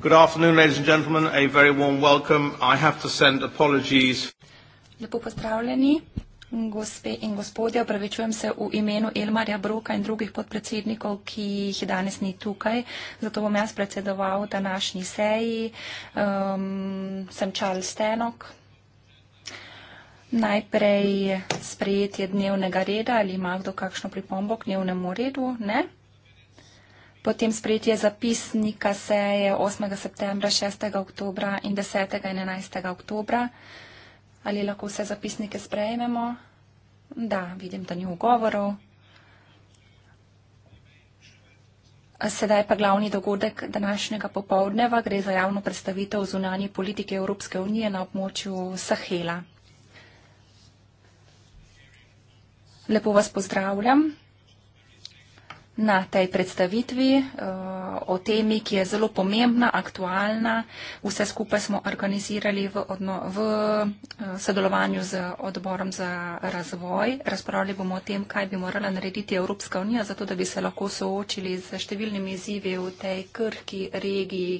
Good afternoon, ladies and gentlemen. A very warm welcome. I have to send apologies. Lepo pozdravljeni, gospe in gospodje. Opravičujem se v imenu Elmarja Broka in drugih podpredsednikov, ki jih danes ni tukaj, zato bom jaz predsedoval današnji seji. Sem Charles Stenock. Najprej sprejetje dnevnega reda. Ali ima kdo kakšno pripombo k dnevnemu redu? Ne potem sprejetje zapisnika seje 8. septembra, 6. oktobra in 10. in 11. oktobra. Ali lahko vse zapisnike sprejmemo? Da, vidim, da ni ugovorov. Sedaj pa glavni dogodek današnjega popovdneva gre za javno predstavitev zunanje politike Evropske unije na območju Sahela. Lepo vas pozdravljam na tej predstavitvi eh, o temi, ki je zelo pomembna, aktualna. Vse skupaj smo organizirali v, odno, v eh, sodelovanju z odborom za razvoj. Razpravljali bomo o tem, kaj bi morala narediti Evropska unija, zato da bi se lahko soočili z številnimi izzivi v tej krhki regiji,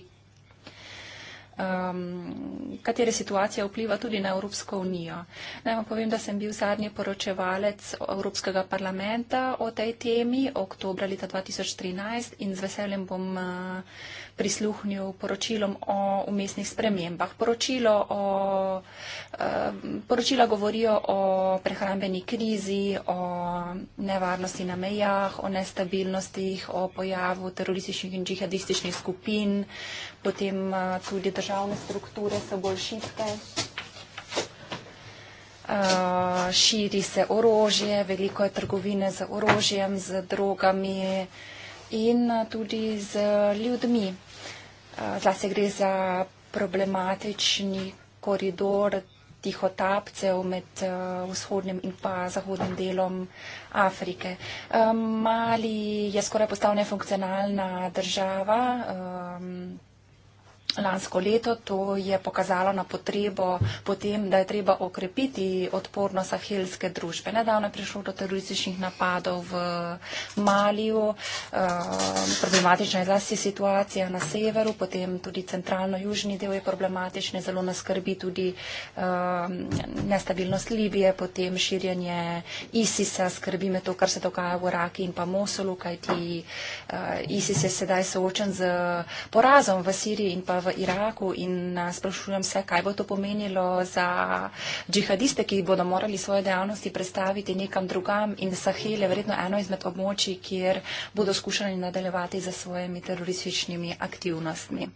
um, katere situacija vpliva tudi na Evropsko unijo. Naj vam povem, da sem bil zadnji poročevalec Evropskega parlamenta o tej temi, oktobra leta 2013 in z veseljem bom. Uh, prisluhnil poročilom o umestnih spremembah. O, eh, poročila govorijo o prehrambeni krizi, o nevarnosti na mejah, o nestabilnostih, o pojavu terorističnih in džihadističnih skupin, potem eh, tudi državne strukture so bolj šitke. Uh, eh, širi se orožje, veliko je trgovine z orožjem, z drogami in tudi z ljudmi zase gre za problematični koridor tihotapcev med eh, vzhodnim in pa zahodnim delom Afrike. Eh, Mali je skoraj postal nefunkcionalna država. Eh, lansko leto. To je pokazalo na potrebo potem, da je treba okrepiti odpornost ahelske družbe. Nedavno je prišlo do terorističnih napadov v Maliju, ehm, problematična je zlasti situacija na severu, potem tudi centralno-južni del je problematičen, zelo nas skrbi tudi ehm, nestabilnost Libije, potem širjenje ISIS-a, skrbi me to, kar se dogaja v Raki in pa Mosulu, kajti eh, ISIS je sedaj soočen z porazom v Siriji in pa v Iraku in sprašujem se, kaj bo to pomenilo za džihadiste, ki bodo morali svoje dejavnosti predstaviti nekam drugam in Sahel je verjetno eno izmed območij, kjer bodo skušali nadaljevati za svojimi terorističnimi aktivnostmi.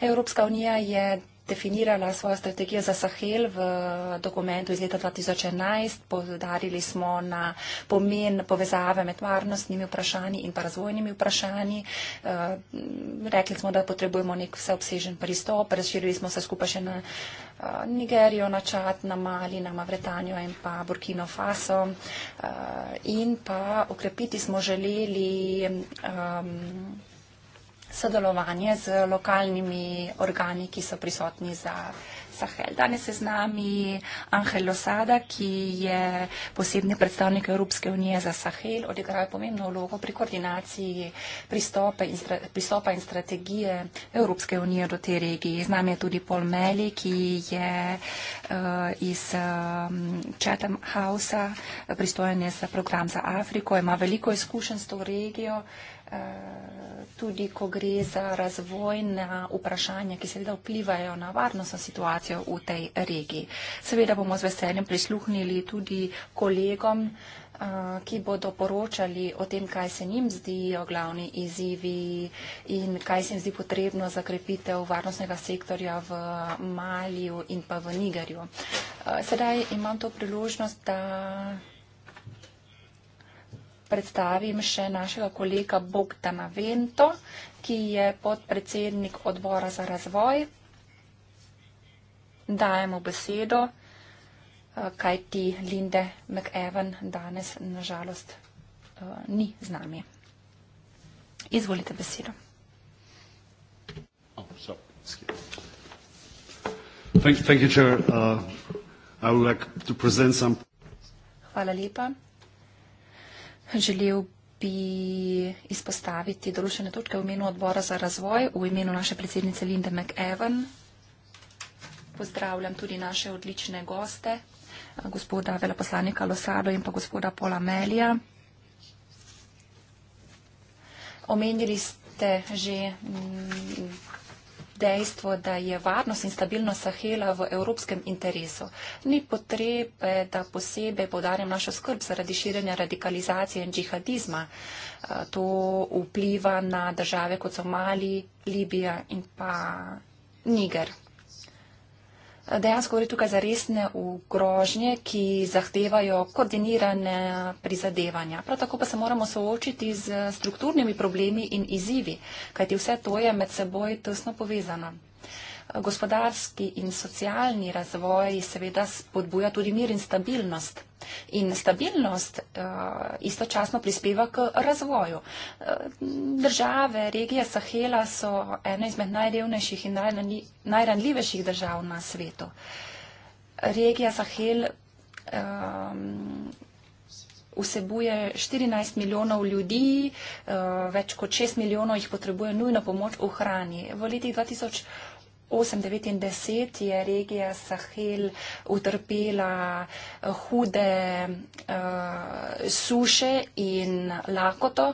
Evropska unija je definirala svojo strategijo za Sahel v eh, dokumentu iz leta 2011. Podarili smo na pomen povezave med varnostnimi vprašanji in pa razvojnimi vprašanji. Eh, rekli smo, da potrebujemo nek vseobsežen pristop. Razširili smo se skupaj še na eh, Nigerijo, na Čad, na Mali, na Mavretanjo in pa Burkino Faso. In pa okrepiti smo želeli um, sodelovanje z lokalnimi organi, ki so prisotni za Sahel. Danes je z nami Angel Losada, ki je posebni predstavnik Evropske unije za Sahel, odigral je pomembno vlogo pri koordinaciji in pristopa in strategije Evropske unije do te regije. Z nami je tudi Paul Meli, ki je uh, iz um, Chatham House, pristojen je za program za Afriko, ima veliko izkušenj s to regijo. Uh, tudi ko gre za razvojna vprašanja, ki seveda vplivajo na varnostno situacijo v tej regiji. Seveda bomo z veseljem prisluhnili tudi kolegom, ki bodo poročali o tem, kaj se njim zdijo glavni izzivi in kaj se jim zdi potrebno za krepitev varnostnega sektorja v Maliju in pa v Nigerju. Sedaj imam to priložnost, da predstavim še našega kolega Bogdana Vento, ki je podpredsednik odbora za razvoj. Dajemo besedo, eh, kaj ti Linde McEwan danes nažalost eh, ni z nami. Izvolite besedo. Oh, uh, Hvala lepa. Želel bi izpostaviti določene točke v imenu odbora za razvoj, v imenu naše predsednice Linde McEwen. Pozdravljam tudi naše odlične goste, gospoda veleposlanika Losado in pa gospoda Pola Melija. Omenili ste že dejstvo, da je varnost in stabilnost Sahela v evropskem interesu. Ni potrebe, da posebej podarjam našo skrb zaradi širjenja radikalizacije in džihadizma. Eh, to vpliva na države kot so Mali, Libija in pa Niger dejansko gre tukaj za resne ugrožnje, ki zahtevajo koordinirane prizadevanja. Prav tako pa se moramo soočiti z strukturnimi problemi in izzivi, kajti vse to je med seboj tesno povezano gospodarski in socialni razvoj seveda spodbuja tudi mir in stabilnost. In stabilnost uh, istočasno prispeva k razvoju. Uh, države, regije Sahela so ena izmed najrevnejših in najranljivejših držav na svetu. Regija Sahel um, vsebuje 14 milijonov ljudi, uh, več kot 6 milijonov jih potrebuje nujno pomoč v hrani. V letih 2000. 1899 je regija Sahel utrpela eh, hude uh, suše in lakoto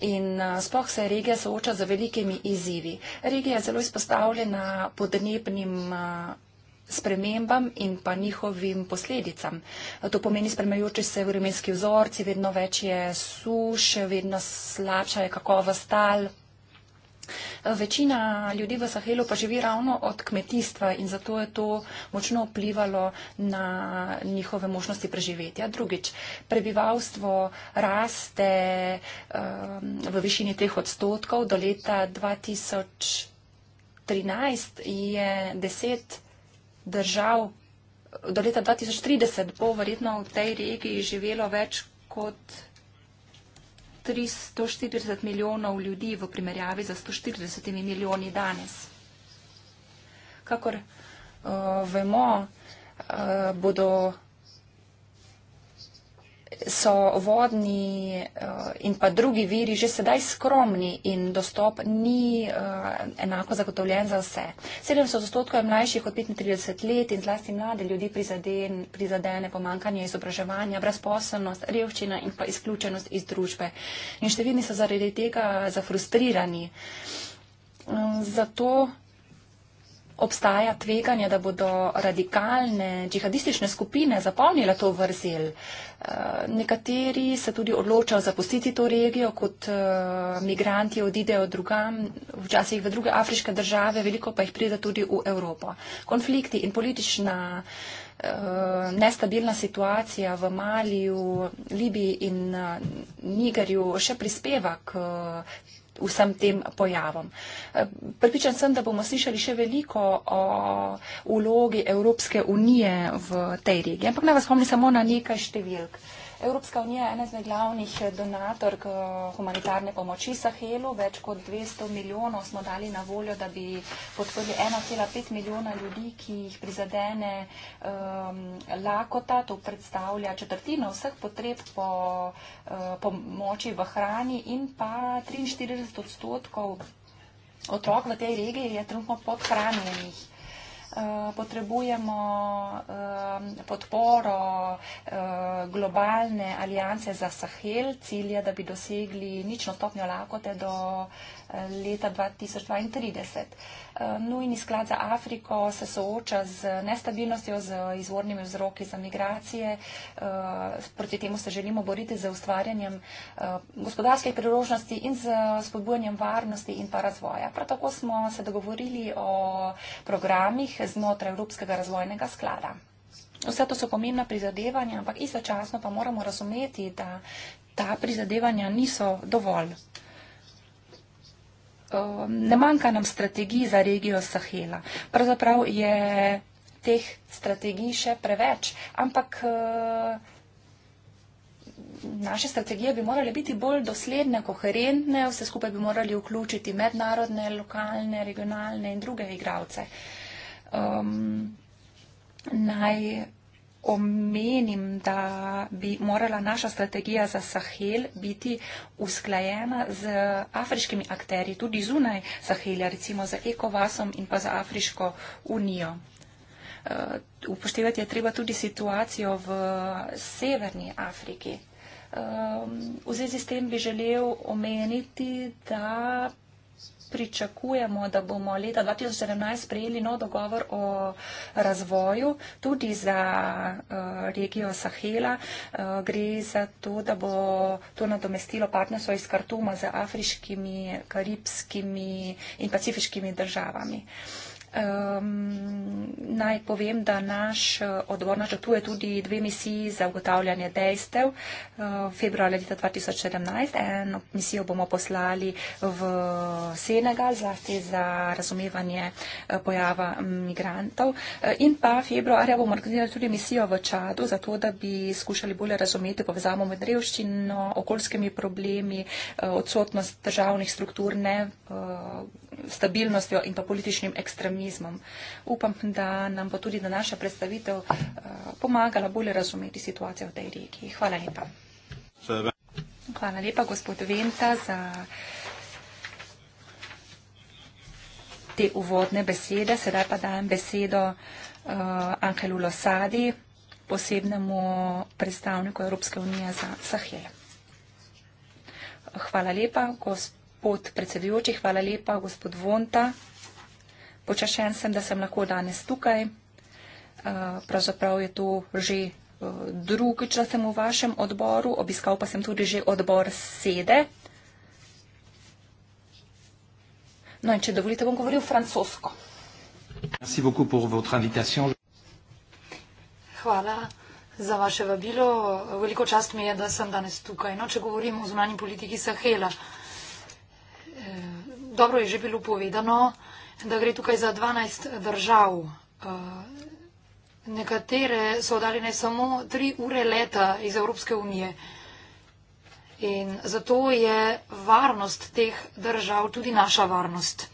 in uh, eh, spoh se regija sooča z velikimi izzivi. Regija je zelo izpostavljena podnebnim. Uh, spremembam in pa njihovim posledicam. To pomeni spremajoči se vremenski vzorci, vedno več je suš, vedno slabša je kakovost tal, Večina ljudi v Sahelu pa živi ravno od kmetijstva in zato je to močno vplivalo na njihove možnosti preživetja. Drugič, prebivalstvo raste um, v višini teh odstotkov. Do leta 2013 je 10 držav, do leta 2030 bo verjetno v tej regiji živelo več kot 340 milijonov ljudi v primerjavi za 140 milijoni danes. Kakor uh, vemo, uh, bodo so vodni eh, in pa drugi viri že sedaj skromni in dostop ni eh, enako zagotovljen za vse. 70 odstotkov je mlajših od 35 let in zlasti mlade ljudi prizadene pomankanje izobraževanja, brezposobnost, revščina in pa izključenost iz družbe. In številni so zaradi tega zafrustrirani. Zato obstaja tveganje, da bodo radikalne džihadistične skupine zapolnile to vrzel. Eh, nekateri se tudi odločajo zapustiti to regijo, kot eh, migranti odidejo drugam, včasih v druge afriške države, veliko pa jih pride tudi v Evropo. Konflikti in politična eh, nestabilna situacija v Maliju, Libiji in Nigerju še prispeva k vsem tem pojavom. Eh, pripričan sem, da bomo slišali še veliko o vlogi Evropske unije v tej regiji, ampak naj vas spomnim samo na nekaj številk. Evropska unija je ena izmed glavnih eh, donatork eh, humanitarne pomoči Sahelu. Več kot 200 milijonov smo dali na voljo, da bi podprli 1,5 milijona ljudi, ki jih prizadene um, lakota. To predstavlja četrtino vseh potreb po uh, pomoči v hrani in pa 43 odstotkov. Otrok v tej regiji je trenutno podhranjenih. Eh, potrebujemo eh, podporo eh, globalne alijance za Sahel, cilje, da bi dosegli nično stopnjo lakote do leta 2032. Eh, nujni sklad za Afriko se sooča z nestabilnostjo, z izvornimi vzroki za migracije. Eh, proti temu se želimo boriti z ustvarjanjem eh, gospodarskih priložnosti in z spodbujanjem varnosti in pa razvoja. Prav tako smo se dogovorili o programih znotraj Evropskega razvojnega sklada. Vse to so pomembna prizadevanja, ampak istočasno pa moramo razumeti, da ta prizadevanja niso dovolj. Um, ne manjka nam strategij za regijo Sahela. Pravzaprav je teh strategij še preveč, ampak uh, naše strategije bi morale biti bolj dosledne, koherentne, vse skupaj bi morali vključiti mednarodne, lokalne, regionalne in druge igralce. Um, naj omenim, da bi morala naša strategija za Sahel biti usklajena z afriškimi akteri, tudi zunaj Sahelja, recimo za Ekovasom in pa za Afriško unijo. Eh, upoštevati je treba tudi situacijo v severni Afriki. Eh, v zvezi s tem bi želel omeniti, da pričakujemo, da bomo leta 2017 prejeli nov dogovor o razvoju tudi za uh, regijo Sahela. Uh, gre za to, da bo to nadomestilo partnerstvo iz Kartuma z afriškimi, karibskimi in pacifiškimi državami. Uh, Um, naj povem, da naš eh, odbor načrtuje tudi dve misiji za ugotavljanje dejstev uh, februarja leta 2017. Eno misijo bomo poslali v Senegal, zlasti za razumevanje uh, pojava migrantov. Uh, in pa februarja bomo organizirali tudi misijo v Čadu, zato da bi skušali bolje razumeti povezavo med revščino, okoljskimi problemi, uh, odsotnost državnih struktur, ne, uh, stabilnostjo in pa političnim ekstremizmom optimizmom. Upam, da nam bo tudi današnja predstavitev eh, pomagala bolje razumeti situacijo v tej regiji. Hvala lepa. Hvala lepa, gospod Venta, za te uvodne besede. Sedaj pa dajem besedo uh, eh, Ankelu Losadi, posebnemu predstavniku Evropske unije za Sahel. Hvala lepa, gospod predsedujoči, hvala lepa, gospod Vonta. Počašen sem, da sem lahko danes tukaj. Eh, pravzaprav je to že eh, drugič, da sem v vašem odboru, obiskal pa sem tudi že odbor sede. No in če dovolite, bom govoril francosko. Hvala za vaše vabilo. Veliko čast mi je, da sem danes tukaj. No, če govorim o zunanji politiki Sahela, eh, dobro je že bilo povedano, da gre tukaj za 12 držav. Eh, nekatere so oddaljene samo tri ure leta iz Evropske unije. In zato je varnost teh držav tudi naša varnost.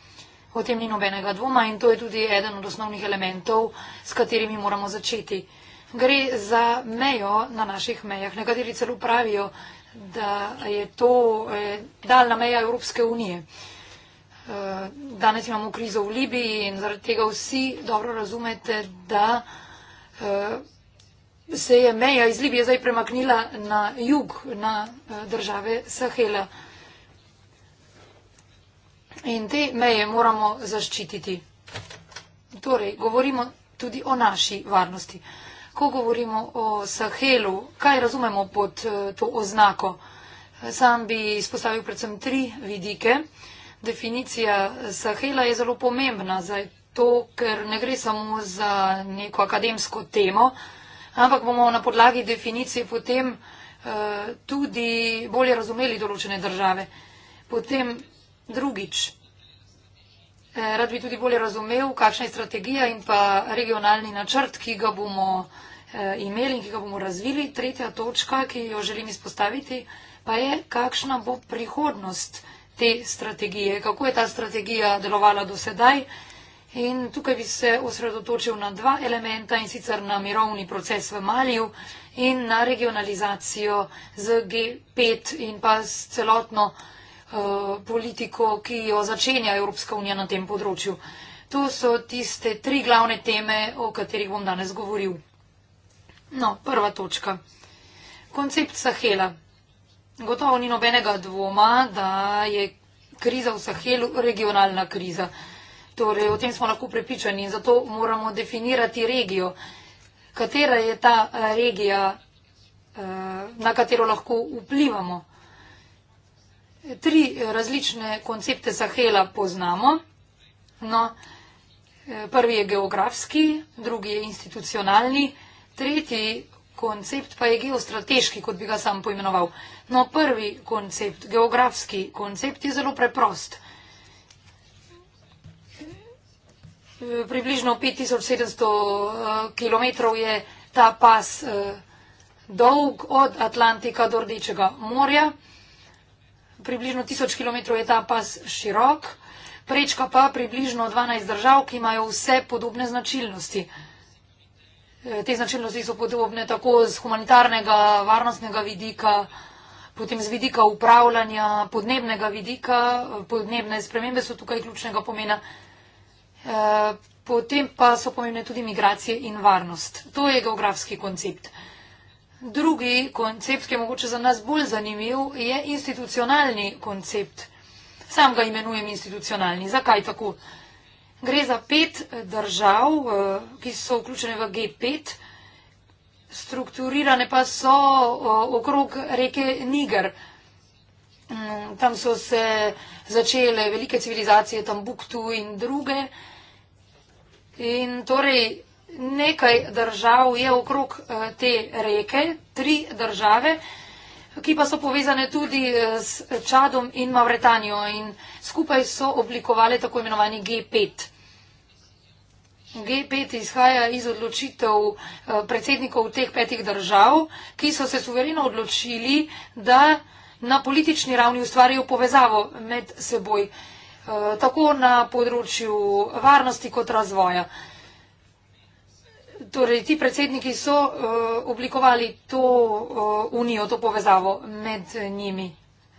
O tem ni nobenega dvoma in to je tudi eden od osnovnih elementov, s katerimi moramo začeti. Gre za mejo na naših mejah. Nekateri celo pravijo, da je to eh, daljna meja Evropske unije. Uh, danes imamo krizo v Libiji in zaradi tega vsi dobro razumete, da eh, se je meja iz Libije zdaj premaknila na jug, na eh, države Sahela. In te meje moramo zaščititi. Torej, govorimo tudi o naši varnosti. Ko govorimo o Sahelu, kaj razumemo pod eh, to oznako? Sam bi izpostavil predvsem tri vidike definicija Sahela je zelo pomembna, zato ker ne gre samo za neko akademsko temo, ampak bomo na podlagi definicije potem uh, tudi bolje razumeli določene države. Potem drugič, eh, rad bi tudi bolje razumel, kakšna je strategija in pa regionalni načrt, ki ga bomo eh, imeli in ki ga bomo razvili. Tretja točka, ki jo želim izpostaviti, pa je, kakšna bo prihodnost te strategije, kako je ta strategija delovala do sedaj. In tukaj bi se osredotočil na dva elementa in sicer na mirovni proces v Maliju in na regionalizacijo z G5 in pa s celotno uh, politiko, ki jo začenja Evropska unija na tem področju. To so tiste tri glavne teme, o katerih bom danes govoril. No, prva točka. Koncept Sahela. Gotovo ni nobenega dvoma, da je kriza v Sahelu regionalna kriza. Torej, o tem smo lahko prepričani in zato moramo definirati regijo. Katera je ta eh, regija, eh, na katero lahko vplivamo? Tri eh, različne koncepte Sahela poznamo. No, prvi je geografski, drugi je institucionalni, tretji koncept pa je geostrateški, kot bi ga sam poimenoval. No, prvi koncept, geografski koncept, je zelo preprost. Približno 5700 eh, km je ta pas eh, dolg od Atlantika do Rdečega morja. Približno 1000 km je ta pas širok, prečka pa približno 12 držav, ki imajo vse podobne značilnosti. Eh, te značilnosti so podobne tako z humanitarnega, varnostnega vidika, potem z vidika upravljanja, podnebnega vidika, podnebne spremembe so tukaj ključnega pomena. Eh, potem pa so pomembne tudi migracije in varnost. To je geografski koncept. Drugi koncept, ki je mogoče za nas bolj zanimiv, je institucionalni koncept. Sam ga imenujem institucionalni. Zakaj tako? Gre za pet eh, držav, eh, ki so vključene v G5, strukturirane pa so eh, okrog reke Niger. Mm, tam so se začele velike civilizacije, Tambuktu in druge. In torej nekaj držav je okrog te reke, tri države, ki pa so povezane tudi s Čadom in Mauretanijo in skupaj so oblikovali tako imenovani G5. G5 izhaja iz odločitev eh, predsednikov teh petih držav, ki so se suvereno odločili, da na politični ravni ustvarijo povezavo med seboj, eh, tako na področju varnosti kot razvoja. Torej, ti predsedniki so eh, oblikovali to unijo, to povezavo med njimi.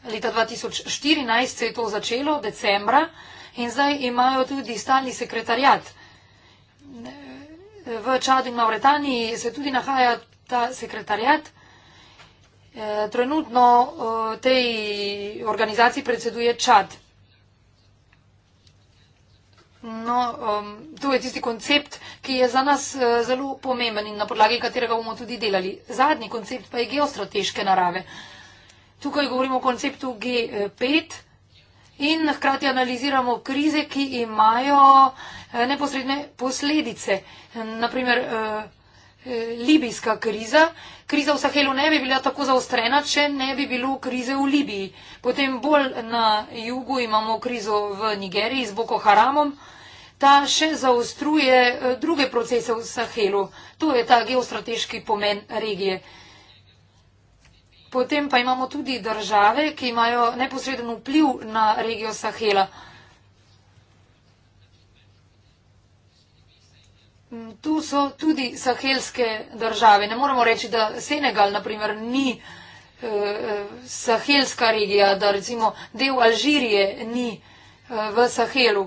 Leta 2014 se je to začelo, decembra, in zdaj imajo tudi stalni sekretarjat v Čadu in Mauretaniji se tudi nahaja ta sekretarjat. E, trenutno e, tej organizaciji predseduje Čad. No, to je tisti koncept, ki je za nas e, zelo pomemben in na podlagi katerega bomo tudi delali. Zadnji koncept pa je geostrateške narave. Tukaj govorimo o konceptu G5, in hkrati analiziramo krize, ki imajo eh, neposredne posledice. Naprimer, eh, eh, Libijska kriza. Kriza v Sahelu ne bi bila tako zaostrena, če ne bi bilo krize v Libiji. Potem bolj na jugu imamo krizo v Nigeriji z Boko Haramom. Ta še zaostruje druge procese v Sahelu. To je ta geostrateški pomen regije. Potem pa imamo tudi države, ki imajo neposreden vpliv na regijo Sahela. Mm, tu so tudi sahelske države. Ne moremo reči, da Senegal, naprimer, ni eh, eh, sahelska regija, da recimo del Alžirije ni eh, v Sahelu.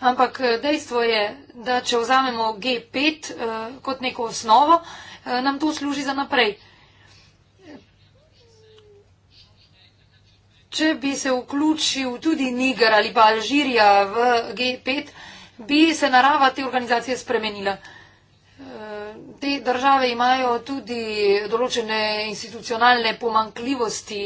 Ampak eh, dejstvo je, da če vzamemo G5 eh, kot neko osnovo, eh, nam to služi za naprej. če bi se vključil tudi Niger ali pa Alžirija v G5, bi se narava te organizacije spremenila. E, te države imajo tudi določene institucionalne pomankljivosti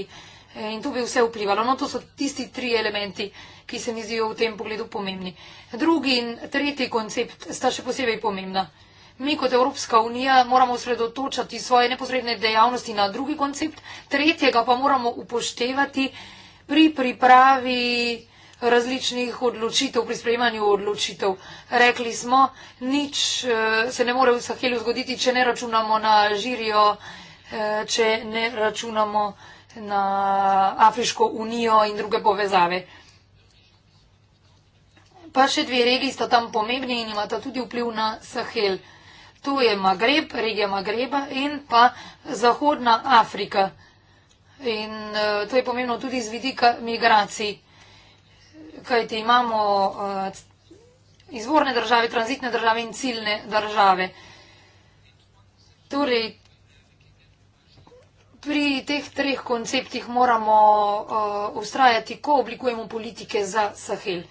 in to bi vse vplivalo. No, to so tisti tri elementi, ki se mi zdijo v tem pogledu pomembni. Drugi in tretji koncept sta še posebej pomembna. Mi kot Evropska unija moramo osredotočati svoje neposredne dejavnosti na drugi koncept, tretjega pa moramo upoštevati, pri pripravi različnih odločitev, pri sprejemanju odločitev. Rekli smo, nič eh, se ne more v Sahelu zgoditi, če ne računamo na Alžirijo, eh, če ne računamo na Afriško unijo in druge povezave. Pa še dve regiji sta tam pomembni in imata tudi vpliv na Sahel. To je Magreb, regija Magreba in pa Zahodna Afrika. In eh, to je pomembno tudi z vidika migracij, kajti imamo eh, izvorne države, tranzitne države in ciljne države. Torej, pri teh treh konceptih moramo ustrajati, eh, ko oblikujemo politike za Sahel.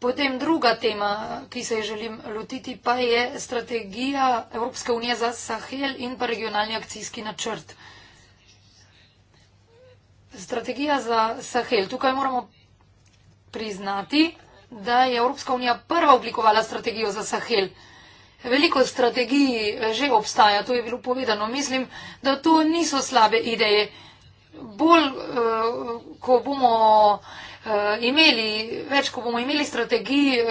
Potem druga tema, ki se jo želim lotiti, pa je strategija Evropske unije za Sahel in pa regionalni akcijski načrt. Strategija za Sahel. Tukaj moramo priznati, da je Evropska unija prva oblikovala strategijo za Sahel. Veliko strategij že obstaja, to je bilo povedano. Mislim, da to niso slabe ideje. Bolj, eh, ko bomo eh, imeli, več, ko bomo imeli strategij, eh,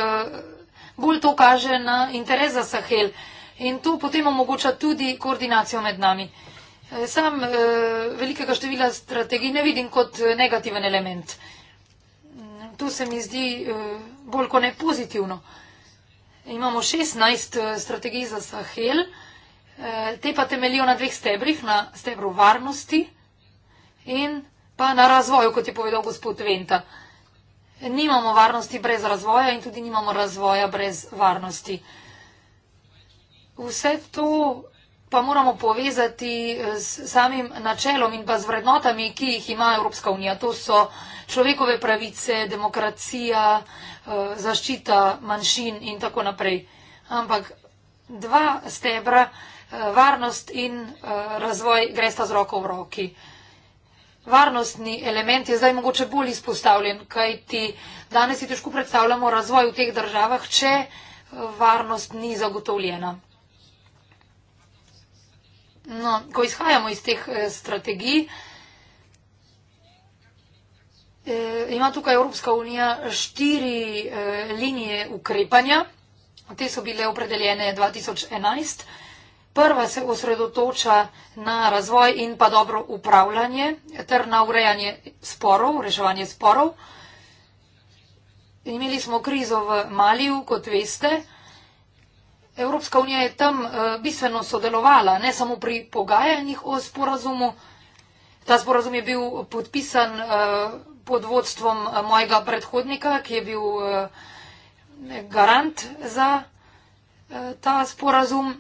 bolj to kaže na interes za Sahel. In to potem omogoča tudi koordinacijo med nami. Eh, sam eh, velikega števila strategij ne vidim kot eh, negativen element. Mm, to se mi zdi bolj kot ne pozitivno. Imamo 16 strategij za Sahel, te pa temelijo na dveh stebrih, na stebru varnosti in pa na razvoju, kot je povedal gospod Venta. Nimamo varnosti brez razvoja in tudi nimamo razvoja brez varnosti. Vse to pa moramo povezati eh, s samim načelom in pa z vrednotami, ki jih ima Evropska unija. To so človekove pravice, demokracija, eh, zaščita manjšin in tako naprej. Ampak dva stebra, eh, varnost in razvoj, gresta z roko v roki. Varnostni element je zdaj mogoče bolj izpostavljen, kajti danes si težko predstavljamo razvoj v teh državah, če varnost ni zagotovljena. No, ko izhajamo iz teh eh, strategij, eh, ima tukaj Evropska unija štiri eh, linije ukrepanja. Te so bile opredeljene 2011. Prva se osredotoča na razvoj in pa dobro upravljanje ter na urejanje sporov, reševanje sporov. Imeli smo krizo v Maliju, kot veste. Eh, Evropska unija je tam eh, bistveno sodelovala, ne samo pri pogajanjih o sporazumu. Ta sporazum je bil podpisan eh, pod vodstvom eh, mojega predhodnika, ki je bil garant za ta sporazum.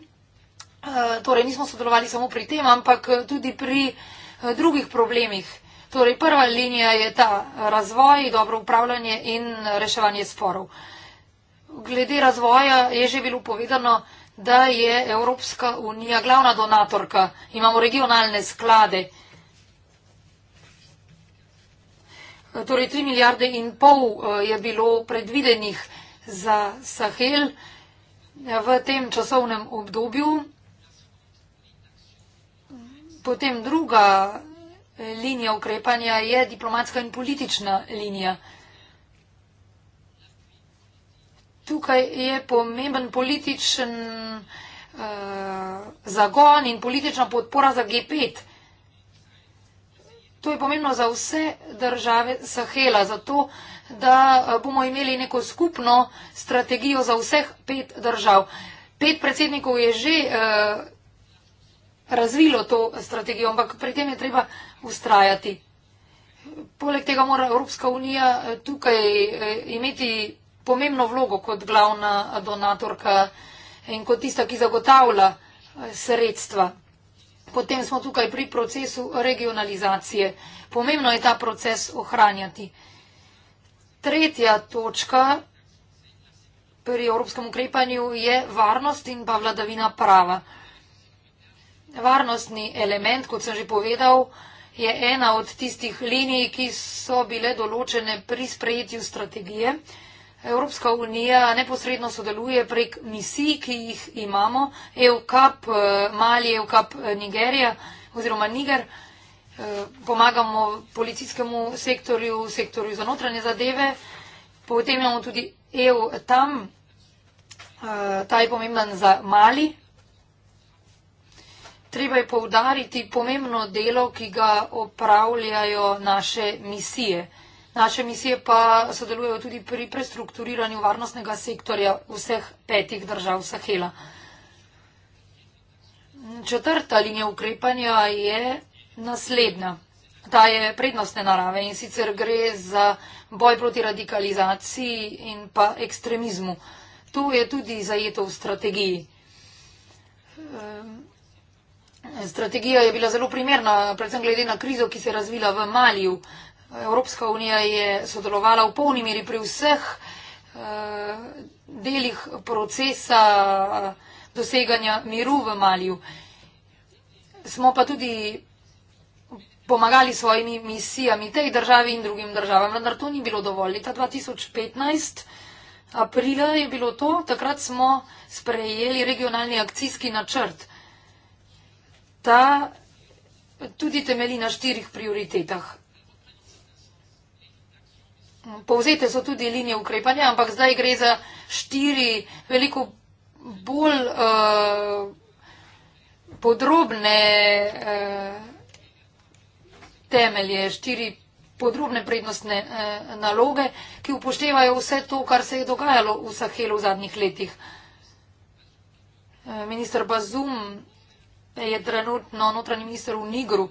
Torej, nismo sodelovali samo pri tem, ampak tudi pri drugih problemih. Torej, prva linija je ta razvoj, dobro upravljanje in reševanje sporov glede razvoja je že bilo povedano, da je Evropska unija glavna donatorka. Imamo regionalne sklade. Torej, 3 milijarde in pol eh, je bilo predvidenih za Sahel v tem časovnem obdobju. Potem druga linija ukrepanja je diplomatska in politična linija. Tukaj je pomemben političen uh, zagon in politična podpora za G5. To je pomembno za vse države Sahela, zato da eh, bomo imeli neko skupno strategijo za vseh pet držav. Pet predsednikov je že uh, razvilo to strategijo, ampak pri tem je treba ustrajati. Poleg tega mora Evropska unija tukaj imeti pomembno vlogo kot glavna donatorka in kot tista, ki zagotavlja eh, sredstva. Potem smo tukaj pri procesu regionalizacije. Pomembno je ta proces ohranjati. Tretja točka pri evropskem ukrepanju je varnost in pa vladavina prava. Varnostni element, kot sem že povedal, je ena od tistih linij, ki so bile določene pri sprejetju strategije. Evropska unija neposredno sodeluje prek misij, ki jih imamo, EUCAP eh, Mali, EUCAP eh, Nigerija oziroma Niger. Eh, pomagamo policijskemu sektorju, sektorju za notranje zadeve, potem imamo tudi EU tam, ta je pomemben za Mali. Treba je poudariti pomembno delo, ki ga opravljajo naše misije. Naše misije pa sodelujejo tudi pri prestrukturiranju varnostnega sektorja vseh petih držav Sahela. Četrta linija ukrepanja je naslednja. Ta je prednostne narave in sicer gre za boj proti radikalizaciji in pa ekstremizmu. Tu je tudi zajeto v strategiji. Ehm, strategija je bila zelo primerna, predvsem glede na krizo, ki se je razvila v Maliju. Evropska unija je sodelovala v polni meri pri vseh eh, delih procesa eh, doseganja miru v Maliju. Smo pa tudi pomagali svojimi misijami tej državi in drugim državam, vendar to ni bilo dovolj. Leta 2015, aprila je bilo to, takrat smo sprejeli regionalni akcijski načrt. Ta tudi temeli na štirih prioritetah. Povzete so tudi linije ukrepanja, ampak zdaj gre za štiri veliko bolj uh, podrobne uh, temelje, štiri podrobne prednostne uh, naloge, ki upoštevajo vse to, kar se je dogajalo v Sahelu v zadnjih letih. Ministr Bazum je trenutno notranji minister v Nigru.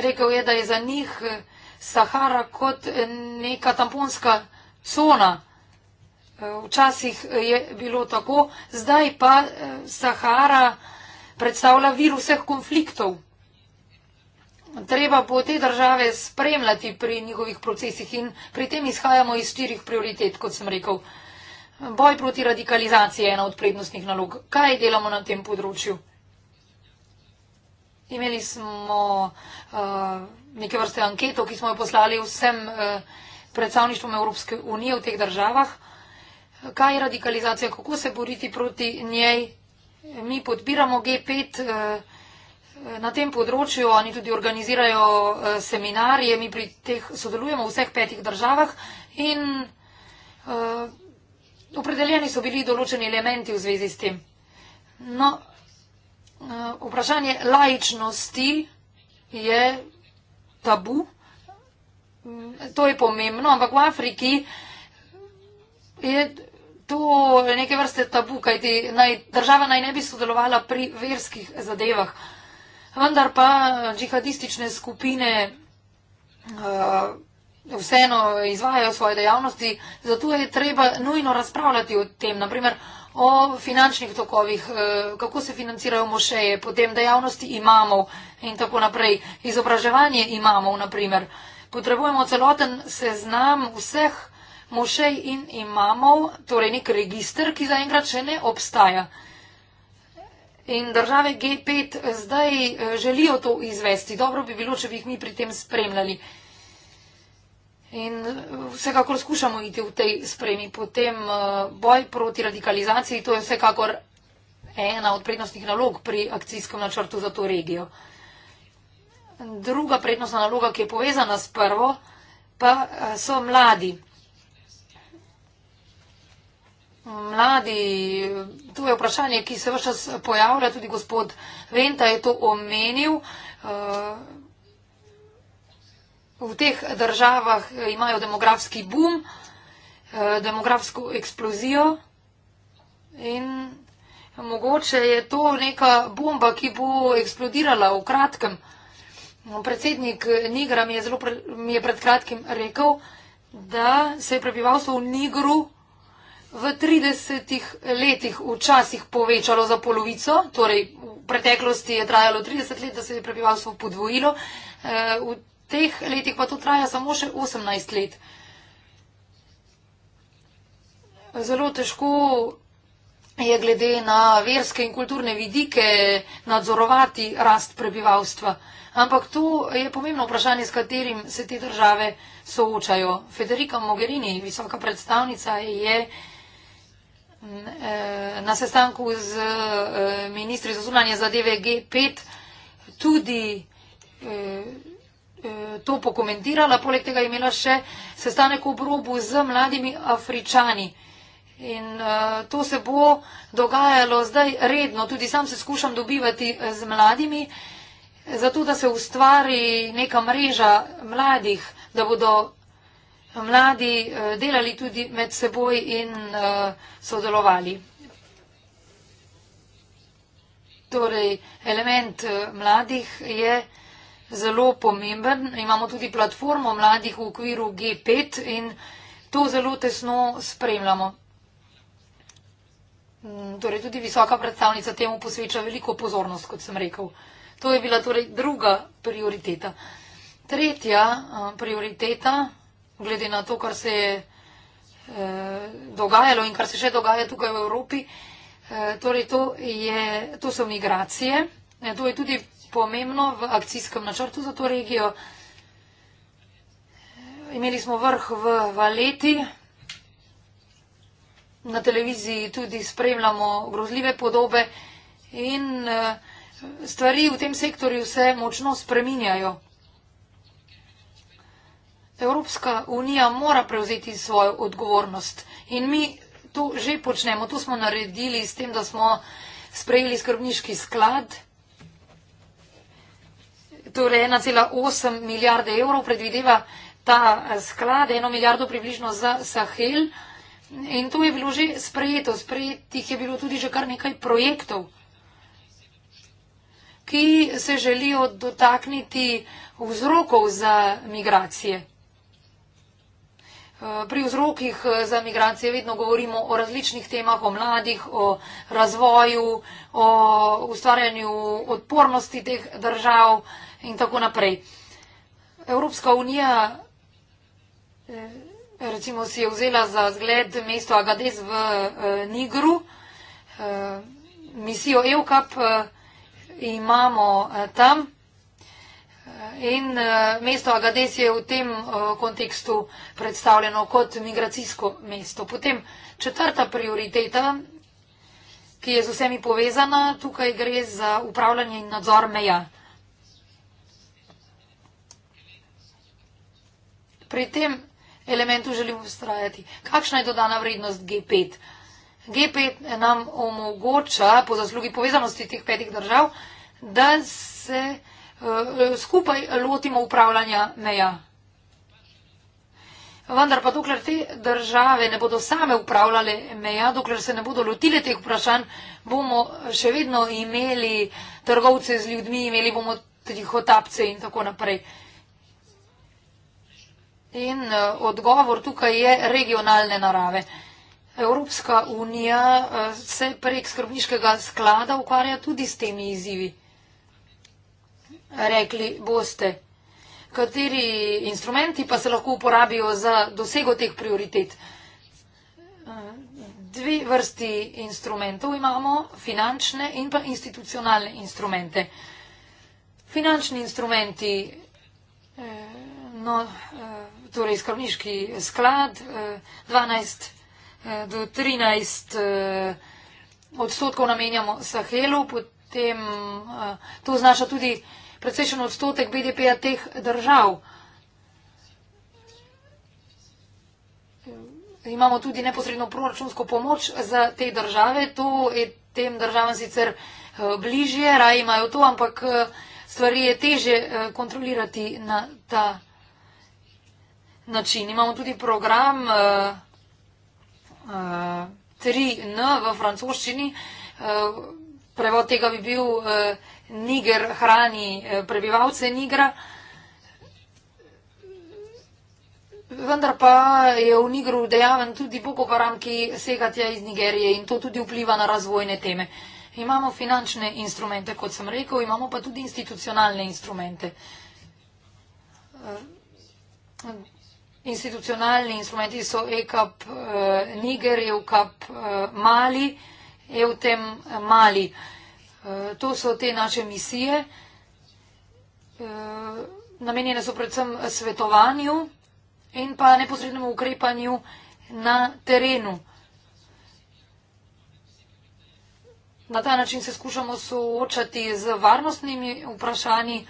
Rekel je, da je za njih. Uh, Sahara kot neka tamponska cona. Včasih je bilo tako, zdaj pa eh, Sahara predstavlja vir vseh konfliktov. Treba bo te države spremljati pri njihovih procesih in pri tem izhajamo iz štirih prioritet, kot sem rekel. Boj proti radikalizaciji je ena od prednostnih nalog. Kaj delamo na tem področju? Imeli smo uh, neke vrste anketo, ki smo jo poslali vsem eh, predstavništvom Evropske unije v teh državah. Kaj je radikalizacija, kako se boriti proti njej? Mi podpiramo G5 eh, na tem področju, oni tudi organizirajo eh, seminarje, mi pri teh sodelujemo v vseh petih državah in opredeljeni so bili določeni elementi v zvezi s tem. No, vprašanje lajičnosti je tabu. Mm, to je pomembno, ampak v Afriki je to neke vrste tabu, kajti naj, država naj ne bi sodelovala pri verskih zadevah. Vendar pa džihadistične skupine uh, vseeno izvajajo svoje dejavnosti, zato je treba nujno razpravljati o tem. Naprimer, uh, o finančnih tokovih, eh, kako se financirajo mošeje, potem dejavnosti imamo in tako naprej. Izobraževanje imamo, naprimer. Potrebujemo celoten seznam vseh mošej in imamo, torej nek registr, ki zaenkrat še ne obstaja. In države G5 zdaj eh, želijo to izvesti. Dobro bi bilo, če bi jih mi pri tem spremljali. In eh, vsekakor skušamo iti v tej spremi. Potem eh, boj proti radikalizaciji, to je vsekakor ena od prednostnih nalog pri akcijskem načrtu za to regijo. Druga prednostna naloga, ki je povezana s prvo, pa eh, so mladi. Mladi, to je vprašanje, ki se vse pojavlja, tudi gospod Venta je to omenil. Uh, v teh državah eh, imajo demografski boom, eh, demografsko eksplozijo in mogoče je to neka bomba, ki bo eksplodirala v kratkem. Predsednik Nigra mi je, zelo, mi je pred kratkim rekel, da se je prebivalstvo v Nigru v 30 letih včasih povečalo za polovico, torej v preteklosti je trajalo 30 let, da se je prebivalstvo podvojilo, eh, v teh letih pa to traja samo še 18 let. Zelo težko je glede na verske in kulturne vidike nadzorovati rast prebivalstva. Ampak to je pomembno vprašanje, s katerim se te države soočajo. Federica Mogherini, visoka predstavnica, je mm, eh, na sestanku z eh, ministri za zunanje zadeve G5 tudi eh, Eh, to pokomentirala, poleg tega je imela še sestanek v obrobu z mladimi Afričani. In eh, to se bo dogajalo zdaj redno, tudi sam se skušam dobivati eh, z mladimi, zato da se ustvari neka mreža mladih, da bodo mladi delali tudi med seboj in sodelovali. Torej, element mladih je zelo pomemben. Imamo tudi platformo mladih v okviru G5 in to zelo tesno spremljamo. Mm, torej, tudi visoka predstavnica temu posveča veliko pozornost, kot sem rekel. To je bila torej druga prioriteta. Tretja eh, prioriteta, glede na to, kar se je eh, dogajalo in kar se še dogaja tukaj v Evropi, eh, torej to, je, to so migracije. To je tudi pomembno v akcijskem načrtu za to regijo. Imeli smo vrh v Valeti, na televiziji tudi spremljamo grozljive podobe in eh, stvari v tem sektorju se močno spreminjajo. Evropska unija mora prevzeti svojo odgovornost in mi to že počnemo. To smo naredili s tem, da smo sprejeli skrbniški sklad torej 1,8 milijarde evrov predvideva ta eh, sklad, eno milijardo približno za Sahel. In to je bilo že sprejeto, sprejetih je bilo tudi že kar nekaj projektov, ki se želijo dotakniti vzrokov za migracije. Eh, pri vzrokih eh, za migracije vedno govorimo o različnih temah, o mladih, o razvoju, o ustvarjanju odpornosti teh držav in tako naprej. Evropska unija eh, recimo si je vzela za zgled mesto Agadez v eh, Nigru, eh, misijo EUCAP imamo tam in mesto Agadez je v tem kontekstu predstavljeno kot migracijsko mesto. Potem četrta prioriteta, ki je z vsemi povezana, tukaj gre za upravljanje in nadzor meja. pri tem elementu želim ustrajati. Kakšna je dodana vrednost G5? G5 nam omogoča, po zaslugi povezanosti teh petih držav, da se uh, skupaj lotimo upravljanja meja. Vendar pa dokler te države ne bodo same upravljale meja, dokler se ne bodo lotile teh vprašanj, bomo še vedno imeli trgovce z ljudmi, imeli bomo tudi hotapce in tako naprej. Uh, In eh, odgovor tukaj je regionalne narave. Evropska unija eh, se prek skrbniškega sklada ukvarja tudi s temi izzivi. Rekli boste, kateri instrumenti pa se lahko uporabijo za dosego teh prioritet. Eh, dve vrsti instrumentov imamo, finančne in pa institucionalne instrumente. Finančni instrumenti, no, torej skrbniški sklad, 12 eh, eh, do 13 eh, odstotkov namenjamo Sahelu, potem to znaša tudi precejšen odstotek BDP-ja teh držav. Imamo tudi neposredno proračunsko pomoč za te države, to je tem državam sicer bližje, raje imajo to, ampak stvari je teže kontrolirati na ta način način. Imamo tudi program uh, uh, 3N v francoščini. Uh, prevod tega bi bil uh, Niger hrani uh, prebivalce Nigra. Vendar pa je v Nigru dejaven tudi Boko Haram, ki sega tja iz Nigerije in to tudi vpliva na razvojne teme. Imamo finančne instrumente, kot sem rekel, imamo pa tudi institucionalne instrumente institucionalni instrumenti so EKAP eh, Niger, EUKAP eh, Mali, EUTEM eh, Mali. Eh, to so te naše misije. Eh, namenjene so predvsem svetovanju in pa neposrednemu ukrepanju na terenu. Na ta način se skušamo soočati z varnostnimi vprašanji,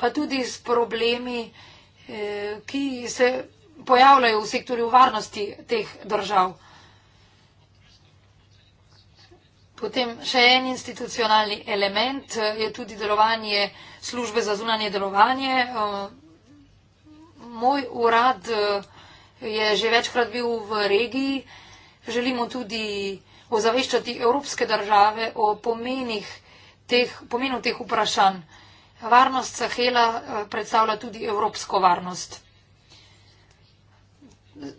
pa tudi s problemi, eh, ki se pojavljajo v sektorju varnosti teh držav. Potem še en institucionalni element je tudi delovanje službe za zunanje delovanje. Eh, moj urad eh, je že večkrat bil v regiji. Želimo tudi ozaveščati evropske države o pomenih teh, pomenu teh vprašanj. Varnost Sahela eh, predstavlja tudi evropsko varnost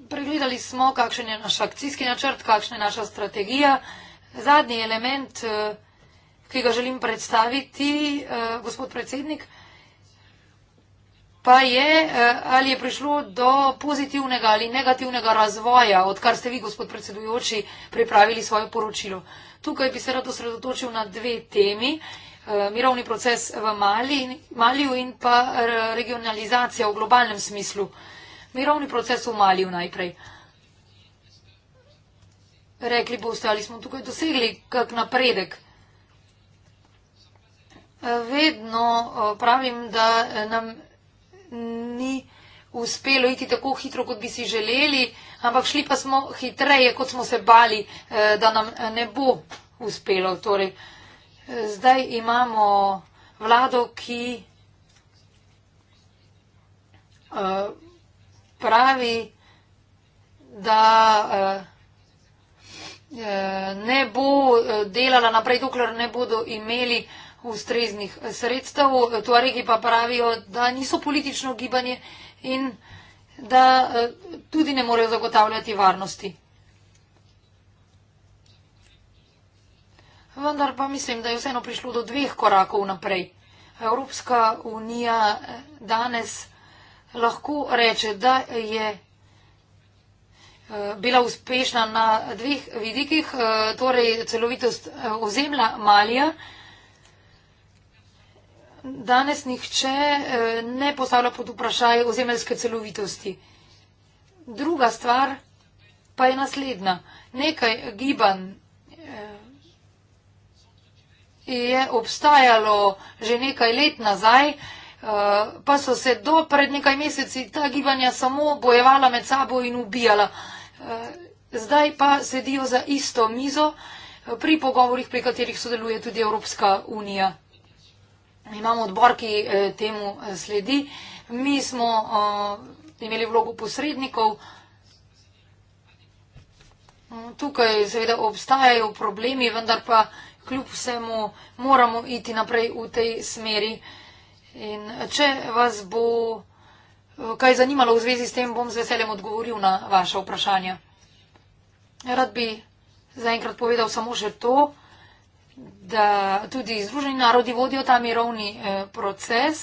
pregledali smo, kakšen je naš akcijski načrt, kakšna je naša strategija. Zadnji element, eh, ki ga želim predstaviti, eh, gospod predsednik, pa je, eh, ali je prišlo do pozitivnega ali negativnega razvoja, odkar ste vi, gospod predsedujoči, pripravili svoje poročilo. Tukaj bi se rad osredotočil na dve temi. Mirovni proces v Mali, Maliju in pa regionalizacija v globalnem smislu mirovni proces v Maliju najprej. Rekli boste, ali smo tukaj dosegli kak napredek. Vedno pravim, da e, nam ni uspelo iti tako hitro, kot bi si želeli, ampak šli pa smo hitreje, kot smo se bali, e, da nam ne bo uspelo. Torej, e, zdaj imamo vlado, ki. Uh, pravi, da eh, eh, ne bo eh, delala naprej, dokler ne bodo imeli ustreznih sredstev. Tuaregi pa pravijo, da niso politično gibanje in da tudi ne morejo zagotavljati varnosti. Vendar pa mislim, da je vseeno prišlo do dveh korakov naprej. Evropska unija danes lahko reče, da je eh, bila uspešna na dveh vidikih, eh, torej celovitost eh, ozemlja Malija. Danes nihče ne postavlja pod vprašaj ozemeljske celovitosti. Druga stvar pa je naslednja. Nekaj gibanj je obstajalo že nekaj let nazaj, Eh, pa so se do pred nekaj meseci ta gibanja samo bojevala med sabo in ubijala. Eh, zdaj pa sedijo za isto mizo eh, pri pogovorih, pri katerih sodeluje tudi Evropska unija. Imamo odbor, ki temu sledi. Mi smo imeli vlogo posrednikov. Mm, tukaj seveda obstajajo problemi, vendar pa kljub vsemu moramo iti naprej v tej smeri. Uh, In če vas bo eh, kaj zanimalo v zvezi s tem, bom z veseljem odgovoril na vaše vprašanje. Rad bi zaenkrat povedal samo še to, da tudi Združeni narodi vodijo ta mirovni eh, proces.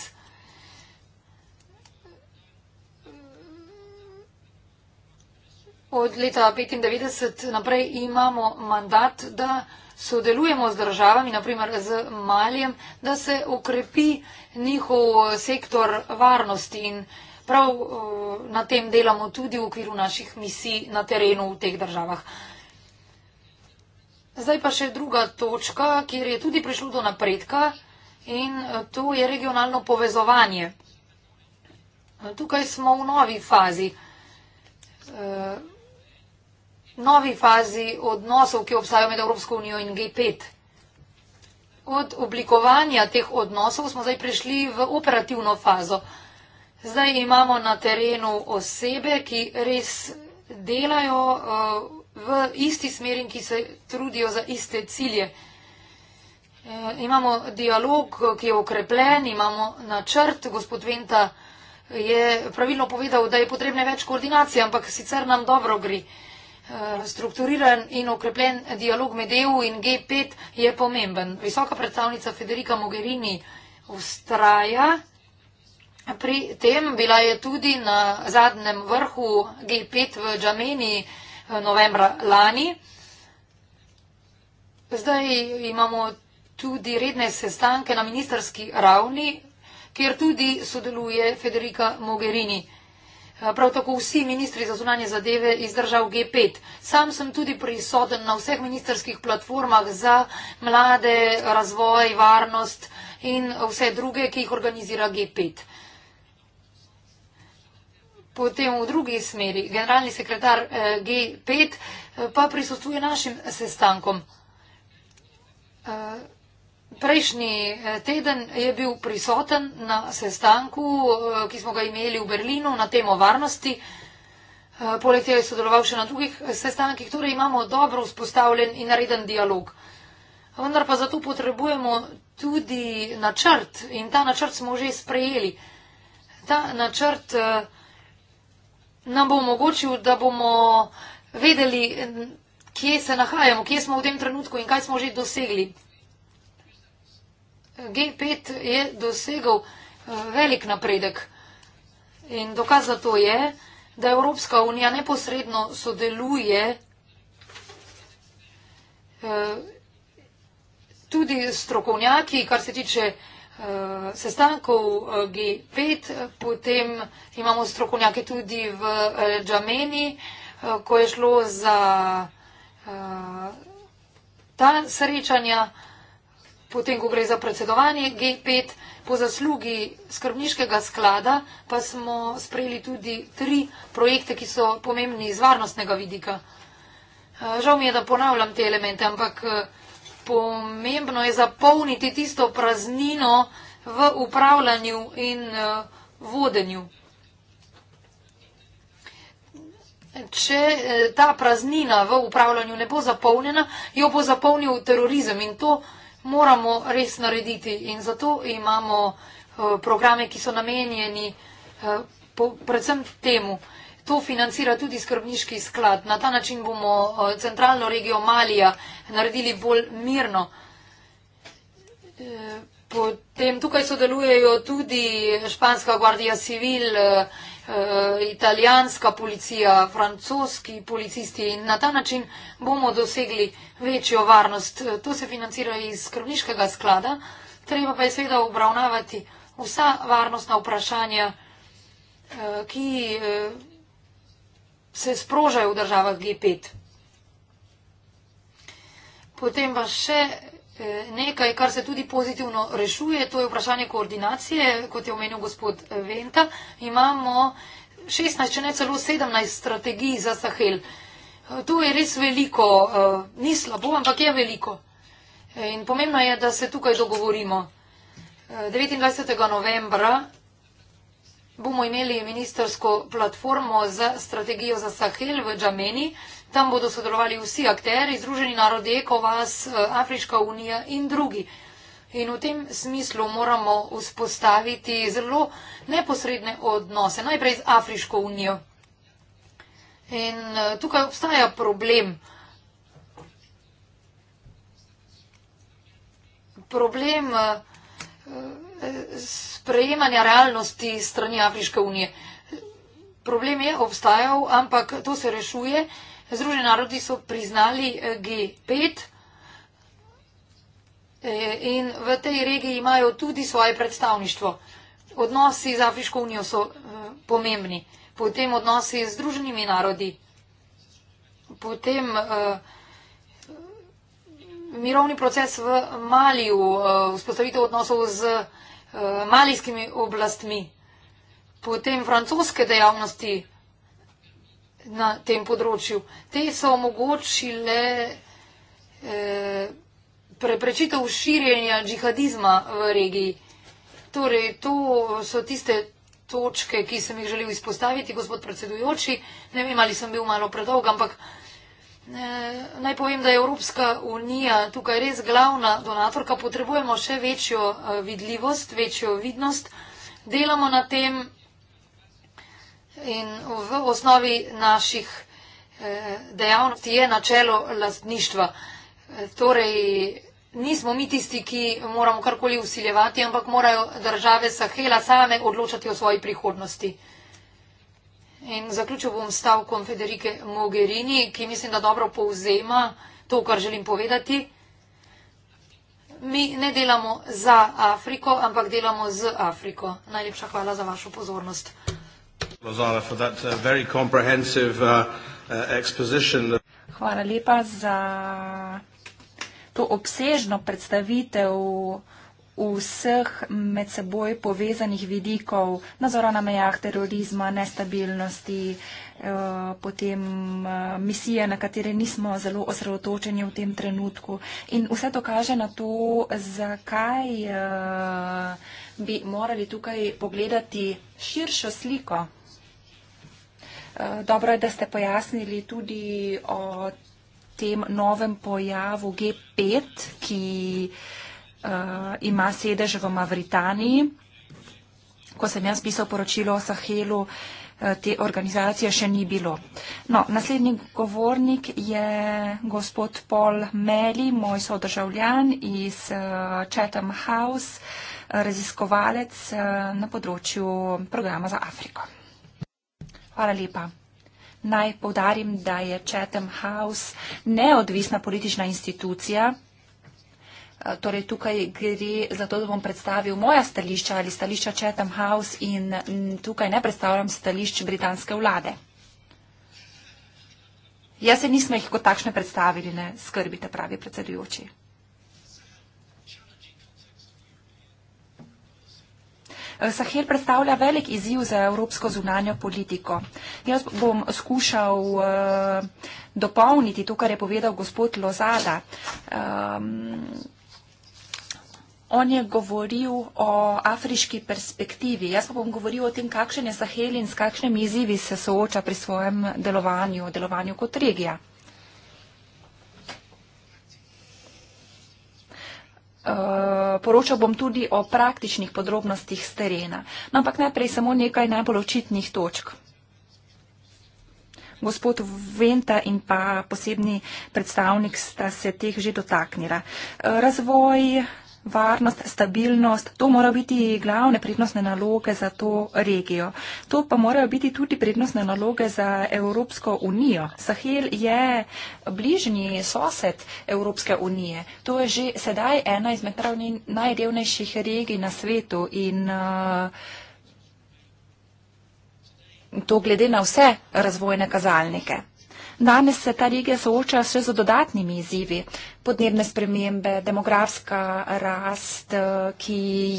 Od leta 1995 naprej imamo mandat, da sodelujemo z državami, naprimer z Malijem, da se ukrepi njihov sektor varnosti in prav eh, na tem delamo tudi v okviru naših misij na terenu v teh državah. Zdaj pa še druga točka, kjer je tudi prišlo do napredka in eh, to je regionalno povezovanje. Tukaj smo v novi fazi. Eh, novi fazi odnosov, ki obstajajo med Evropsko unijo in G5. Od oblikovanja teh odnosov smo zdaj prišli v operativno fazo. Zdaj imamo na terenu osebe, ki res delajo eh, v isti smeri in ki se trudijo za iste cilje. Eh, imamo dialog, ki je okrepljen, imamo načrt. Gospod Venta je pravilno povedal, da je potrebne več koordinacije, ampak sicer nam dobro gre. Eh, strukturiran in okrepljen dialog med EU in G5 je pomemben. Visoka predstavnica Federica Mogherini ustraja pri tem, bila je tudi na zadnjem vrhu G5 v Džameni eh, novembra lani. Zdaj imamo tudi redne sestanke na ministerski ravni, kjer tudi sodeluje Federica Mogherini. Eh, prav tako vsi ministri za zunanje zadeve iz držav G5. Sam sem tudi prisoten na vseh ministerskih platformah za mlade, razvoj, varnost in vse druge, ki jih organizira G5. Potem v drugi smeri, generalni sekretar eh, G5 eh, pa prisostuje našim sestankom. Prejšnji eh, teden je bil prisoten na sestanku, eh, ki smo ga imeli v Berlinu na temo varnosti. Eh, poleg tega je sodeloval še na drugih sestankih, torej imamo dobro vzpostavljen in nareden dialog. Vendar pa zato potrebujemo tudi načrt in ta načrt smo že sprejeli. Ta načrt nam bo omogočil, da bomo vedeli, kje se nahajamo, kje smo v tem trenutku in kaj smo že dosegli. G5 je dosegal eh, velik napredek in dokaz za to je, da Evropska unija neposredno sodeluje eh, tudi strokovnjaki, kar se tiče eh, sestankov G5, potem imamo strokovnjake tudi v Džameni, ko je šlo za ta srečanja, potem, ko gre za predsedovanje G5, po zaslugi skrbniškega sklada pa smo sprejeli tudi tri projekte, ki so pomembni iz varnostnega vidika. Eh, žal mi je, da ponavljam te elemente, ampak eh, pomembno je zapolniti tisto praznino v upravljanju in eh, vodenju. Če ta praznina v upravljanju ne bo zapolnjena, jo bo zapolnil terorizem in to moramo res narediti in zato imamo eh, programe, ki so namenjeni eh, predvsem temu. To financira tudi skrbniški sklad. Na ta način bomo eh, centralno regijo Malija naredili bolj mirno. Potem tukaj sodelujejo tudi španska guardia civil Eh, italijanska policija, francoski policisti in na ta način bomo dosegli večjo varnost. Eh, to se financira iz krvniškega sklada, treba pa je seveda obravnavati vsa varnostna vprašanja, eh, ki se sprožajo v državah G5. Potem pa še E, nekaj, kar se tudi pozitivno rešuje, to je vprašanje koordinacije, kot je omenil gospod Venta. Imamo 16, če ne celo 17 strategij za Sahel. E, to je res veliko, e, ni slabo, ampak je veliko. In pomembno je, da se tukaj dogovorimo. 29. novembra bomo imeli ministersko platformo za strategijo za Sahel v Džameni, Tam bodo sodelovali vsi akteri, Združeni narodi, ECOVAS, eh, Afriška unija in drugi. In v tem smislu moramo vzpostaviti zelo neposredne odnose, najprej z Afriško unijo. In eh, tukaj obstaja problem. Problem eh, sprejemanja realnosti strani Afriške unije. Problem je obstajal, ampak to se rešuje. Združeni narodi so priznali eh, G5 eh, in v tej regiji imajo tudi svoje predstavništvo. Odnosi z Afriško unijo so eh, pomembni, potem odnosi z Združenimi narodi, potem mirovni proces v Maliju, vzpostavitev odnosov z malijskimi oblastmi, potem francoske dejavnosti, na tem področju. Te so omogočile eh, preprečitev širjenja džihadizma v regiji. Torej, to so tiste točke, ki sem jih želel izpostaviti, gospod predsedujoči. Ne vem, ali sem bil malo predolg, ampak eh, naj povem, da je Evropska unija tukaj res glavna donatorka. Potrebujemo še večjo eh, vidljivost, večjo vidnost. Delamo na tem, In v osnovi naših eh, dejavnosti je načelo lastništva. Eh, torej, nismo mi tisti, ki moramo karkoli usiljevati, ampak morajo države Sahela same odločati o svoji prihodnosti. In zaključil bom stavkom Federike Mogherini, ki mislim, da dobro povzema to, kar želim povedati. Mi ne delamo za Afriko, ampak delamo z Afriko. Najlepša hvala za vašo pozornost. Uh, uh, uh, Hvala lepa za to obsežno predstavitev vseh med seboj povezanih vidikov nazora na mejah terorizma, nestabilnosti, eh, potem eh, misije, na katere nismo zelo osredotočeni v tem trenutku. In vse to kaže na to, zakaj eh, bi morali tukaj pogledati širšo sliko. Eh, dobro je, da ste pojasnili tudi o tem novem pojavu G5, ki eh, ima sedež v Mavritaniji. Ko sem jaz pisal poročilo o Sahelu, eh, te organizacije še ni bilo. No, naslednji govornik je gospod Paul Meli, moj sodržavljan iz Chatham House, raziskovalec na področju programa za Afriko. Hvala lepa. Naj povdarim, da je Chatham House neodvisna politična institucija. E, torej tukaj gre za to, da bom predstavil moja stališča ali stališča Chatham House in tukaj ne predstavljam stališč britanske vlade. Jaz se nismo jih kot takšne predstavili, ne skrbite, pravi predsedujoči. Sahel predstavlja velik izziv za evropsko zunanjo politiko. Jaz bom skušal uh, dopolniti to, kar je povedal gospod Lozada. Um, On je govoril o afriški perspektivi. Jaz pa bom govoril o tem, kakšen je Sahel in s kakšnimi izzivi se sooča pri svojem delovanju, delovanju kot regija. Eh, poročal bom tudi o praktičnih podrobnostih z terena. No, ampak najprej samo nekaj najbolj očitnih točk. Gospod Venta in pa posebni predstavnik sta se teh že dotaknila. Eh, razvoj varnost, stabilnost, to morajo biti glavne prednostne naloge za to regijo. To pa morajo biti tudi prednostne naloge za Evropsko unijo. Sahel je bližnji sosed Evropske unije. To je že sedaj ena izmed najrevnejših regij na svetu in uh, to glede na vse razvojne kazalnike. Danes se ta regija sooča še z dodatnimi izzivi. Podnebne spremembe, demografska rast, eh, ki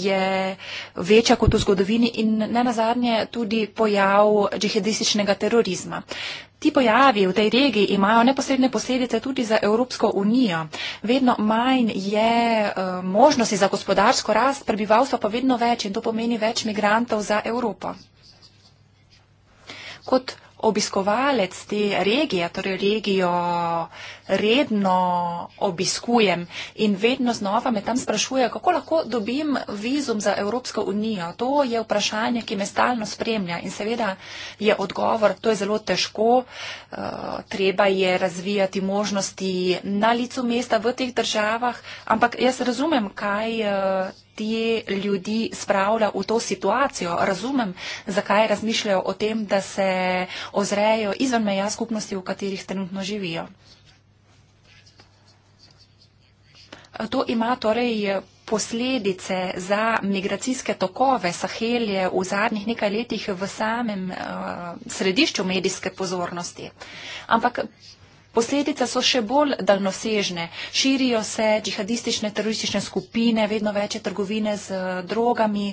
je večja kot v zgodovini in ne nazadnje tudi pojav džihadističnega terorizma. Ti pojavi v tej regiji imajo neposredne posledice tudi za Evropsko unijo. Vedno manj je eh, možnosti za gospodarsko rast, prebivalstvo pa vedno več in to pomeni več migrantov za Evropo. Kot obiskovalec te regije, torej regijo redno obiskujem in vedno znova me tam sprašuje, kako lahko dobim vizum za Evropsko unijo. To je vprašanje, ki me stalno spremlja in seveda je odgovor, to je zelo težko, eh, treba je razvijati možnosti na licu mesta v teh državah, ampak jaz razumem, kaj eh, te ljudi spravlja v to situacijo. Razumem, zakaj razmišljajo o tem, da se ozrejo izven meja skupnosti, v katerih trenutno živijo. To ima torej posledice za migracijske tokove Sahelje v zadnjih nekaj letih v samem uh, središču medijske pozornosti. Ampak Posledice so še bolj daljnosežne. Širijo se džihadistične teroristične skupine, vedno večje trgovine z eh, drogami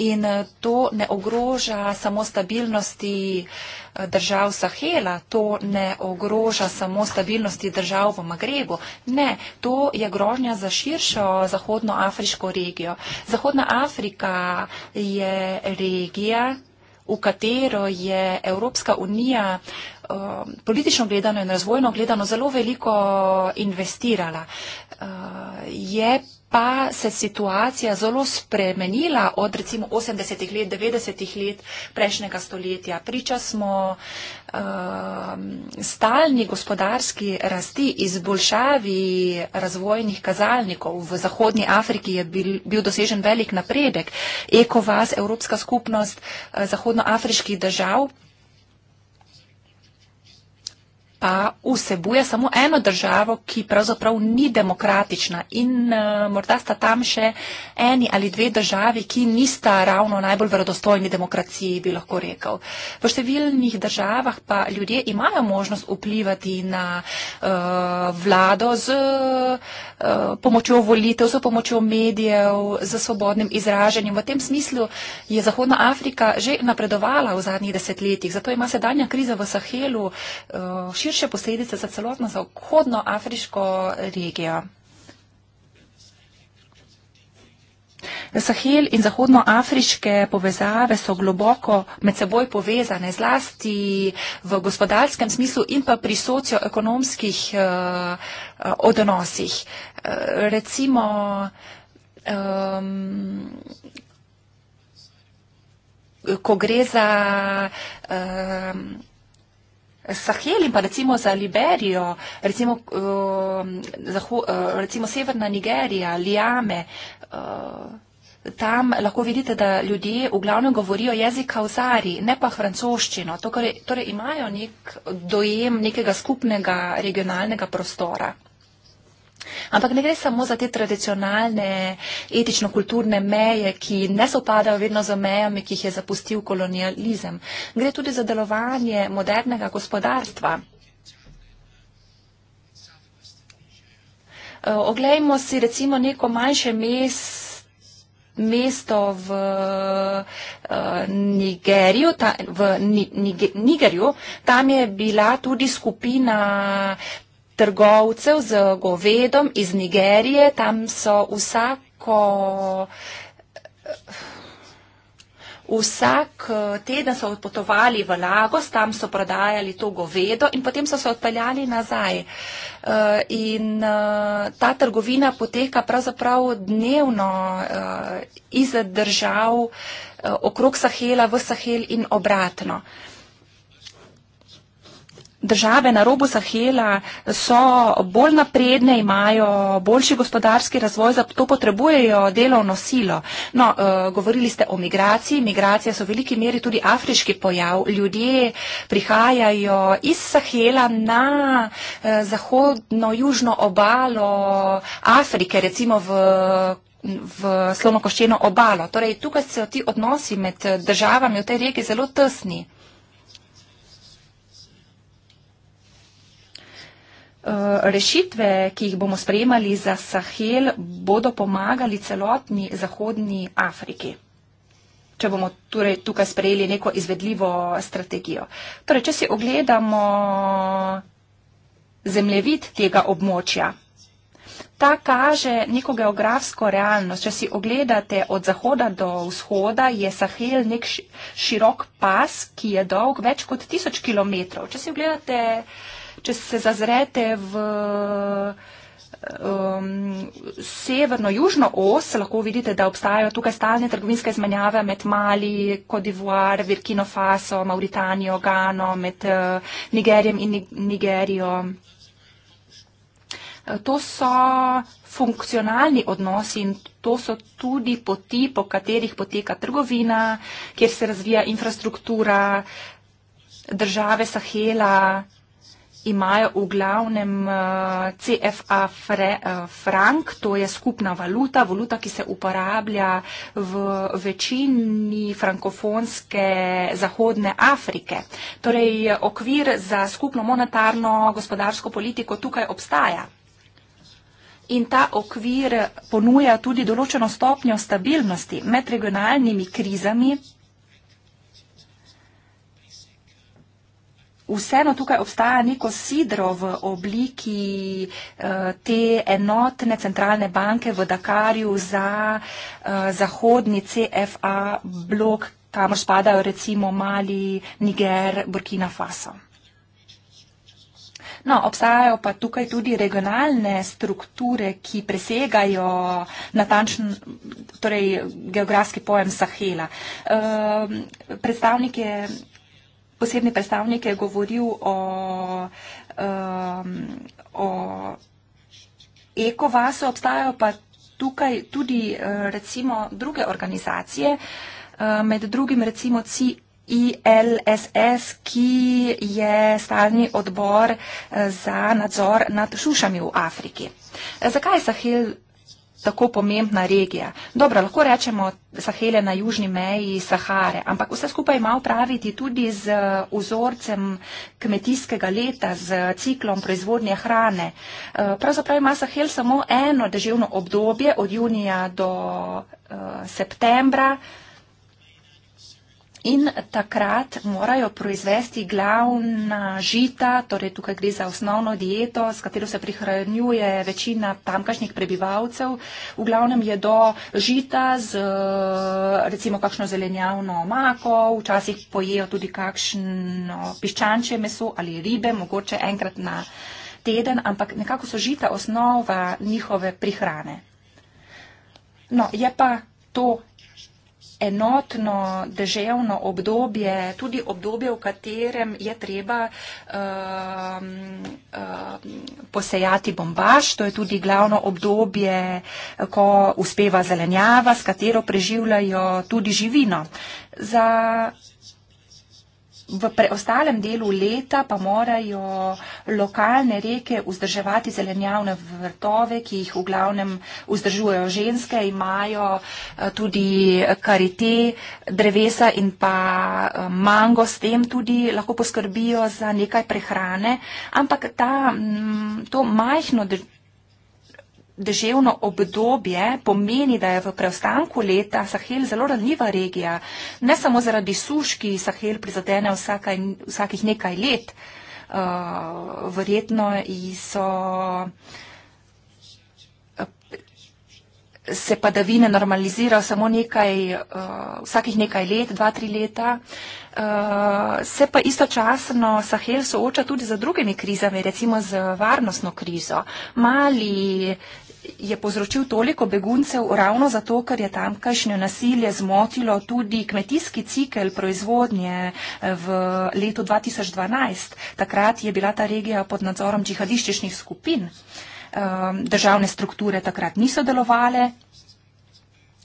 in eh, to ne ogroža samo stabilnosti eh, držav Sahela, to ne ogroža samo stabilnosti držav v Magrebu. Ne, to je grožnja za širšo zahodnoafriško regijo. Zahodna Afrika je regija, v katero je Evropska unija uh, Um, politično gledano in razvojno gledano zelo veliko investirala. Uh, je pa se situacija zelo spremenila od recimo 80-ih let, 90-ih let prejšnjega stoletja. Priča smo uh, stalni gospodarski rasti, izboljšavi razvojnih kazalnikov. V Zahodnji Afriki je bil, bil dosežen velik napredek. Eko vas, Evropska skupnost uh, zahodnoafriških držav pa vsebuje samo eno državo, ki pravzaprav ni demokratična in uh, morda sta tam še eni ali dve državi, ki nista ravno najbolj verodostojni demokraciji, bi lahko rekel. V številnih državah pa ljudje imajo možnost vplivati na uh, vlado z uh, pomočjo volitev, z pomočjo medijev, z svobodnim izraženjem. V tem smislu je Zahodna Afrika že napredovala v zadnjih desetletjih, zato ima sedanja kriza v Sahelu uh, širša najhujše posledice za celotno zahodno afriško regijo. Sahel in zahodnoafriške povezave so globoko med seboj povezane, zlasti v gospodarskem smislu in pa pri socioekonomskih uh, odnosih. Uh, recimo, um, ko gre za. Um, Sahel in pa recimo za Liberijo, recimo, uh, um, za, uh, recimo severna Nigerija, Lijame. Uh, Tam lahko vidite, da ljudje v glavnem govorijo jezik kauzari, ne pa francoščino. Torej, torej imajo nek dojem nekega skupnega regionalnega prostora. Ampak ne gre samo za te tradicionalne etično-kulturne meje, ki ne sopadajo vedno z mejami, ki jih je zapustil kolonializem. Gre tudi za delovanje modernega gospodarstva. E, oglejmo si recimo neko manjše mesto mesto v uh, Nigeriju, ta, v Ni, Niger, Nigerju. Tam je bila tudi skupina trgovcev z govedom iz Nigerije, tam so vsako, vsak eh, teden so odpotovali v Lagos, tam so prodajali to govedo in potem so se odpeljali nazaj. Eh, in eh, ta trgovina poteka pravzaprav dnevno iz držav okrog Sahela v Sahel in obratno države na robu Sahela so bolj napredne, imajo boljši gospodarski razvoj, zato potrebujejo delovno silo. No, eh, govorili ste o migraciji. Migracija so v veliki meri tudi afriški pojav. Ljudje prihajajo iz Sahela na eh, zahodno-južno obalo Afrike, recimo v v slonokoščeno obalo. Torej, tukaj so ti odnosi med eh, državami v tej regiji zelo tesni. Eh, rešitve, ki jih bomo sprejemali za Sahel, bodo pomagali celotni Zahodni Afriki če bomo torej tukaj sprejeli neko izvedljivo strategijo. Torej, če si ogledamo zemljevid tega območja, ta kaže neko geografsko realnost. Če si ogledate od zahoda do vzhoda, je Sahel nek širok pas, ki je dolg več kot tisoč kilometrov. Če si ogledate uh, če se zazrete v um, severno-južno os, lahko vidite, da obstajajo tukaj stalne trgovinske zmenjave med Mali, Kodivuar, Virkino Faso, Mauritanijo, Gano, med uh, Nigerijem in Nigerijo. Uh, to so funkcionalni odnosi in to so tudi poti, po katerih poteka trgovina, kjer se razvija infrastruktura države Sahela, imajo v glavnem uh, eh, CFA fre, uh, frank, to je skupna valuta, valuta, ki se uporablja v večini frankofonske zahodne Afrike. Torej, okvir za skupno monetarno gospodarsko politiko tukaj obstaja. In ta okvir ponuja tudi določeno stopnjo stabilnosti med regionalnimi krizami vseeno tukaj obstaja neko sidro v obliki eh, te enotne centralne banke v Dakarju za eh, zahodni CFA blok, kamor spadajo recimo Mali, Niger, Burkina Faso. No, obstajajo pa tukaj tudi regionalne strukture, ki presegajo natančen torej, geografski pojem Sahela. Eh, Predstavnike posebni predstavnik je govoril o, um, o ekovaso, obstajajo pa tukaj tudi eh, recimo druge organizacije, eh, med drugim recimo CILSS, e ki je stalni odbor eh, za nadzor nad šušami v Afriki. Zakaj je Sahel tako pomembna regija. Dobro, lahko rečemo Sahele na južni meji Sahare, ampak vse skupaj ima upraviti tudi z eh, vzorcem kmetijskega leta, z ciklom proizvodnje hrane. Eh, pravzaprav ima Sahel samo eno deževno obdobje od junija do eh, septembra. In takrat morajo proizvesti glavna žita, torej tukaj gre za osnovno dieto, s katero se prihranjuje večina tamkajšnjih prebivalcev. V glavnem je do žita z recimo kakšno zelenjavno omako, včasih pojejo tudi kakšno piščančje meso ali ribe, mogoče enkrat na teden, ampak nekako so žita osnova njihove prihrane. No, je pa to enotno državno obdobje, tudi obdobje, v katerem je treba um, um, posejati bombaž. To je tudi glavno obdobje, ko uspeva zelenjava, s katero preživljajo tudi živino. Za v preostalem delu leta pa morajo lokalne reke vzdrževati zelenjavne vrtove, ki jih v glavnem vzdržujejo ženske, imajo eh, tudi karite, drevesa in pa eh, mango, s tem tudi lahko poskrbijo za nekaj prehrane, ampak ta, mm, to majhno deževno obdobje pomeni, da je v preostanku leta Sahel zelo ranljiva regija, ne samo zaradi suš, ki Sahel prizadene vsakaj, vsakih nekaj let. Uh, verjetno so uh, se padavine normalizirajo samo nekaj, uh, vsakih nekaj let, dva, tri leta. Uh, se pa istočasno Sahel sooča tudi z drugimi krizami, recimo z varnostno krizo. Mali je povzročil toliko beguncev ravno zato, ker je tamkajšnje nasilje zmotilo tudi kmetijski cikel proizvodnje eh, v letu 2012. Takrat je bila ta regija pod nadzorom džihadističnih skupin. Ehm, državne strukture takrat niso delovale.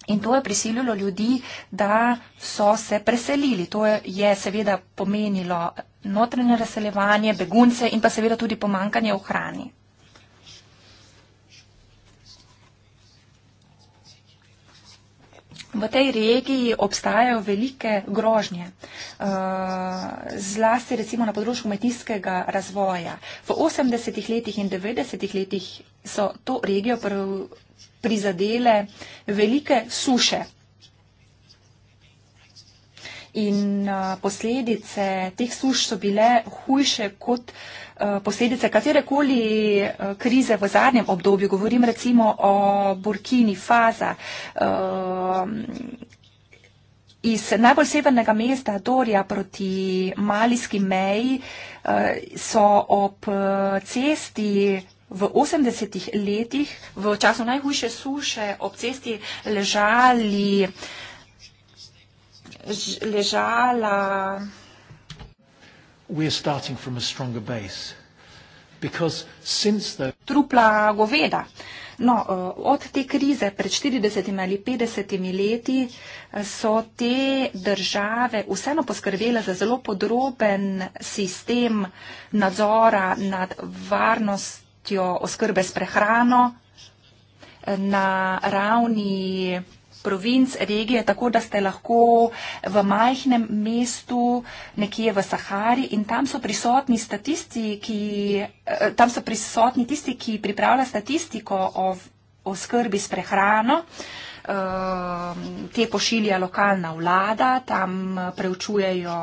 In to je prisililo ljudi, da so se preselili. To je seveda pomenilo notranje razseljevanje, begunce in pa seveda tudi pomankanje v hrani. V tej regiji obstajajo velike grožnje, eh, zlasti recimo na področju kmetijskega razvoja. V 80-ih letih in 90-ih letih so to regijo prizadele velike suše in uh, posledice teh suš so bile hujše kot uh, posledice katerekoli uh, krize v zadnjem obdobju. Govorim recimo o Burkini Faza um, iz najbolj severnega mesta Dorja proti malijski meji so ob cesti v 80-ih letih, v času najhujše suše, ob cesti ležali uh, ležala. The... Trupla goveda. No, eh, od te krize pred 40 ali 50 leti eh, so te države vseeno poskrbele za zelo podroben sistem nadzora nad varnostjo oskrbe s prehrano eh, na ravni provinc, regije, tako da ste lahko v majhnem mestu nekje v Sahari in tam so prisotni statisti, ki, eh, tam so prisotni tisti, ki pripravlja statistiko o, o skrbi s prehrano. Ehm, te pošilja lokalna vlada, tam eh, preučujejo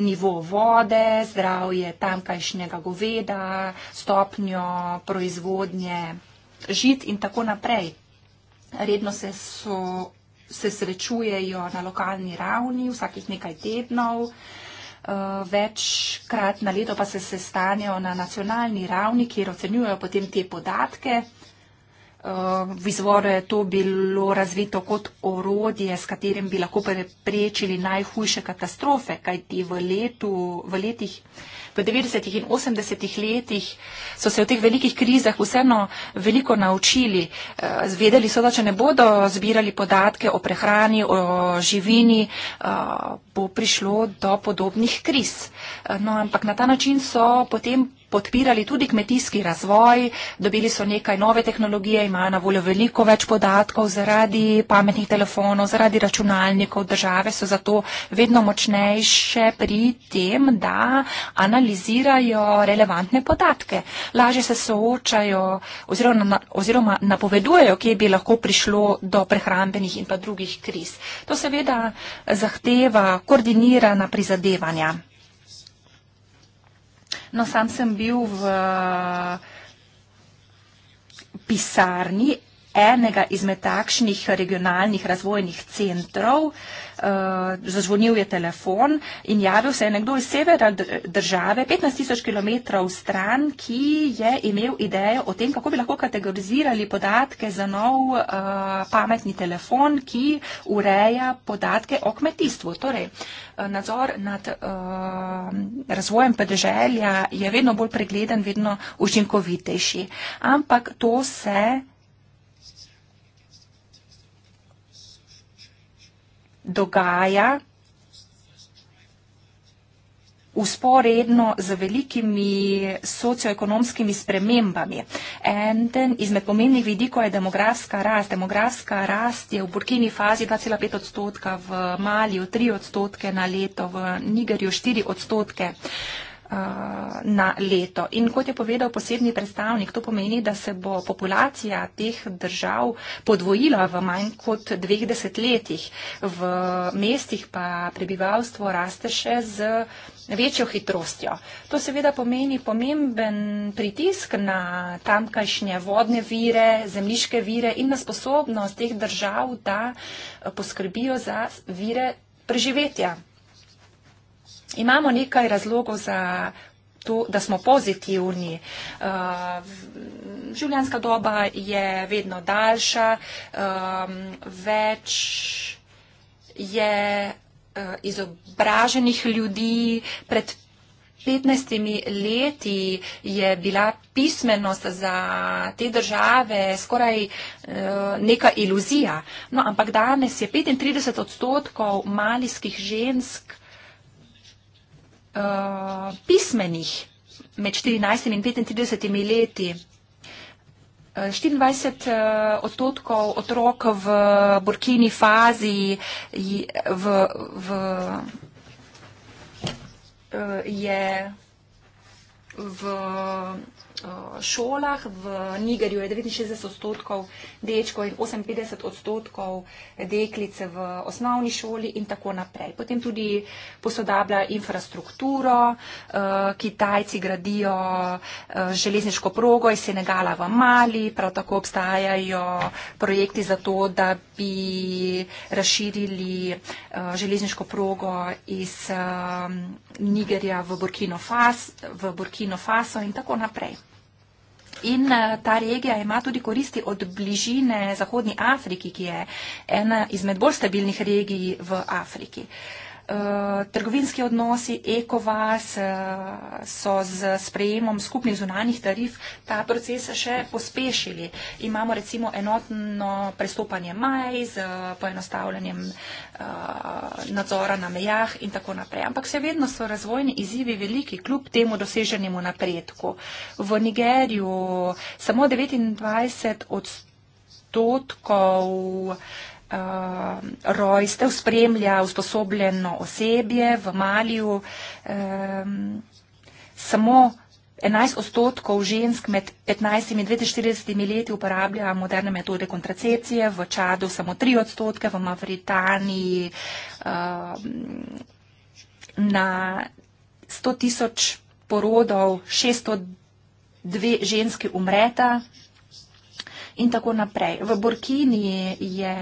nivo vode, zdravje tamkajšnjega goveda, stopnjo proizvodnje žit in tako naprej redno se, so, se srečujejo na lokalni ravni vsakih nekaj tednov, eh, večkrat na leto pa se sestanjajo na nacionalni ravni, kjer ocenjujejo potem te podatke. Eh, v izvoru je to bilo razvito kot orodje, s katerim bi lahko preprečili najhujše katastrofe, kajti v, letu, v letih 90. in 80. letih so se v teh velikih krizah vseeno veliko naučili. Zvedeli eh, so, da če ne bodo zbirali podatke o prehrani, o živini, eh, bo prišlo do podobnih kriz. Eh, no, ampak na ta način so potem podpirali tudi kmetijski razvoj, dobili so nekaj nove tehnologije, imajo na voljo veliko več podatkov zaradi pametnih telefonov, zaradi računalnikov. Države so zato vedno močnejše pri tem, da analizirajo relevantne podatke. Lažje se soočajo oziroma, na, oziroma napovedujejo, kje bi lahko prišlo do prehrambenih in pa drugih kriz. To seveda zahteva koordinirana prizadevanja. No, sam sem bil v pisarni enega izmed takšnih regionalnih razvojnih centrov, uh, zazvonil je telefon in javil se je nekdo iz severa države, 15 tisoč km stran, ki je imel idejo o tem, kako bi lahko kategorizirali podatke za nov uh, pametni telefon, ki ureja podatke o kmetijstvu. Torej, uh, nadzor nad uh, razvojem podeželja je vedno bolj pregleden, vedno učinkovitejši. Ampak to se dogaja usporedno z velikimi socioekonomskimi spremembami. Enden izmed pomembnih vidikov je demografska rast. Demografska rast je v Burkini fazi 2,5 odstotka, v Maliju 3 odstotke na leto, v Nigerju 4 odstotke. Eh, na leto. In kot je povedal posebni predstavnik, to pomeni, da se bo populacija teh držav podvojila v manj kot dveh desetletjih. V mestih pa prebivalstvo raste še z večjo hitrostjo. To seveda pomeni pomemben pritisk na tamkajšnje vodne vire, zemljiške vire in na sposobnost teh držav, da poskrbijo za vire preživetja imamo nekaj razlogov za to, da smo pozitivni. Eh, življenjska doba je vedno daljša, ehm, več je eh, izobraženih ljudi. Pred 15 leti je bila pismenost za te države skoraj eh, neka iluzija. No, ampak danes je 35 odstotkov malijskih žensk Eh, pismenih med 14 in 35 leti. 24 eh, eh, odstotkov otrok v Burkini fazi v, v, je v Eh, šolah. V Nigerju je 69 odstotkov dečkov in 58 odstotkov deklice v osnovni šoli in tako naprej. Potem tudi posodablja infrastrukturo. Eh, Kitajci gradijo eh, železniško progo iz Senegala v Mali. Prav tako obstajajo projekti za to, da bi razširili železniško progo iz Nigerja v Burkino Faso, v Burkino Faso in tako naprej. In eh, ta regija ima tudi koristi od bližine Zahodni Afriki, ki je ena izmed bolj stabilnih regij v Afriki. Eh, trgovinski odnosi, ekovas eh, so z sprejemom skupnih zunanih tarif ta proces še pospešili. Imamo recimo enotno prestopanje maj z poenostavljanjem eh, nadzora na mejah in tako naprej. Ampak še vedno so razvojni izzivi veliki, kljub temu doseženemu napredku. V Nigeriju samo 29 odstotkov uh, rojstev spremlja usposobljeno osebje v Maliju. Um, samo 11 odstotkov žensk med 15 in 42 leti uporablja moderne metode kontracepcije, v Čadu samo 3 odstotke, v Mavritaniji uh, na 100 tisoč porodov 602 ženske umreta, in tako naprej. V Burkini je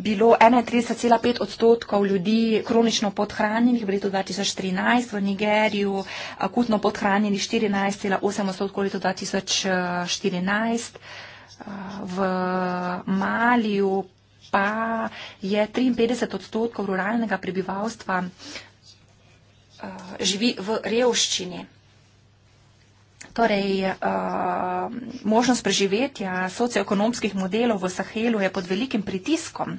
bilo 31,5 odstotkov ljudi kronično podhranjenih v letu 2013, v Nigeriju akutno podhranjenih 14,8 odstotkov v letu 2014, v Maliju pa je 53 odstotkov ruralnega prebivalstva eh, živi v revščini. Torej, uh, možnost preživetja socioekonomskih modelov v Sahelu je pod velikim pritiskom.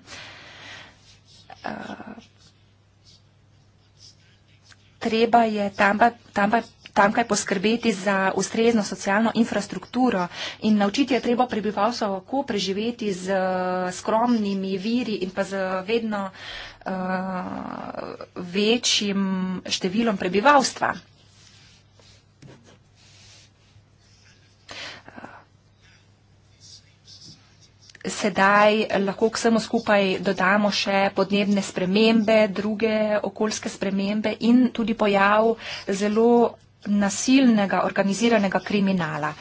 Uh, treba je tamkaj tam tam poskrbeti za ustrezno socialno infrastrukturo in naučiti je treba prebivalstvo, kako preživeti z eh, skromnimi viri in pa z vedno uh, večjim številom prebivalstva. sedaj lahko k vsemu skupaj dodamo še podnebne spremembe, druge okoljske spremembe in tudi pojav zelo nasilnega, organiziranega kriminala.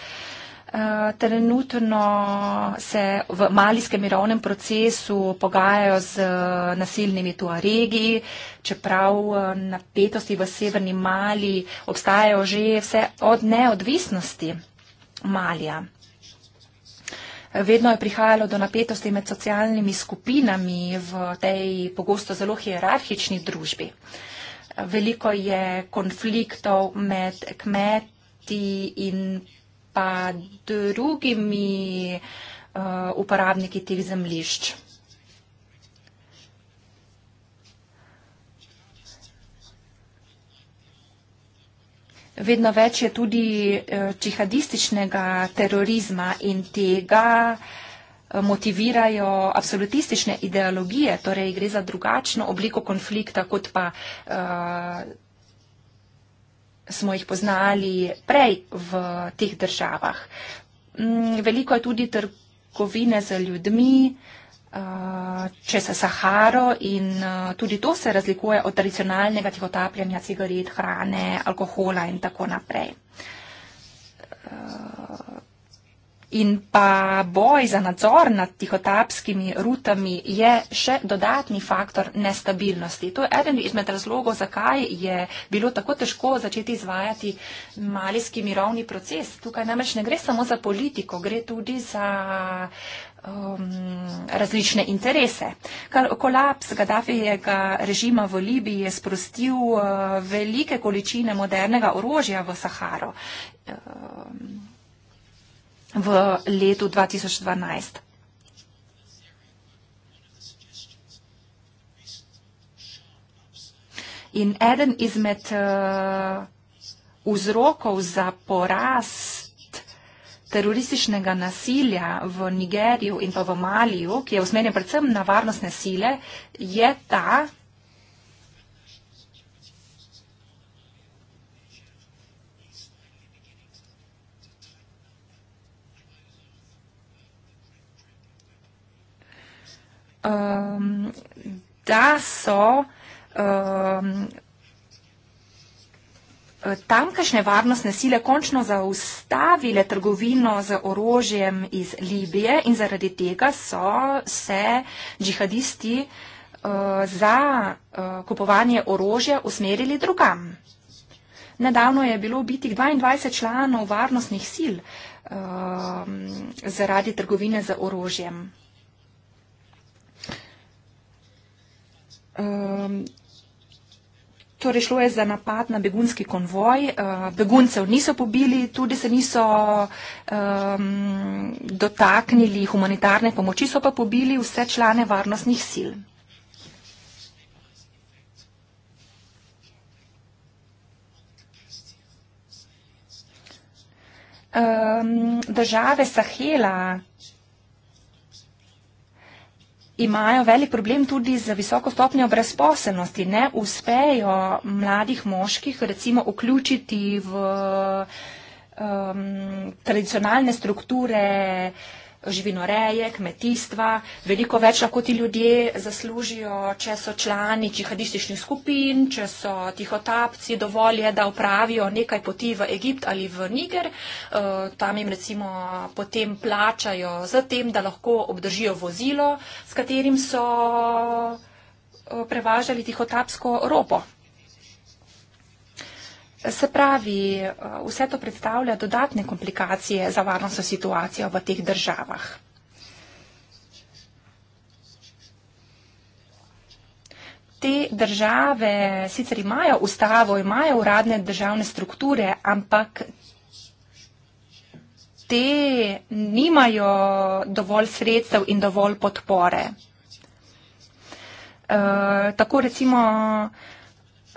Eh, trenutno se v malijskem mirovnem procesu pogajajo z nasilnimi tuaregi, čeprav eh, napetosti v severni Mali obstajajo že vse od neodvisnosti Malija. Vedno je prihajalo do napetosti med socialnimi skupinami v tej pogosto zelo hierarhični družbi. Veliko je konfliktov med kmeti in pa drugimi uh, uporabniki teh zemlišč. vedno več je tudi eh, džihadističnega terorizma in tega eh, motivirajo absolutistične ideologije, torej gre za drugačno obliko konflikta, kot pa uh, smo jih poznali prej v teh državah. Mm, veliko je tudi trgovine z ljudmi, uh, čez Saharo in eh, tudi to se razlikuje od tradicionalnega tihotapljanja cigaret, hrane, alkohola in tako naprej. Eh, in pa boj za nadzor nad tihotapskimi rutami je še dodatni faktor nestabilnosti. To je eden izmed razlogov, zakaj je bilo tako težko začeti izvajati malijski mirovni proces. Tukaj namreč ne gre samo za politiko, gre tudi za uh, um, različne interese. Kolaps Gaddafijega režima v Libiji je sprostil uh, velike količine modernega orožja v Saharo um, v letu 2012. In eden izmed uh, vzrokov za poraz uh, terorističnega nasilja v Nigeriju in pa v Maliju, ki je usmerjen predvsem na varnostne sile, je ta, um, da so um, tamkajšnje varnostne sile končno zaustavile trgovino z orožjem iz Libije in zaradi tega so se džihadisti eh, za eh, kupovanje orožja usmerili drugam. Nedavno je bilo bitih 22 članov varnostnih sil eh, zaradi trgovine z orožjem. Torej, šlo je za napad na begunski konvoj. Uh, beguncev niso pobili, tudi se niso um, dotaknili humanitarne pomoči, so pa pobili vse člane varnostnih sil. Um, države Sahela imajo velik problem tudi z visoko stopnjo brezposelnosti. Ne uspejo mladih moških recimo vključiti v um, tradicionalne strukture, uh, živinoreje, kmetijstva, veliko več lahko ti ljudje zaslužijo, če so člani džihadističnih skupin, če so tihotapci, dovolj je, da upravijo nekaj poti v Egipt ali v Niger, eh, tam jim recimo potem plačajo za tem, da lahko obdržijo vozilo, s katerim so eh, prevažali tihotapsko ropo. Se pravi, vse to predstavlja dodatne komplikacije za varnostno situacijo v teh državah. Te države sicer imajo ustavo, imajo uradne državne strukture, ampak te nimajo dovolj sredstev in dovolj podpore. E, tako recimo uh,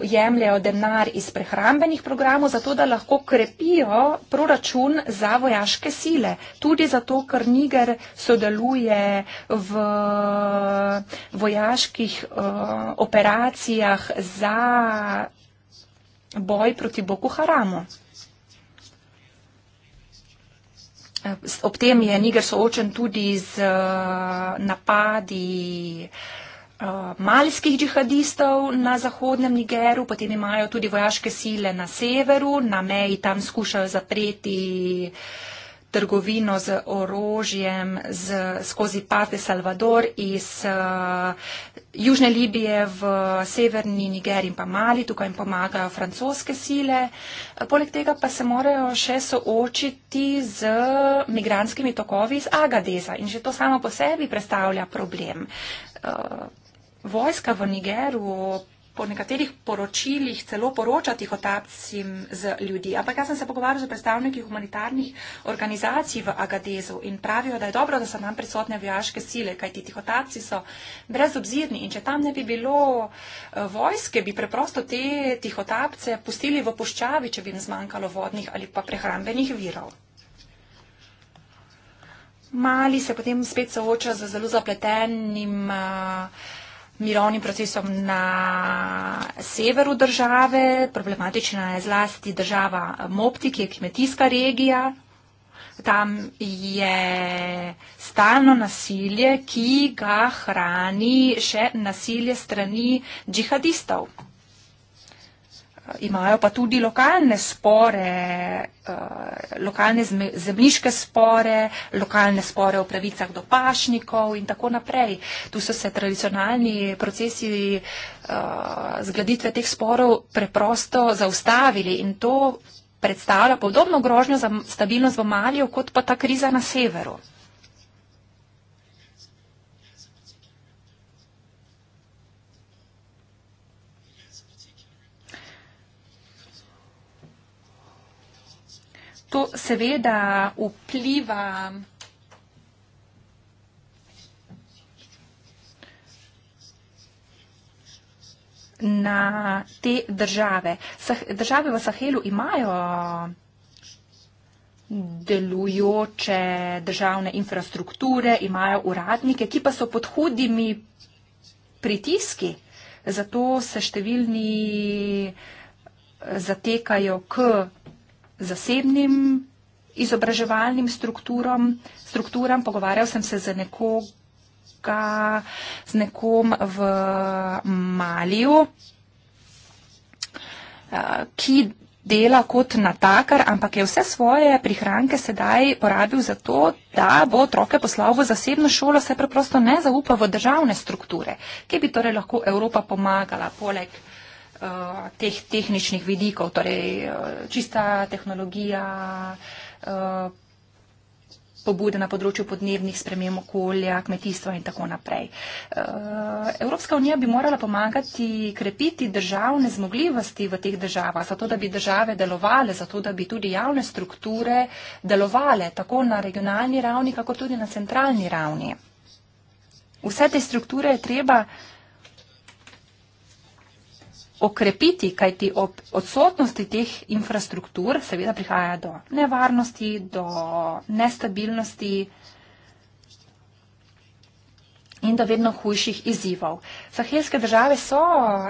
eh, jemljajo denar iz prehrambenih programov, zato da lahko krepijo proračun za vojaške sile. Tudi zato, ker Niger sodeluje v eh, vojaških uh, operacijah za boj proti Boku Haramu. Ob tem je Niger soočen tudi z napadi uh, Eh, malskih džihadistov na zahodnem Nigeru, potem imajo tudi vojaške sile na severu, na meji tam skušajo zapreti trgovino z orožjem z, skozi Parte Salvador iz uh, Južne Libije v severni Niger in pa Mali, tukaj jim pomagajo francoske sile. Eh, poleg tega pa se morajo še soočiti z migranskimi tokovi iz Agadeza in že to samo po sebi predstavlja problem. Uh, vojska v Nigeru po nekaterih poročilih celo poročati o tapcim z ljudi. Ampak jaz sem se pogovarjal z predstavniki humanitarnih organizacij v Agadezu in pravijo, da je dobro, da so tam prisotne vojaške sile, kajti ti tapci so brezobzirni in če tam ne bi bilo eh, vojske, bi preprosto te tihotapce pustili v puščavi, če bi jim zmanjkalo vodnih ali pa prehrambenih virov. Mali se potem spet sooča z zelo zapletenim uh, mirovnim procesom na severu države, problematična je zlasti država Mopti, ki je kmetijska regija. Tam je stalno nasilje, ki ga hrani še nasilje strani džihadistov imajo pa tudi lokalne spore, eh, lokalne zemljiške spore, lokalne spore o pravicah do pašnikov in tako naprej. Tu so se tradicionalni procesi eh, zgraditve teh sporov preprosto zaustavili in to predstavlja podobno grožnjo za stabilnost v Maliju, kot pa ta kriza na severu. To seveda vpliva na te države. Države v Sahelu imajo delujoče državne infrastrukture, imajo uradnike, ki pa so pod hudimi pritiski. Zato se številni zatekajo k zasebnim izobraževalnim strukturam, strukturam. pogovarjal sem se z nekoga, z nekom v Maliju, eh, ki dela kot natakar, ampak je vse svoje prihranke sedaj porabil za to, da bo otroke poslal v zasebno šolo, se preprosto ne zaupa v državne strukture, ki bi torej lahko Evropa pomagala poleg. Eh, teh tehničnih vidikov, torej eh, čista tehnologija, eh, pobude na področju podnebnih sprememb okolja, kmetijstva in tako naprej. Evropska unija bi morala pomagati krepiti državne zmogljivosti v teh državah, zato da bi države delovale, zato da bi tudi javne strukture delovale tako na regionalni ravni, kako tudi na centralni ravni. Vse te strukture je treba okrepiti, kajti ob odsotnosti teh infrastruktur seveda prihaja do nevarnosti, do nestabilnosti in do vedno hujših izzivov. Sahelske države so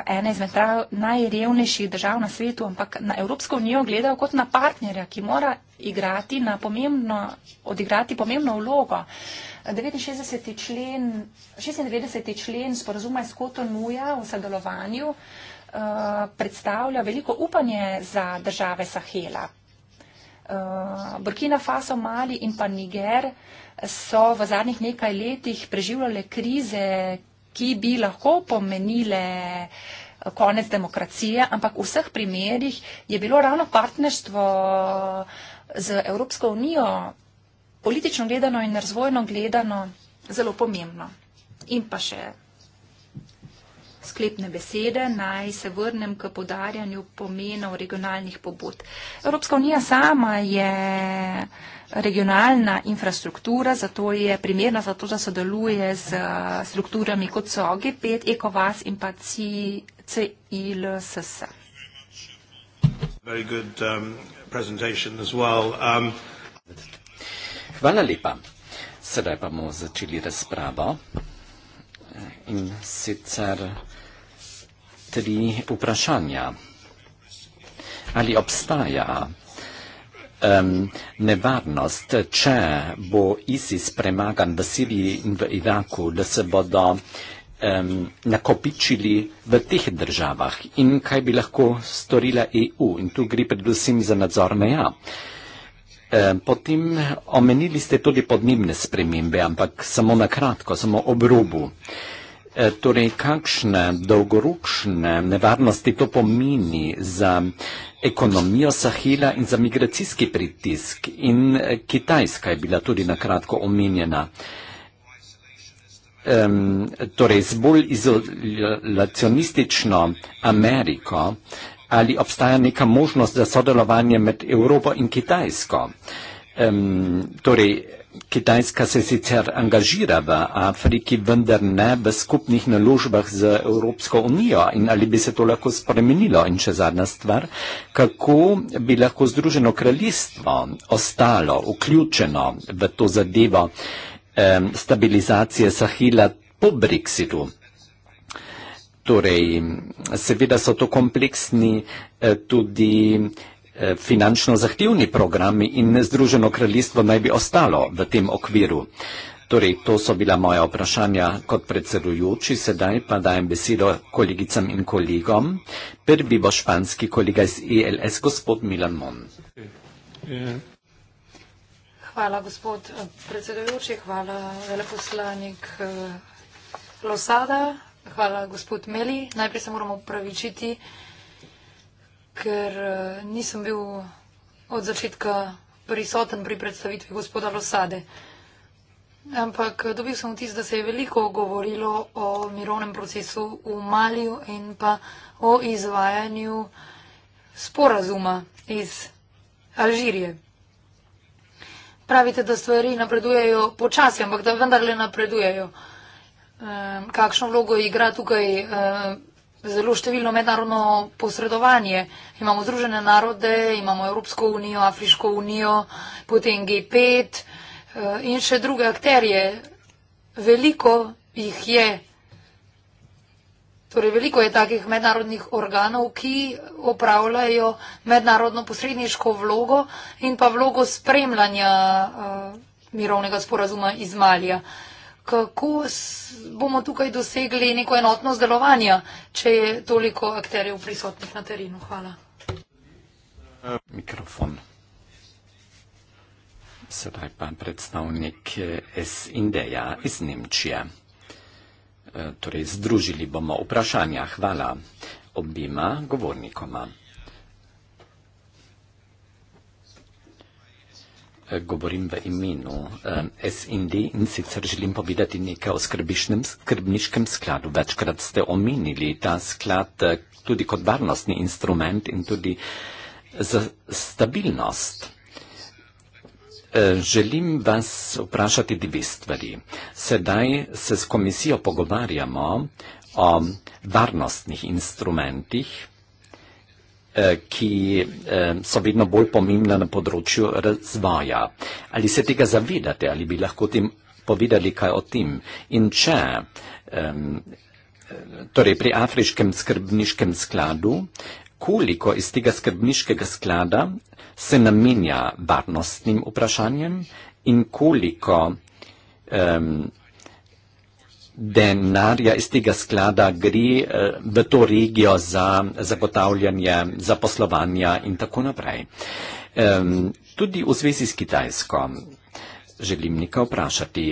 ene izmed najrevnejših držav na svetu, ampak na Evropsko unijo gledajo kot na partnerja, ki mora igrati na pomembno, odigrati pomembno vlogo. 69. člen, 96. člen sporazuma iz Kotonuja o sodelovanju Eh, predstavlja veliko upanje za države Sahela. Eh, Burkina Faso, Mali in pa Niger so v zadnjih nekaj letih preživljale krize, ki bi lahko pomenile eh, konec demokracije, ampak v vseh primerjih je bilo ravno partnerstvo z Evropsko unijo politično gledano in razvojno gledano zelo pomembno. In pa še sklepne besede, naj se vrnem k podarjanju pomenov regionalnih pobud. Evropska unija sama je regionalna infrastruktura, zato je primerna za to, da sodeluje z eh, strukturami kot so G5, ECOWAS in pa CILSS. Um, um, Hvala lepa. Sedaj pa bomo začeli razpravo in sicer tri vprašanja. Ali obstaja um, nevarnost, če bo ISIS premagan v Siriji in v Iraku, da se bodo um, nakopičili v teh državah in kaj bi lahko storila EU in tu gre predvsem za nadzor meja. Na ja. Eh, potem omenili ste tudi podnebne spremembe, ampak samo na kratko, samo obrobu. Eh, torej, kakšne dolgoročne nevarnosti to pomeni za ekonomijo Sahila in za migracijski pritisk? In eh, Kitajska je bila tudi na kratko omenjena. Torej, z bolj izolacionistično Ameriko ali obstaja neka možnost za sodelovanje med Evropo in Kitajsko. Um, torej, Kitajska se sicer angažira v Afriki, vendar ne v skupnih naložbah z Evropsko unijo in ali bi se to lahko spremenilo. In še zadnja stvar, kako bi lahko Združeno kraljestvo ostalo vključeno v to zadevo um, stabilizacije Sahila po Brexitu. Torej, seveda so to kompleksni eh, tudi eh, finančno zahtevni programi in Združeno kraljestvo naj bi ostalo v tem okviru. Torej, to so bila moja vprašanja kot predsedujoči, sedaj pa dajem besedo kolegicam in kolegom. Prvi bo španski kolega iz ELS, gospod Milan Mon. Hvala, gospod eh, predsedujoči, hvala veleposlanik Losada, Hvala, gospod Meli. Najprej se moramo upravičiti, ker eh, nisem bil od začetka prisoten pri predstavitvi gospoda Losade. Ampak eh, dobil sem vtis, da se je veliko govorilo o mirovnem procesu v Maliju in pa o izvajanju sporazuma iz Alžirije. Pravite, da stvari napredujejo počasi, ampak da vendarle napredujejo um, kakšno vlogo igra tukaj uh, zelo številno mednarodno posredovanje. Imamo Združene narode, imamo Evropsko unijo, Afriško unijo, potem G5 uh, in še druge akterje. Veliko jih je. Torej, veliko je takih mednarodnih organov, ki opravljajo mednarodno posredniško vlogo in pa vlogo spremljanja uh, mirovnega sporazuma iz Malija. Uh, kako bomo tukaj dosegli neko enotno zdelovanje, če je toliko akterjev prisotnih na terenu. Hvala. Mikrofon. Sedaj pa predstavnik S. Indeja iz Nemčije. E, torej, združili bomo vprašanja. Hvala obima govornikoma. Eh, govorim v imenu eh, SND in sicer želim povedati nekaj o skrbniškem skladu. Večkrat ste omenili ta sklad eh, tudi kot varnostni instrument in tudi za stabilnost. Želim vas vprašati dve stvari. Sedaj se s komisijo pogovarjamo o varnostnih instrumentih, Eh, ki eh, so vedno bolj pomembna na področju razvoja. Ali se tega zavedate, ali bi lahko tem povedali kaj o tem? In če, torej pri Afriškem skrbniškem skladu, koliko iz tega skrbniškega sklada se namenja varnostnim vprašanjem in koliko denarja iz tega sklada gre eh, v to regijo za zagotavljanje zaposlovanja in tako naprej. Tudi v zvezi s Kitajsko. Želim nekaj vprašati.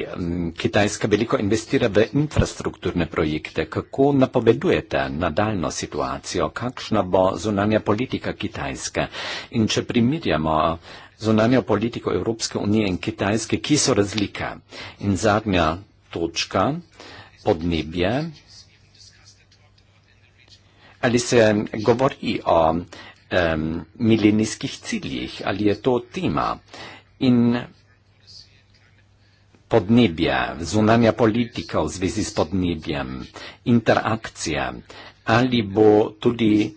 Kitajska veliko investira v infrastrukturne projekte. Kako napovedujete nadaljno situacijo? Kakšna bo zunanja politika Kitajske? In če primirjamo zunanjo politiko Evropske unije in Kitajske, ki so razlike? In zadnja točka podnebje, ali se govori o um, milenijskih ciljih, ali je to tema in podnebje, zunanja politika v zvezi s podnebjem, interakcija, ali bo tudi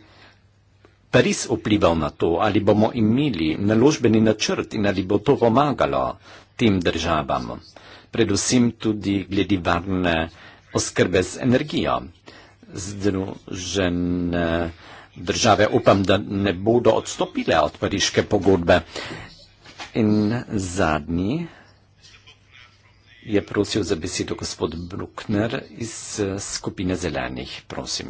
Paris vplival na to, ali bomo imeli naložbeni načrt in ali bo to pomagalo tem državam, predvsem tudi glede varne oskrbe z energijo. Združene države upam, da ne bodo odstopile od pariške pogodbe. In zadnji je prosil za besedo gospod Bruckner iz eh, skupine zelenih. Prosim.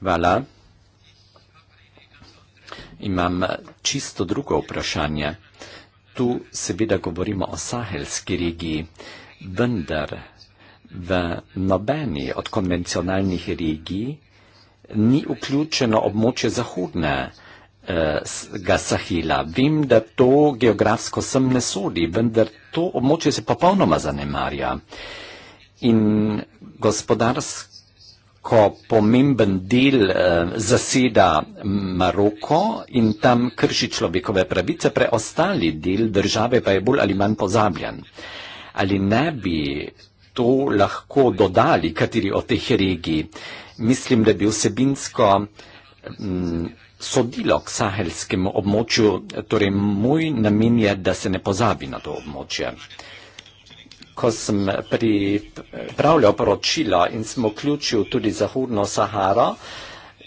Hvala. Imam eh, čisto drugo vprašanje tu seveda govorimo o sahelski regiji, vendar v nobeni od konvencionalnih regij ni vključeno območje zahodne eh, ga Sahila. Vem, da to geografsko sem ne sodi, vendar to območje se popolnoma zanemarja. In gospodarsko ko pomemben del eh, zaseda Maroko in tam krši človekove pravice, preostali del države pa je bolj ali manj pozabljen. Ali ne bi to lahko dodali kateri od teh regij? Mislim, da bi vsebinsko m, mm, sodilo k sahelskemu območju, torej moj namen je, da se ne pozabi na to območje ko sem pripravljal poročilo in sem vključil tudi Zahodno Saharo,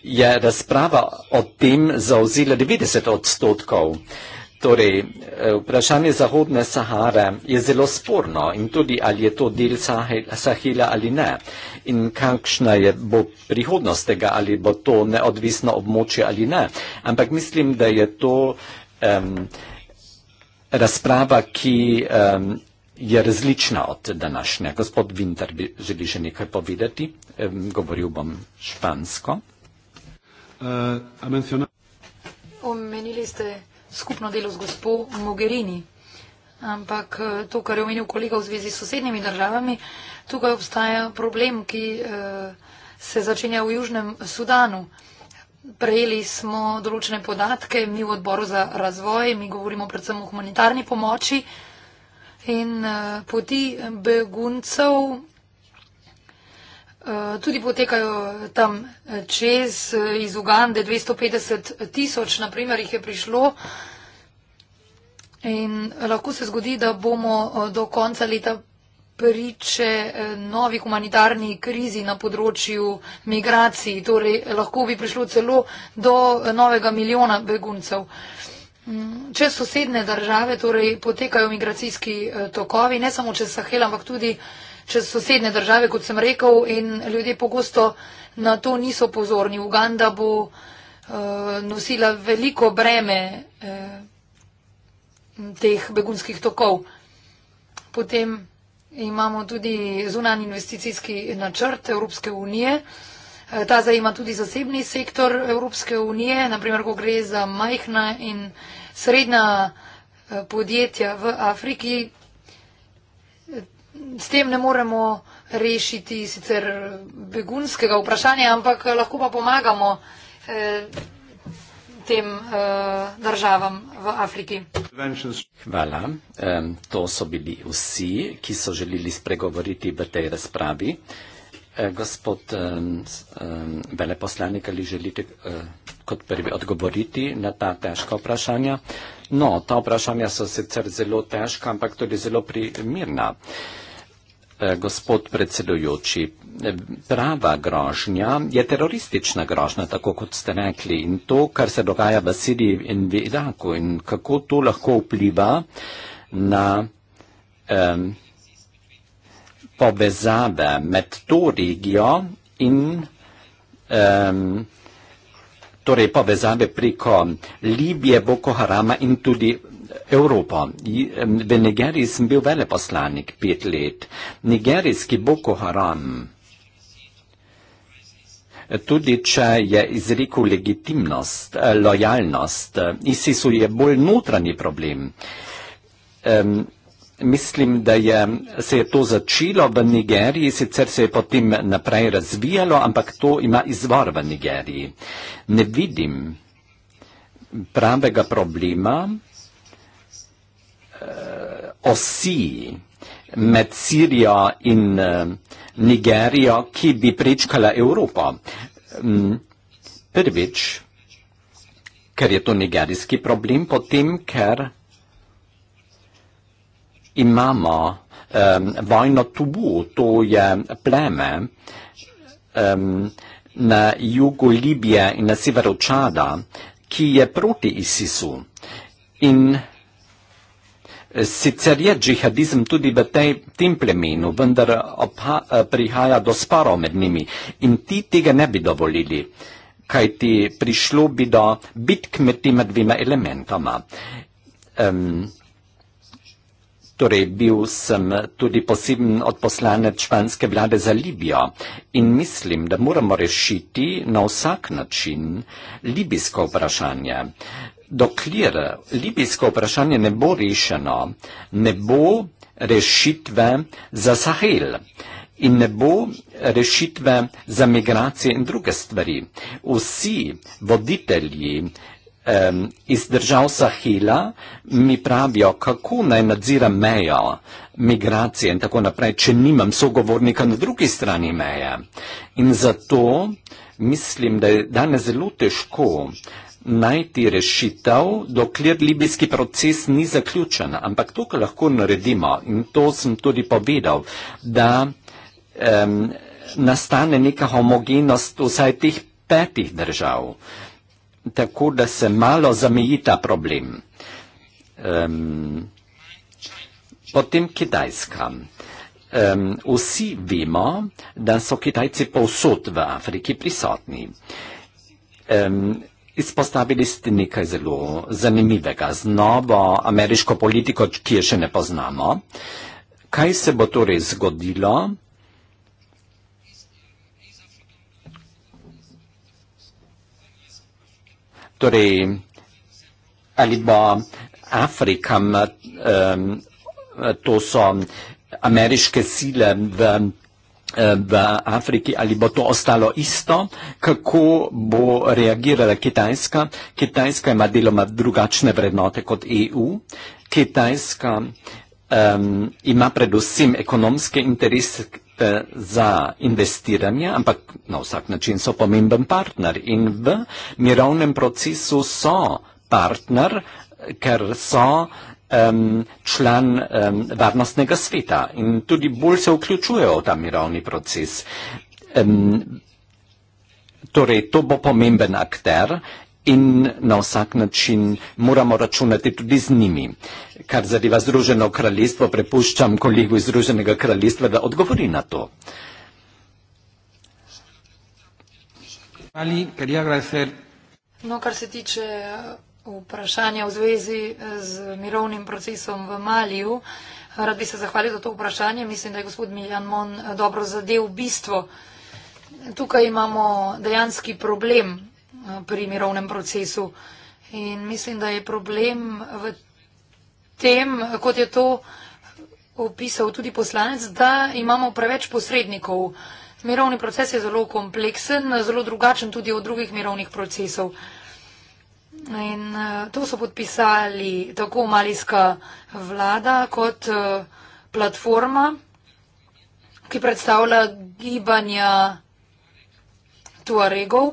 je razprava o tem zauzela 90 odstotkov. Torej, eh, vprašanje Zahodne Sahare je zelo sporno in tudi, ali je to del Sahila ali ne. In kakšna je bo prihodnost tega, ali bo to neodvisno območje ali ne. Ampak mislim, da je to um, razprava, ki um, je različna od današnje. Gospod Vinter bi želi še nekaj povedati. Govoril bom špansko. Eh, Omenili ste skupno delo z gospo Mogherini, ampak eh, to, kar je omenil kolega v zvezi s sosednjimi državami, tukaj obstaja problem, ki eh, se začenja v Južnem Sudanu. Prejeli smo določene podatke, mi v odboru za razvoj, mi govorimo predvsem o humanitarni pomoči, in uh, poti beguncev uh, tudi potekajo tam eh, čez iz Ugande 250 tisoč, naprimer jih je prišlo. In lahko se zgodi, da bomo do konca leta priče novi humanitarni krizi na področju migracij. Torej, lahko bi prišlo celo do novega milijona beguncev. Uh, Mm, čez sosedne države torej, potekajo migracijski eh, tokovi, ne samo čez Sahel, ampak tudi čez sosedne države, kot sem rekel, in ljudje pogosto na to niso pozorni. Uganda bo eh, nosila veliko breme eh, teh begunskih tokov. Potem imamo tudi zunanji investicijski načrt Evropske unije. Eh, Eh, ta zajema tudi zasebni sektor Evropske unije, naprimer, ko gre za majhna in srednja eh, podjetja v Afriki. Eh, s tem ne moremo rešiti sicer begunskega vprašanja, ampak lahko pa pomagamo tem državam v Afriki. Hvala. To so bili vsi, ki so želeli spregovoriti v tej razpravi. Eh, gospod eh, eh, veleposlanik, ali želite kot prvi odgovoriti na ta težka vprašanja? No, ta vprašanja so sicer zelo težka, ampak tudi zelo primirna. Gospod predsedujoči, prava grožnja je teroristična grožnja, tako kot ste rekli, in to, kar se dogaja v Siriji in v Iraku in kako to lahko vpliva na. Um, povezave med to regijo in um, torej povezave preko Libije, Boko Harama in tudi Evropo. V Nigeriji sem bil veleposlanik pet let. Nigerijski Boko Haram, tudi če je izrekel legitimnost, lojalnost, ISIS-u je bolj notranji problem. Um, Mislim, da je, se je to začelo v Nigeriji, sicer se je potem naprej razvijalo, ampak to ima izvor v Nigeriji. Ne vidim pravega problema eh, osi med Sirijo in eh, Nigerijo, ki bi prečkala Evropo. Mm, prvič, ker je to nigerijski problem, potem, ker imamo um, vojno tubu, to je pleme um, na jugu Libije in na severu Čada, ki je proti ISIS-u. In eh, sicer je džihadizem tudi v tej, tem plemenu, vendar opa, eh, prihaja do sporov med njimi in ti tega ne bi dovolili kaj ti prišlo bi do bitk med tima dvima elementoma. Um, Torej, bil sem tudi poseben odposlanec španske vlade za Libijo in mislim, da moramo rešiti na vsak način libijsko vprašanje. Dokler libijsko vprašanje ne bo rešeno, ne bo rešitve za Sahel in ne bo rešitve za migracije in druge stvari. Vsi voditelji um, iz držav Sahila, mi pravijo, kako naj nadzira mejo migracije in tako naprej, če nimam sogovornika na drugi strani meje. In zato mislim, da je danes zelo težko najti rešitev, dokler libijski proces ni zaključen. Ampak to, kar lahko naredimo, in to sem tudi povedal, da um, nastane neka homogenost vsaj teh petih držav tako da se malo zameji ta problem. Um, potem Kitajska. Um, vsi vemo, da so Kitajci povsod v Afriki prisotni. Um, izpostavili ste nekaj zelo zanimivega z novo ameriško politiko, ki je še ne poznamo. Kaj se bo torej zgodilo? torej ali bo Afrikam, to so ameriške sile v, v Afriki, ali bo to ostalo isto, kako bo reagirala Kitajska. Kitajska ima deloma drugačne vrednote kot EU. Kitajska um, ima predvsem ekonomske interese, Eh, za investiranje, ampak na vsak način so pomemben partner in v mirovnem procesu so partner, ker so um, član um, varnostnega sveta in tudi bolj se vključujejo v ta mirovni proces. Um, torej, to bo pomemben akter in na vsak način moramo računati tudi z njimi. Kar zadeva Združeno kraljestvo, prepuščam kolegu iz Združenega kraljestva, da odgovori na to. Ali, no, kar se tiče eh, vprašanja v zvezi eh, z mirovnim procesom v Maliju, rad bi se zahvalil za to vprašanje. Mislim, da je gospod Miljan Mon eh, dobro zadev bistvo. Tukaj imamo dejanski problem pri mirovnem procesu. In mislim, da je problem v tem, kot je to opisal tudi poslanec, da imamo preveč posrednikov. Mirovni proces je zelo kompleksen, zelo drugačen tudi od drugih mirovnih procesov. In eh, to so podpisali tako malijska vlada kot eh, platforma, ki predstavlja gibanja Tuaregov.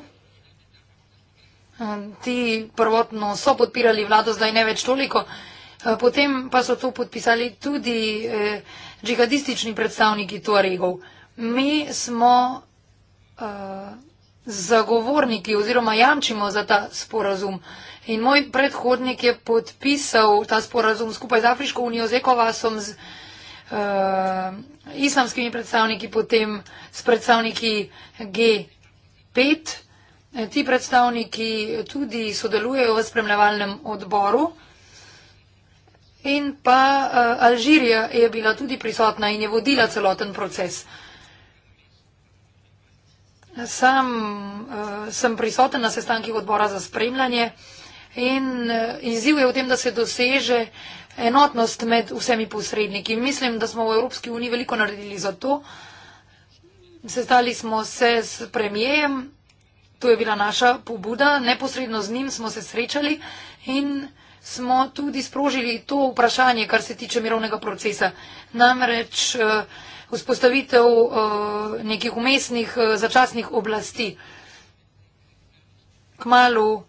Ehm, ti prvotno so podpirali vlado, zdaj ne več toliko. Ehm, potem pa so to podpisali tudi eh, džihadistični predstavniki Tuaregov. Mi smo eh, zagovorniki oziroma jamčimo za ta sporazum. In moj predhodnik je podpisal ta sporazum skupaj z Afriško unijo, z Ekovasom, z eh, islamskimi predstavniki, potem s predstavniki G5 ti predstavniki tudi sodelujejo v spremljevalnem odboru. In pa eh, Alžirija je bila tudi prisotna in je vodila celoten proces. Sam eh, sem prisoten na sestankih odbora za spremljanje in eh, izziv je v tem, da se doseže enotnost med vsemi posredniki. Mislim, da smo v Evropski uniji veliko naredili za to. Sestali smo se s premijejem To je bila naša pobuda, neposredno z njim smo se srečali in smo tudi sprožili to vprašanje, kar se tiče mirovnega procesa. Namreč eh, vzpostavitev eh, nekih umestnih eh, začasnih oblasti. Kmalo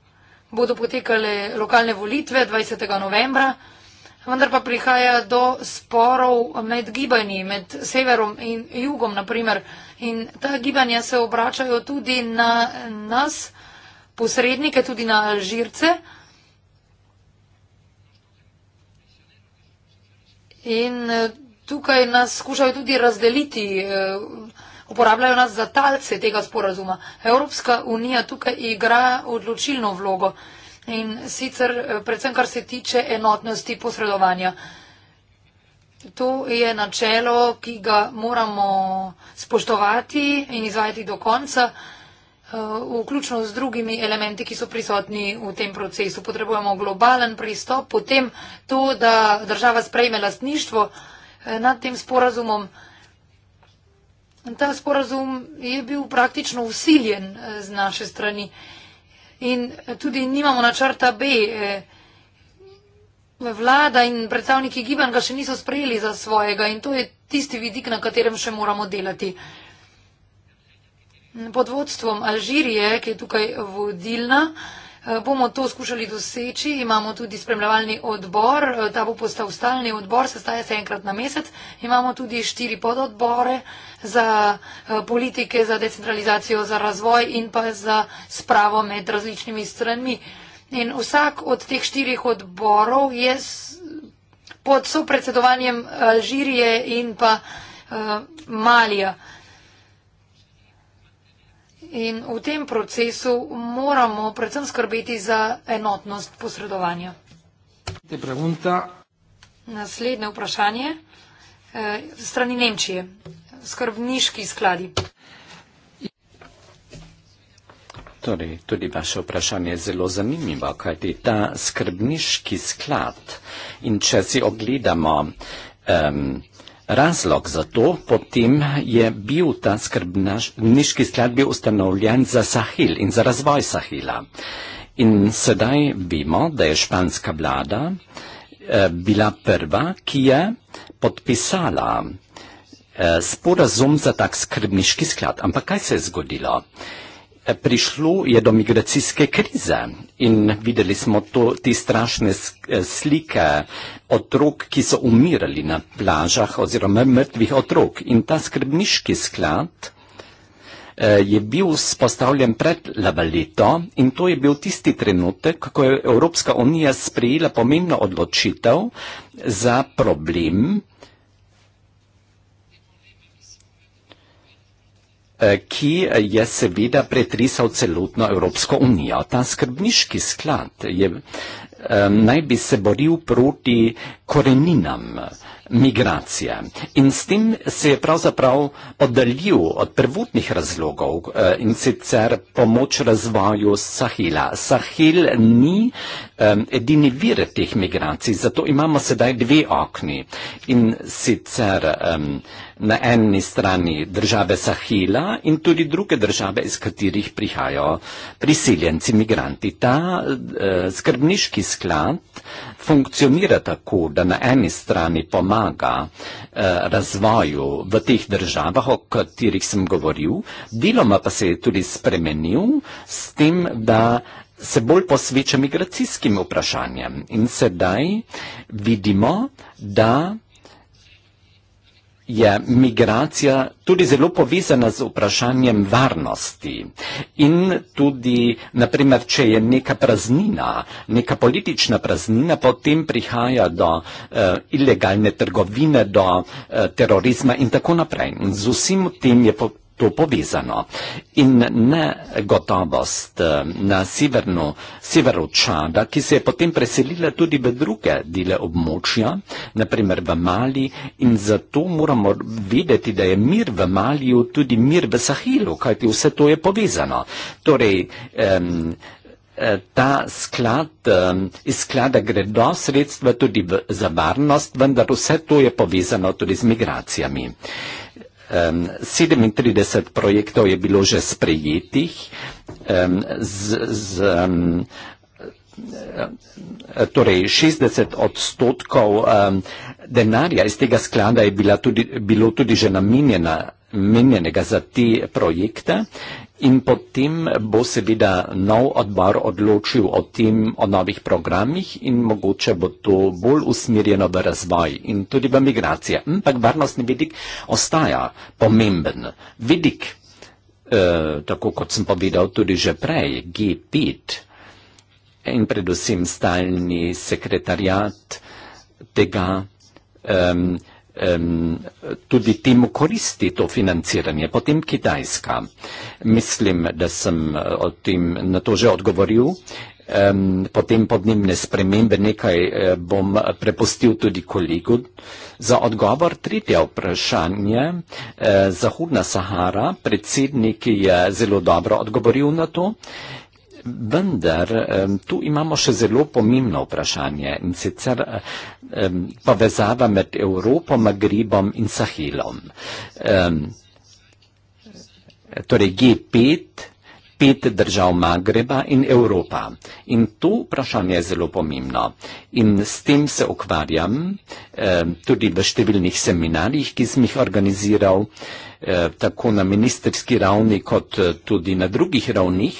bodo potekale lokalne volitve 20. novembra, vendar pa prihaja do sporov med gibanji, med severom in jugom, naprimer, In ta gibanja se obračajo tudi na nas, posrednike, tudi na Alžirce. In e, tukaj nas skušajo tudi razdeliti, e, uporabljajo nas za talce tega sporazuma. Evropska unija tukaj igra odločilno vlogo in sicer e, predvsem, kar se tiče enotnosti posredovanja. To je načelo, ki ga moramo spoštovati in izvajati do konca, eh, vključno z drugimi elementi, ki so prisotni v tem procesu. Potrebujemo globalen pristop, potem to, da država sprejme lastništvo eh, nad tem sporazumom. Ta sporazum je bil praktično usiljen eh, z naše strani in tudi nimamo načrta B. Vlada in predstavniki gibanja ga še niso sprejeli za svojega in to je tisti vidik, na katerem še moramo delati. Pod vodstvom Alžirije, ki je tukaj vodilna, eh, bomo to skušali doseči. Imamo tudi spremljevalni odbor, eh, ta bo postal stalni odbor, sestaja se enkrat na mesec. Imamo tudi štiri pododbore za eh, politike, za decentralizacijo, za razvoj in pa za spravo med različnimi stranmi. In vsak od teh štirih odborov je pod sopredsedovanjem Alžirije in pa uh, Malija. In v tem procesu moramo predvsem skrbeti za enotnost posredovanja. Naslednje vprašanje eh, strani Nemčije, skrbniški skladi. Torej, tudi vaše vprašanje je zelo zanimivo, kajti ta skrbniški sklad in če si ogledamo um, razlog za to, potem je bil ta skrbniški sklad bil ustanovljen za Sahil in za razvoj Sahila. In sedaj vemo, da je španska vlada eh, bila prva, ki je podpisala eh, sporazum za tak skrbniški sklad. Ampak kaj se je zgodilo? Eh, prišlo je do migracijske krize in videli smo to, te strašne eh, slike otrok, ki so umirali na plažah oziroma mrtvih otrok. In ta skrbniški sklad eh, je bil spostavljen pred Lavaleto in to je bil tisti trenutek, ko je Evropska unija sprejela pomembno odločitev za problem, ki je seveda pretrisal celotno Evropsko unijo. Ta skrbniški sklad je, um, naj bi se boril proti koreninam migracije in s tem se je pravzaprav oddaljil od prvotnih razlogov uh, in sicer pomoč razvoju Sahila. Sahil ni um, edini vir teh migracij, zato imamo sedaj dve okni in sicer um, na eni strani države Sahila in tudi druge države, iz katerih prihajajo priseljenci, migranti. Ta eh, skrbniški sklad funkcionira tako, da na eni strani pomaga eh, razvoju v teh državah, o katerih sem govoril, deloma pa se je tudi spremenil s tem, da se bolj posveča migracijskim vprašanjem. In sedaj vidimo, da je migracija tudi zelo povezana z vprašanjem varnosti. In tudi, naprimer, če je neka praznina, neka politična praznina, potem prihaja do uh, ilegalne trgovine, do uh, terorizma in tako naprej. In z vsem tem je po, to povezano. In negotovost eh, na severno, severu Čada, ki se je potem preselila tudi v druge dele območja, naprimer v Mali, in zato moramo vedeti, da je mir v Maliju tudi mir v Sahilu, kajti vse to je povezano. Torej, um, Ta sklad, iz sklada gredo sredstva tudi v, za varnost, vendar vse to je povezano tudi z migracijami um, 37 projektov je bilo že sprejetih, um, z, z, um, torej 60 odstotkov um, denarja iz tega sklada je bila tudi, bilo tudi že namenjena menjenega za te projekte. In potem bo seveda nov odbor odločil o tem, o novih programih in mogoče bo to bolj usmerjeno v razvoj in tudi v migracije. Ampak varnostni vidik ostaja pomemben. Vidik, eh, tako kot sem povedal tudi že prej, G5 in predvsem stalni sekretarjat tega. Eh, tudi tim koristi to financiranje, potem Kitajska. Mislim, da sem eh, o tem na to že odgovoril. Potem podnebne spremembe nekaj eh, bom eh, prepustil tudi kolegu. Za odgovor tretje vprašanje, Zahodna Sahara, predsednik je zelo dobro odgovoril na to. Vendar tu imamo še zelo pomembno vprašanje in sicer povezava med Evropo, Magribom in Sahelom. Torej G5, pet držav Magreba in Evropa. In to vprašanje je zelo pomembno. In s tem se ukvarjam tudi v številnih seminarjih, ki sem jih organiziral, eh, tako na ministerski ravni kot eh, tudi na drugih ravnih.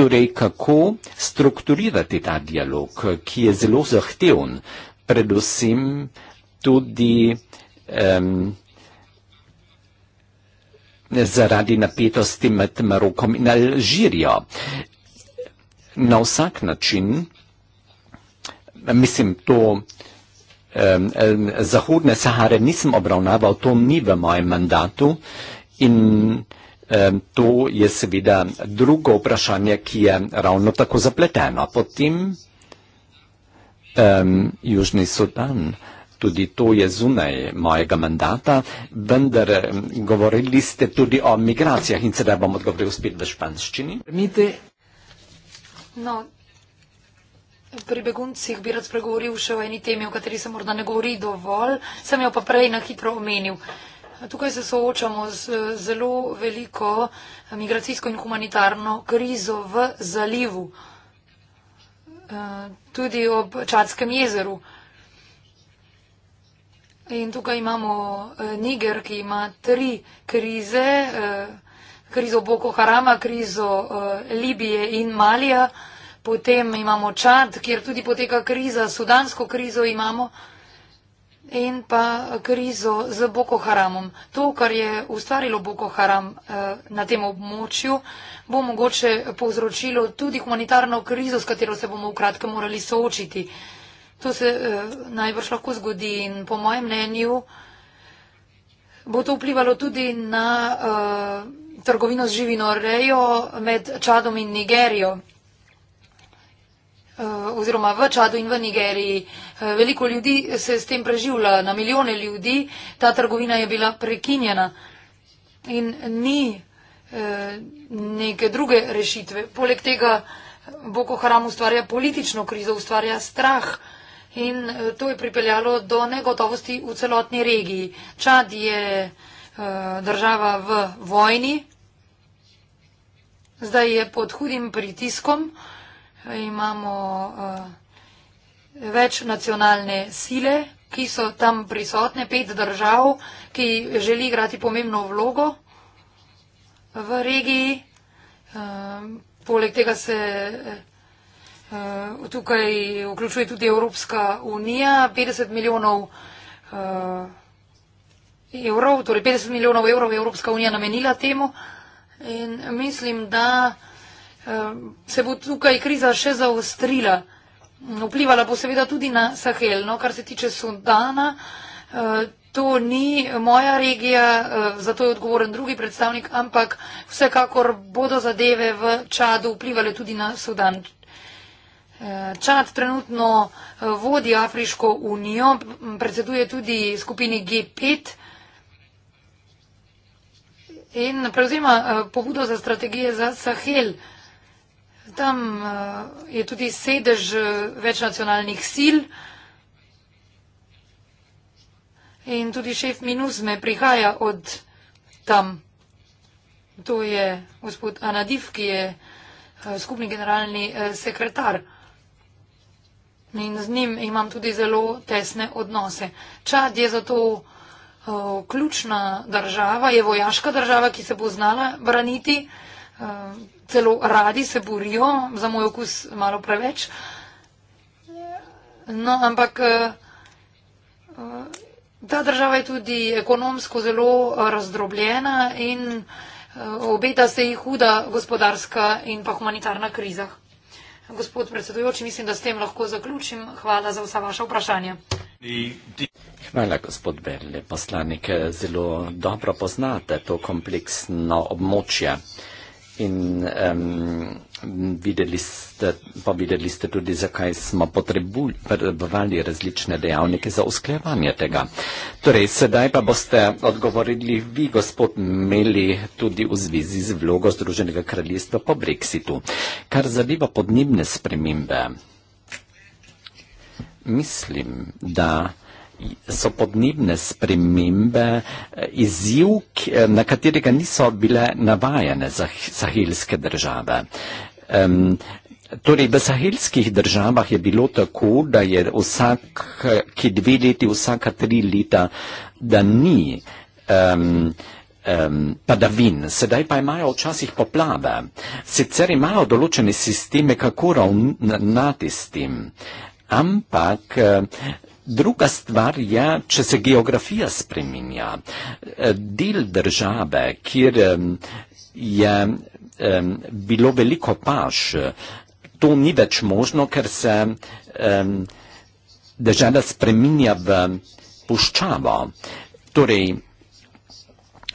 Torej, kako strukturirati ta dialog, ki je zelo zahteven, predvsem tudi um, zaradi napetosti med Marokom in Alžirijo. Na vsak način, mislim, to um, Zahodne Sahare nisem obravnaval, to ni v mojem mandatu in to je seveda drugo vprašanje, ki je ravno tako zapleteno. Potem um, Južni Sudan, tudi to je zunaj mojega mandata, vendar govorili ste tudi o migracijah in sedaj bom odgovoril spet v španščini. No. Pri beguncih bi rad spregovoril še o eni temi, o kateri se morda ne govori dovolj, sem jo pa prej na hitro omenil. Uh, Tukaj se soočamo z zelo veliko eh, migracijsko in humanitarno krizo v zalivu, eh, tudi ob Čadskem jezeru. In tukaj imamo eh, Niger, ki ima tri krize, krizo Boko Harama, krizo Libije in Malija, potem imamo Čad, kjer tudi poteka kriza, sudansko krizo imamo in pa krizo z Boko Haramom. To, kar je ustvarilo Boko Haram eh, na tem območju, bo mogoče povzročilo tudi humanitarno krizo, s katero se bomo v kratkem morali soočiti. To se eh, najbrž lahko zgodi in po mojem mnenju bo to vplivalo tudi na eh, trgovino z živino rejo med Čadom in Nigerijo. Eh, oziroma v Čadu in v Nigeriji. Eh, veliko ljudi se s tem preživlja, na milijone ljudi ta trgovina je bila prekinjena in ni eh, neke druge rešitve. Poleg tega Boko Haram ustvarja politično krizo, ustvarja strah in to je pripeljalo do negotovosti v celotni regiji. Čad je država v vojni, zdaj je pod hudim pritiskom imamo uh, eh, večnacionalne sile, ki so tam prisotne, pet držav, ki želi igrati pomembno vlogo v regiji. Uh, poleg tega se uh, tukaj vključuje tudi Evropska unija, 50 milijonov. Uh, Evrov, torej 50 milijonov evrov je Evropska unija namenila temu in mislim, da Ehm, se bo tukaj kriza še zaostrila. Vplivala bo seveda tudi na Sahel. No, kar se tiče Sudana, eh, to ni moja regija, eh, zato je odgovoren drugi predstavnik, ampak vsekakor bodo zadeve v Čadu vplivali tudi na Sudan. Eh, Čad trenutno vodi Afriško unijo, predseduje tudi skupini G5 in prevzema pobudo za strategije za Sahel. Tam uh, je tudi sedež eh, večnacionalnih sil in tudi šef Minusme prihaja od tam. To je gospod Anadiv, ki je uh, skupni generalni uh, sekretar. In z njim imam tudi zelo tesne odnose. Čad je zato uh, ključna država, je vojaška država, ki se bo znala braniti. Uh, celo radi se borijo, za moj okus malo preveč. No, ampak eh, eh, ta država je tudi ekonomsko zelo razdrobljena in eh, obeta se ji huda gospodarska in pa humanitarna kriza. Gospod predsedujoči, mislim, da s tem lahko zaključim. Hvala za vsa vaša vprašanja. Hvala, gospod Berle. Poslanik, zelo dobro poznate to kompleksno območje in um, videli ste, pa videli ste tudi, zakaj smo potrebovali različne dejavnike za usklejevanje tega. Torej, sedaj pa boste odgovorili vi, gospod Meli, tudi v zvezi z vlogo Združenega kraljestva po Brexitu, kar zadeva podnebne spremembe. Mislim, da so podnebne spremembe eh, izziv, eh, na katerega niso bile navajene zah sahelske države. Um, Torej, v sahelskih državah je bilo tako, da je vsak, ki dve leti, vsaka tri leta, da ni um, um, padavin, sedaj pa imajo včasih poplave. Sicer imajo določene sisteme, kako ravnati s tem, ampak eh, Druga stvar je, če se geografija spreminja. Del države, kjer je bilo veliko paš, to ni več možno, ker se država spreminja v puščavo. Torej,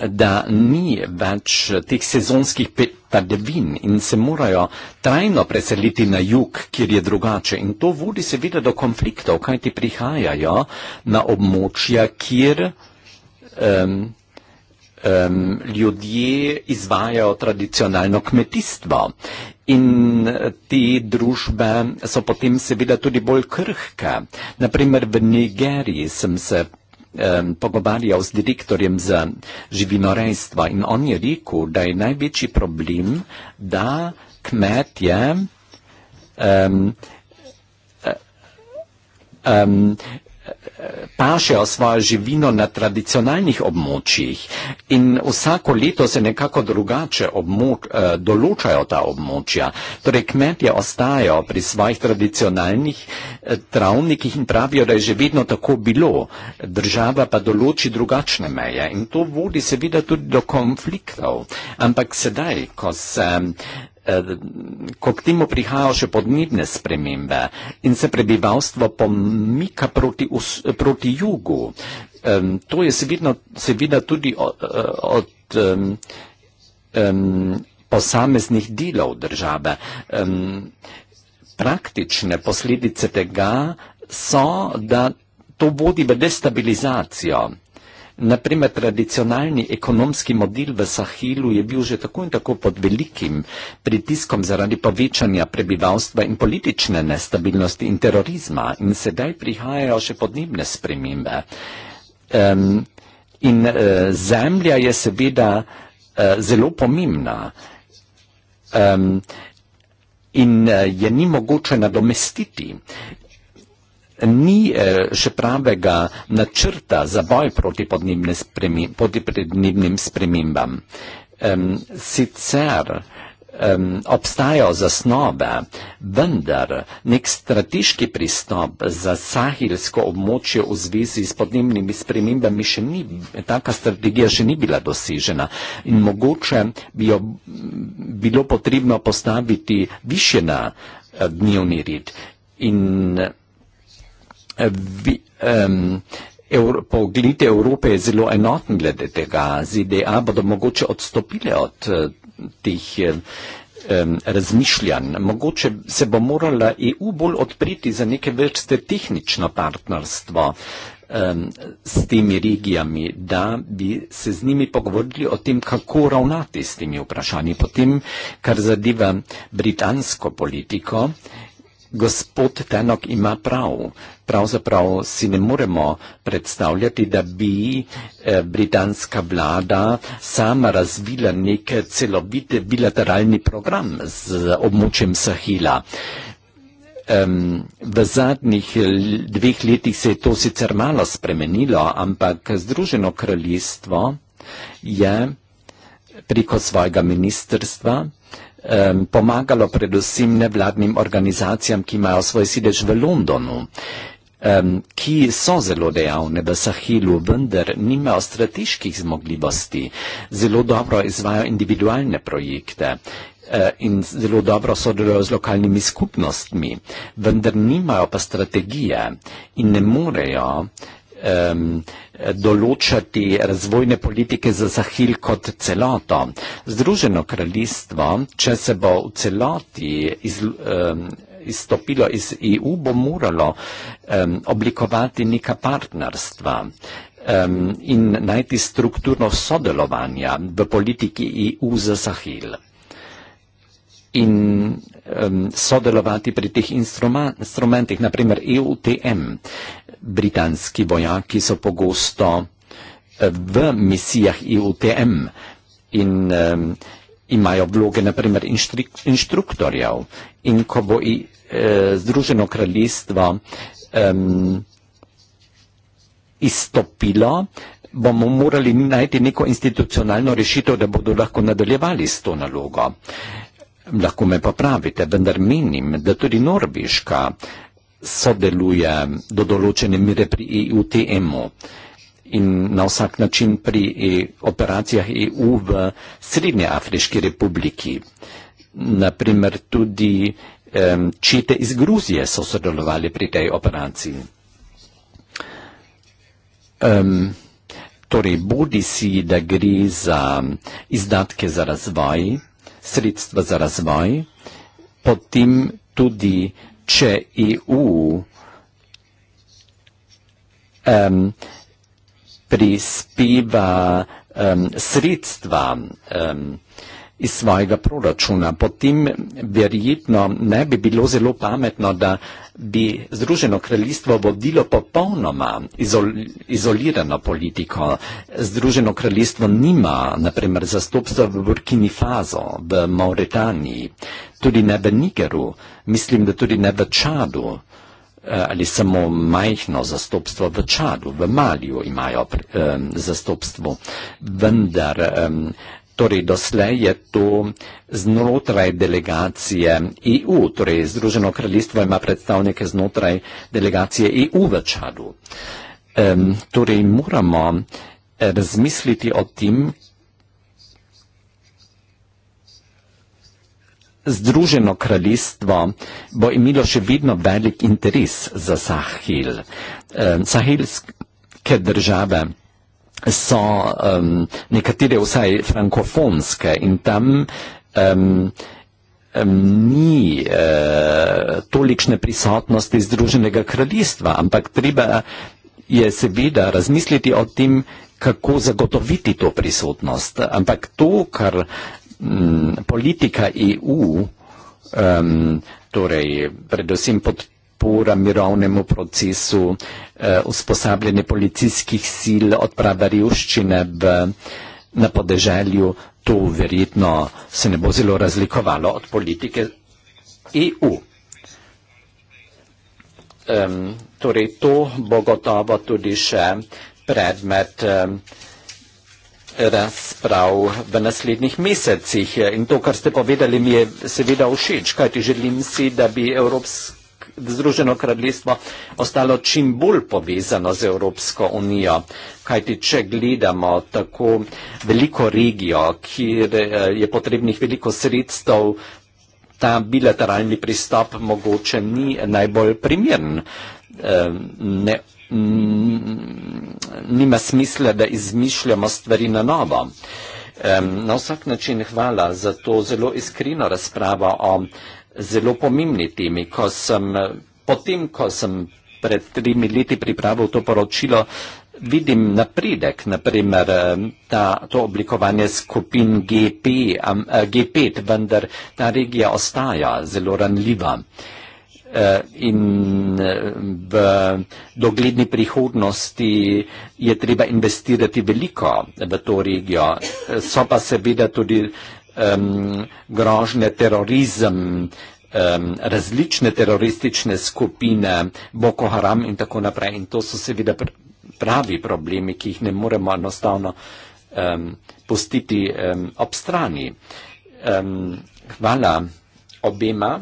da ni več teh sezonskih padavin in se morajo trajno preseliti na jug, kjer je drugače. In to vodi seveda do konfliktov, kajti prihajajo na območja, kjer um, um, ljudje izvajajo tradicionalno kmetijstvo. In te družbe so potem seveda tudi bolj krhke. Naprimer v Nigeriji sem se pogovarjal z direktorjem za živinorejstva in on je rekel, da je največji problem, da kmetje um, um, pašejo svojo živino na tradicionalnih območjih in vsako leto se nekako drugače območ, eh, določajo ta območja. Torej kmetje ostajajo pri svojih tradicionalnih eh, travnikih in pravijo, da je že vedno tako bilo. Država pa določi drugačne meje in to vodi seveda tudi do konfliktov. Ampak sedaj, ko se ko k temu prihajajo še podnebne spremembe in se prebivalstvo pomika proti, us, proti jugu. Um, to je seveda, seveda tudi od, od um, um, posameznih delov države. Um, praktične posledice tega so, da to vodi v destabilizacijo. Naprimer, tradicionalni ekonomski model v Sahilu je bil že tako in tako pod velikim pritiskom zaradi povečanja prebivalstva in politične nestabilnosti in terorizma in sedaj prihajajo še podnebne spremembe. Um, in uh, zemlja je seveda uh, zelo pomembna um, in uh, je ni mogoče nadomestiti ni eh, še pravega načrta za boj proti podnebnim spremembam. Sicer obstajajo zasnove, vendar nek strateški pristop za sahilsko območje v zvezi s podnebnimi spremembami še ni, taka strategija še ni bila dosežena in mogoče bi jo bilo potrebno postaviti više na eh, dnevni red. In vi, um, Evro, poglite, Evropa je zelo enoten glede tega. ZDA bodo mogoče odstopile od uh, eh, tih um, razmišljanj. Mogoče se bo morala EU bolj odpriti za neke vrste tehnično partnerstvo um, s temi regijami, da bi se z njimi pogovorili o tem, kako ravnati s temi vprašanji. Potem, kar zadeva britansko politiko, uh, gospod Tenok ima prav. Pravzaprav si ne moremo predstavljati, da bi eh, britanska vlada sama razvila nek celovit bilateralni program z območjem Sahila. Um, v zadnjih dveh letih se je to sicer malo spremenilo, ampak Združeno kraljestvo je preko svojega ministrstva um, pomagalo predvsem nevladnim organizacijam, ki imajo svoj sedež v Londonu, um, ki so zelo dejavne v Sahilu, vendar nimajo strateških zmogljivosti, zelo dobro izvajo individualne projekte e, in zelo dobro sodelujo z lokalnimi skupnostmi, vendar nimajo pa strategije in ne morejo um, določati razvojne politike za Sahil kot celoto. Združeno kraljestvo, če se bo v celoti iz, um, izstopilo iz EU, bo moralo um, oblikovati neka partnerstva um, in najti strukturno sodelovanje v politiki EU za Sahil in um, sodelovati pri teh instrumentih, naprimer EUTM britanski vojaki so pogosto eh, v misijah IUTM in um, imajo vloge, naprimer, inštri, inštruktorjev. In ko bo i, e, Združeno kraljestvo um, izstopilo, bomo morali najti neko institucionalno rešitev, da bodo lahko nadaljevali s to nalogo. Lahko me popravite, vendar menim, da tudi Norbiška sodeluje do določene mere pri EUTM-u in na vsak način pri e, operacijah EU v Srednjeafriški republiki. Naprimer tudi čete iz Gruzije so sodelovali pri tej operaciji. Torej, bodi si, da gre za izdatke za razvoj, sredstva za razvoj, potem tudi Č i e U um, prispiva um, sredstva um, iz svojega proračuna. Potem verjetno ne bi bilo zelo pametno, da bi Združeno kraljestvo vodilo popolnoma izol izolirano politiko. Združeno kraljestvo nima, naprimer, zastopstva v Burkini Faso, v Mauretaniji, tudi ne v Nigeru, mislim, da tudi ne v Čadu eh, ali samo majhno zastopstvo v Čadu, v Maliju imajo um, zastopstvo. Vendar um, Torej, doslej je to znotraj delegacije EU, torej Združeno kraljestvo ima predstavnike znotraj delegacije EU v Čadu. Um, torej, moramo eh, razmisliti o tem, Združeno kraljestvo bo imelo še vedno velik interes za Sahil, eh, sahilske države so um, nekatere vsaj frankofonske in tam um, um, ni uh, tolikšne prisotnosti Združenega kraljestva, ampak treba je seveda razmisliti o tem, kako zagotoviti to prisotnost. Ampak to, kar um, politika EU, um, torej predvsem podpira, Singapura, mirovnemu procesu, eh, usposabljanje policijskih sil, odprava revščine na podeželju, to verjetno se ne bo zelo razlikovalo od politike EU. Um, torej, to bo gotovo tudi še predmet um, razprav v naslednjih mesecih. In to, kar ste povedali, mi je seveda všeč, kajti želim si, da bi Evropska Združeno kraljestvo ostalo čim bolj povezano z Evropsko unijo. Kajti, če gledamo tako veliko regijo, kjer eh, je potrebnih veliko sredstev, ta bilateralni pristop mogoče ni najbolj primern. Ne, nima smisla, da izmišljamo stvari na novo. Na vsak način hvala za to zelo iskreno razpravo o zelo pomembni temi. Ko sem, eh, potem, ko sem pred trimi leti pripravil to poročilo, vidim napredek, naprimer eh, ta, to oblikovanje skupin GP, eh, G5, vendar ta regija ostaja zelo ranljiva. In v dogledni prihodnosti je treba investirati veliko v to regijo. So pa seveda tudi um, grožne terorizem, um, različne teroristične skupine, Boko Haram in tako naprej. In to so seveda pravi problemi, ki jih ne moremo enostavno um, pustiti um, ob strani. Um, hvala obema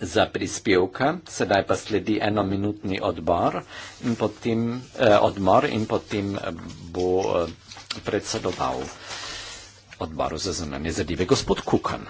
za prispevka, sedaj pa sledi enominutni odbor in potem, eh, odmor in potem bo eh, predsedoval odboru za zunanje zadeve gospod Kukan.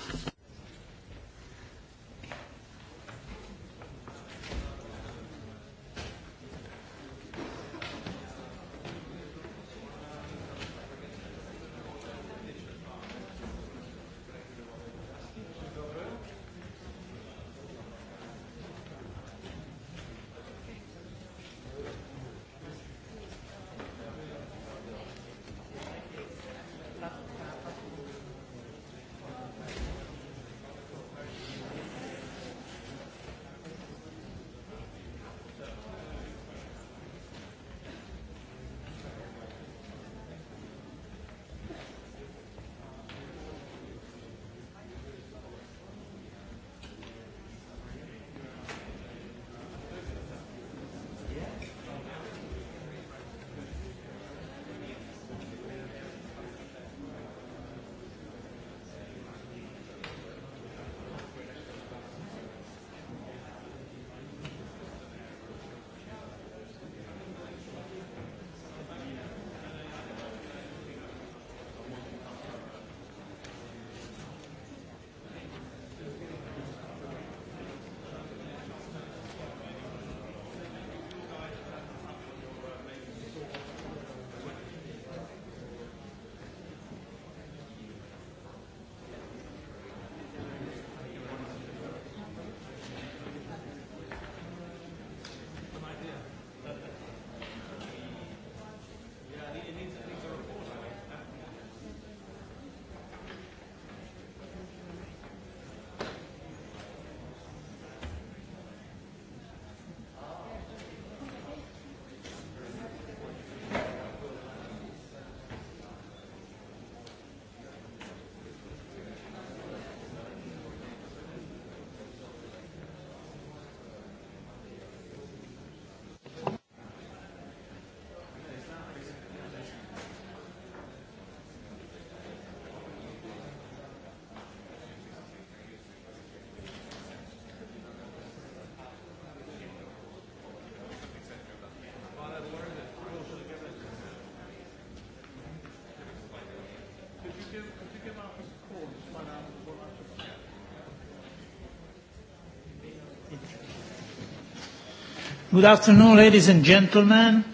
Good afternoon, ladies and gentlemen.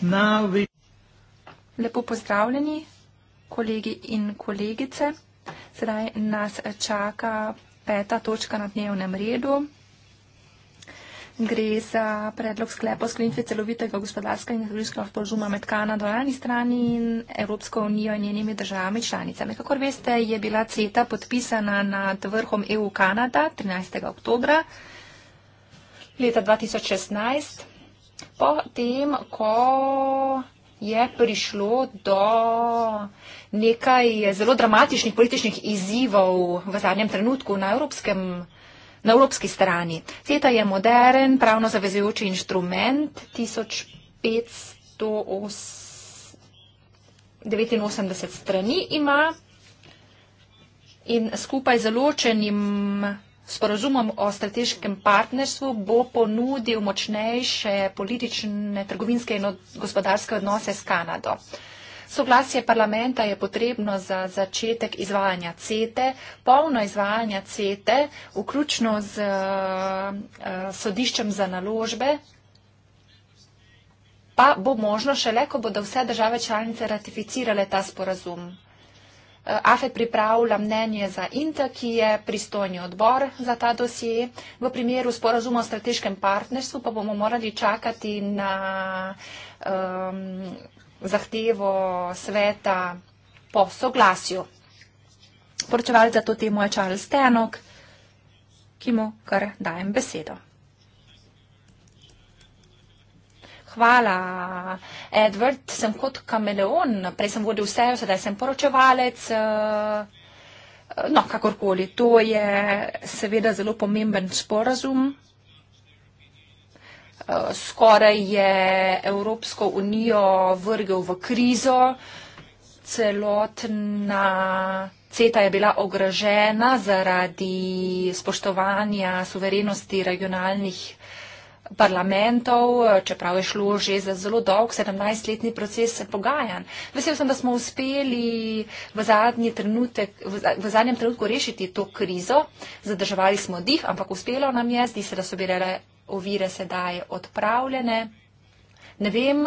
Now we... Lepo pozdravljeni, kolegi in kolegice. Sedaj nas čaka peta točka na dnevnem redu gre za predlog sklepa o sklenitvi celovitega gospodarskega in družinskega sporozuma med Kanado na eni strani in Evropsko unijo in njenimi državami članicami. Kakor veste, je bila CETA podpisana nad vrhom EU Kanada 13. oktober leta 2016, potem, ko je prišlo do nekaj zelo dramatičnih političnih izzivov v zadnjem trenutku na evropskem na evropski strani. CETA je modern, pravno zavezujoči inštrument 1589 strani ima in skupaj z ločenim sporozumom o strateškem partnerstvu bo ponudil močnejše politične, trgovinske in gospodarske odnose s Kanado. Soglasje parlamenta je potrebno za začetek izvajanja CETE, polno izvajanja CETE, vključno z eh, sodiščem za naložbe, pa bo možno šele, ko bodo vse države članice ratificirale ta sporazum. Eh, AFE pripravlja mnenje za INTA, ki je pristojni odbor za ta dosije. V primeru sporazuma o strateškem partnerstvu pa bomo morali čakati na um, zahtevo sveta po soglasju. Poročevalec za to temo je Charles Tenok, ki mu kar dajem besedo. Hvala, Edward, sem kot kameleon, prej sem vodil vse, sedaj sem poročevalec. Eh, no, kakorkoli, to je seveda zelo pomemben sporazum skoraj je Evropsko unijo vrgel v krizo, celotna CETA je bila ogrožena zaradi spoštovanja suverenosti regionalnih parlamentov, čeprav je šlo že za zelo dolg 17-letni proces pogajanj. Vesel sem, da smo uspeli v, trenutek, v, v zadnjem trenutku rešiti to krizo. Zadrževali smo dih, ampak uspelo nam je. Zdi se, da so bile ovire sedaj odpravljene. Ne vem,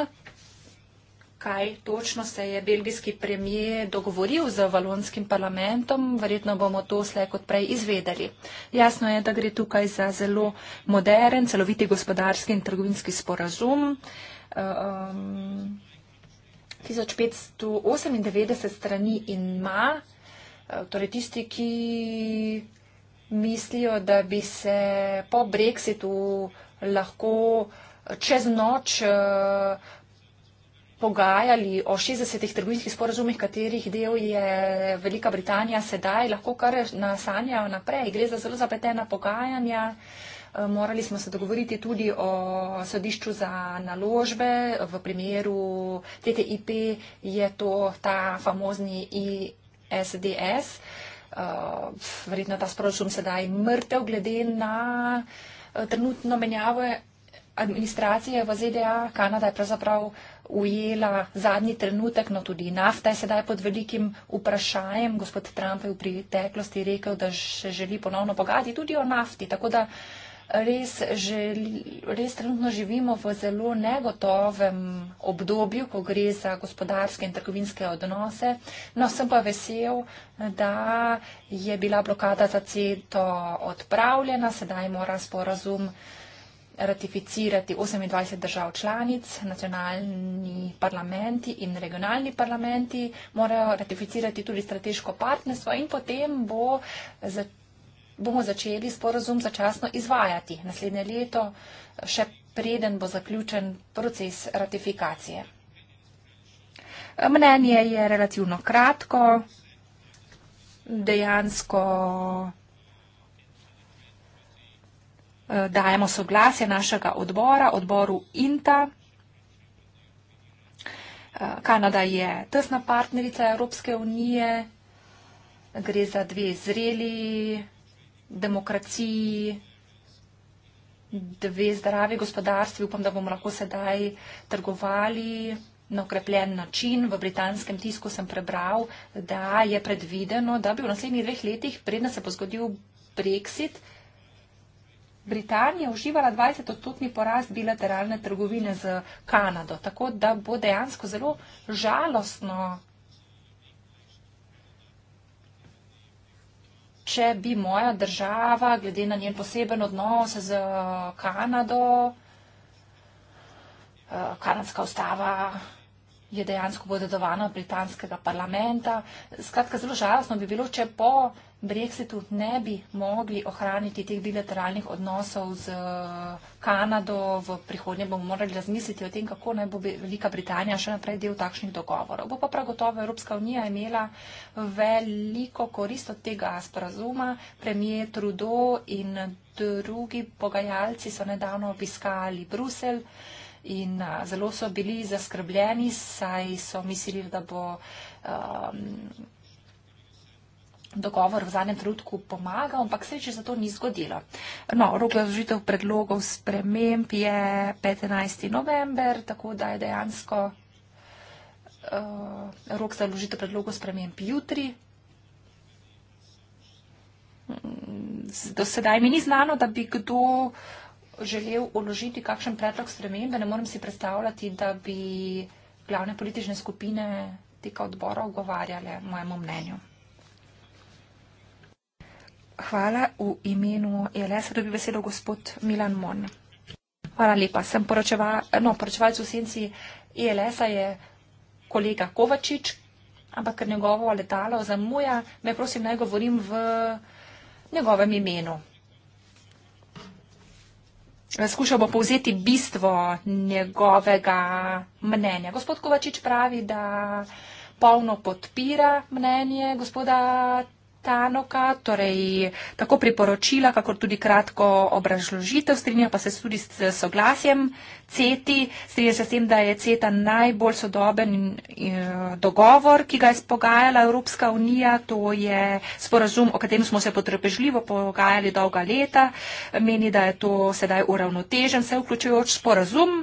kaj točno se je belgijski premijer dogovoril z valonskim parlamentom, verjetno bomo to slej kot prej izvedeli. Jasno je, da gre tukaj za zelo modern, celoviti gospodarski in trgovinski sporazum. Eh, um, 1598 strani ima, eh, torej tisti, ki mislijo, da bi se po Brexitu lahko čez noč uh, pogajali o 60 trgovinskih sporazumih, katerih del je Velika Britanija sedaj, lahko kar nasanjajo naprej. Gre za zelo zapletena pogajanja. Eh, morali smo se dogovoriti tudi o sodišču za naložbe. V primeru TTIP je to ta famozni ISDS. Uh, Eh, verjetno ta sporočum sedaj mrtev, glede na eh, trenutno menjavo administracije v ZDA. Kanada je pravzaprav ujela zadnji trenutek, no tudi nafta je sedaj pod velikim vprašanjem. Gospod Trump je v preteklosti rekel, da še želi ponovno bogati tudi o nafti. Tako da uh, res, želi, res trenutno živimo v zelo negotovem obdobju, ko gre za gospodarske in trgovinske odnose. No, sem pa vesel, da je bila blokada za CETO odpravljena, sedaj mora sporazum ratificirati 28 držav članic, nacionalni parlamenti in regionalni parlamenti morajo ratificirati tudi strateško partnerstvo in potem bo začela bomo začeli sporozum začasno izvajati naslednje leto, še preden bo zaključen proces ratifikacije. Mnenje je relativno kratko, dejansko eh, dajemo soglasje našega odbora, odboru INTA. Eh, Kanada je tesna partnerica Evropske unije, gre za dve zreli demokraciji, dve zdravi gospodarstvi. Upam, da bomo lahko sedaj trgovali na okrepljen način. V britanskem tisku sem prebral, da je predvideno, da bi v naslednjih dveh letih, predna se bo zgodil Brexit, Britanija uživala 20-odstotni porast bilateralne trgovine z Kanado. Tako da bo dejansko zelo žalostno če bi moja država, glede na njen poseben odnos z eh, Kanado, eh, kanadska ustava je dejansko bodedovana britanskega parlamenta. Skratka, zelo žalostno bi bilo, če po Brexitu ne bi mogli ohraniti teh bilateralnih odnosov z eh, Kanado v prihodnje, bomo morali razmisliti o tem, kako naj bo Velika Britanija še naprej del takšnih dogovorov. Bo pa prav gotovo Evropska unija imela veliko korist od tega sporazuma. Premijer Trudeau in drugi pogajalci so nedavno obiskali Brusel. In eh, zelo so bili zaskrbljeni, saj so mislili, da bo um, dogovor v zadnjem trenutku pomaga, ampak se že za to ni zgodilo. No, rok za zložitev predlogov sprememb je 15. november, tako da je dejansko uh, rok za zložitev predlogov sprememb jutri. Mm, do sedaj mi ni znano, da bi kdo želel uložiti kakšen predlog spremembe. Ne morem si predstavljati, da bi glavne politične skupine tega odbora ogovarjale mojemu mnenju. Hvala. V imenu e LS dobi besedo gospod Milan Mon. Hvala lepa. Sem poročeval, no, poročevalc v senci e LS-a je kolega Kovačič, ampak ker njegovo letalo zamuja, me prosim naj govorim v njegovem imenu. Skušal bom povzeti bistvo njegovega mnenja. Gospod Kovačič pravi, da polno podpira mnenje gospoda Tanoka, torej tako priporočila, kakor tudi kratko obrazložitev, strinja pa se tudi s soglasjem CETI, strinja se s tem, da je CETA najbolj sodoben eh, dogovor, ki ga je spogajala Evropska unija, to je sporazum, o katerem smo se potrpežljivo pogajali dolga leta, meni, da je to sedaj uravnotežen, se vključujoč sporazum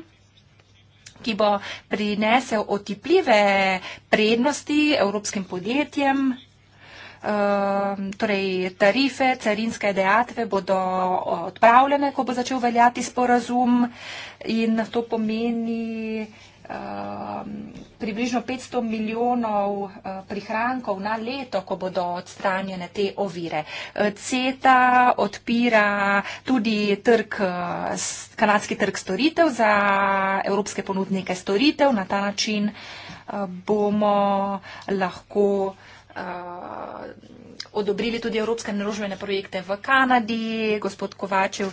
ki bo prinesel otipljive prednosti evropskim podjetjem Ehm, torej tarife, carinske dejatve bodo odpravljene, ko bo začel veljati sporazum in to pomeni ehm, približno 500 milijonov e, prihrankov na leto, ko bodo odstranjene te ovire. E, CETA odpira tudi trg, e, kanadski trg storitev za evropske ponudnike storitev. Na ta način bomo lahko uh, uh, odobrili tudi evropske naložbene projekte v Kanadi. Gospod Kovačev uh,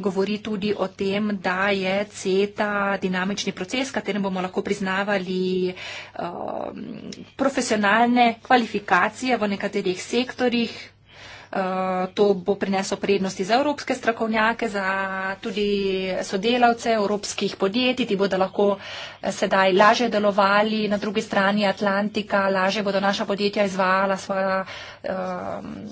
govori tudi o tem, da je CETA dinamični proces, katerem bomo lahko priznavali uh, profesionalne kvalifikacije v nekaterih sektorjih, Eh, to bo prineslo prednosti za evropske strokovnjake, za tudi sodelavce evropskih podjetij, ti bodo lahko eh, sedaj lažje delovali na drugi strani Atlantika, lažje bodo naša podjetja izvajala svoja uh, Um,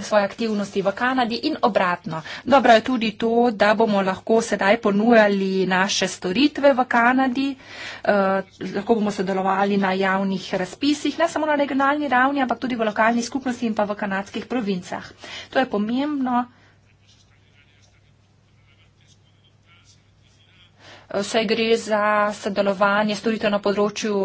svoje aktivnosti v Kanadi in obratno. Dobro je tudi to, da bomo lahko sedaj ponujali naše storitve v Kanadi, uh, lahko bomo sodelovali na javnih razpisih, ne samo na regionalni ravni, ampak tudi v lokalni skupnosti in pa v kanadskih provincah. To je pomembno. vse gre za sodelovanje storitev na področju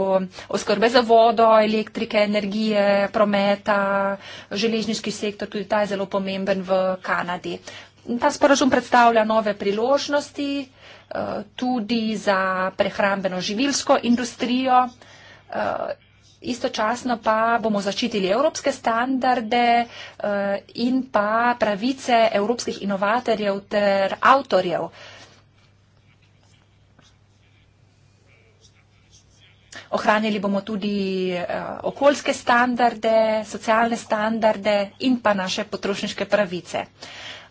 oskrbe za vodo, elektrike, energije, prometa, železniški sektor, tudi ta je zelo pomemben v Kanadi. Ta sporažum predstavlja nove priložnosti eh, tudi za prehrambeno živilsko industrijo. Eh, istočasno pa bomo zaščitili evropske standarde eh, in pa pravice evropskih inovatorjev ter avtorjev. Ohranjali bomo tudi eh, okoljske standarde, socialne standarde in pa naše potrošniške pravice.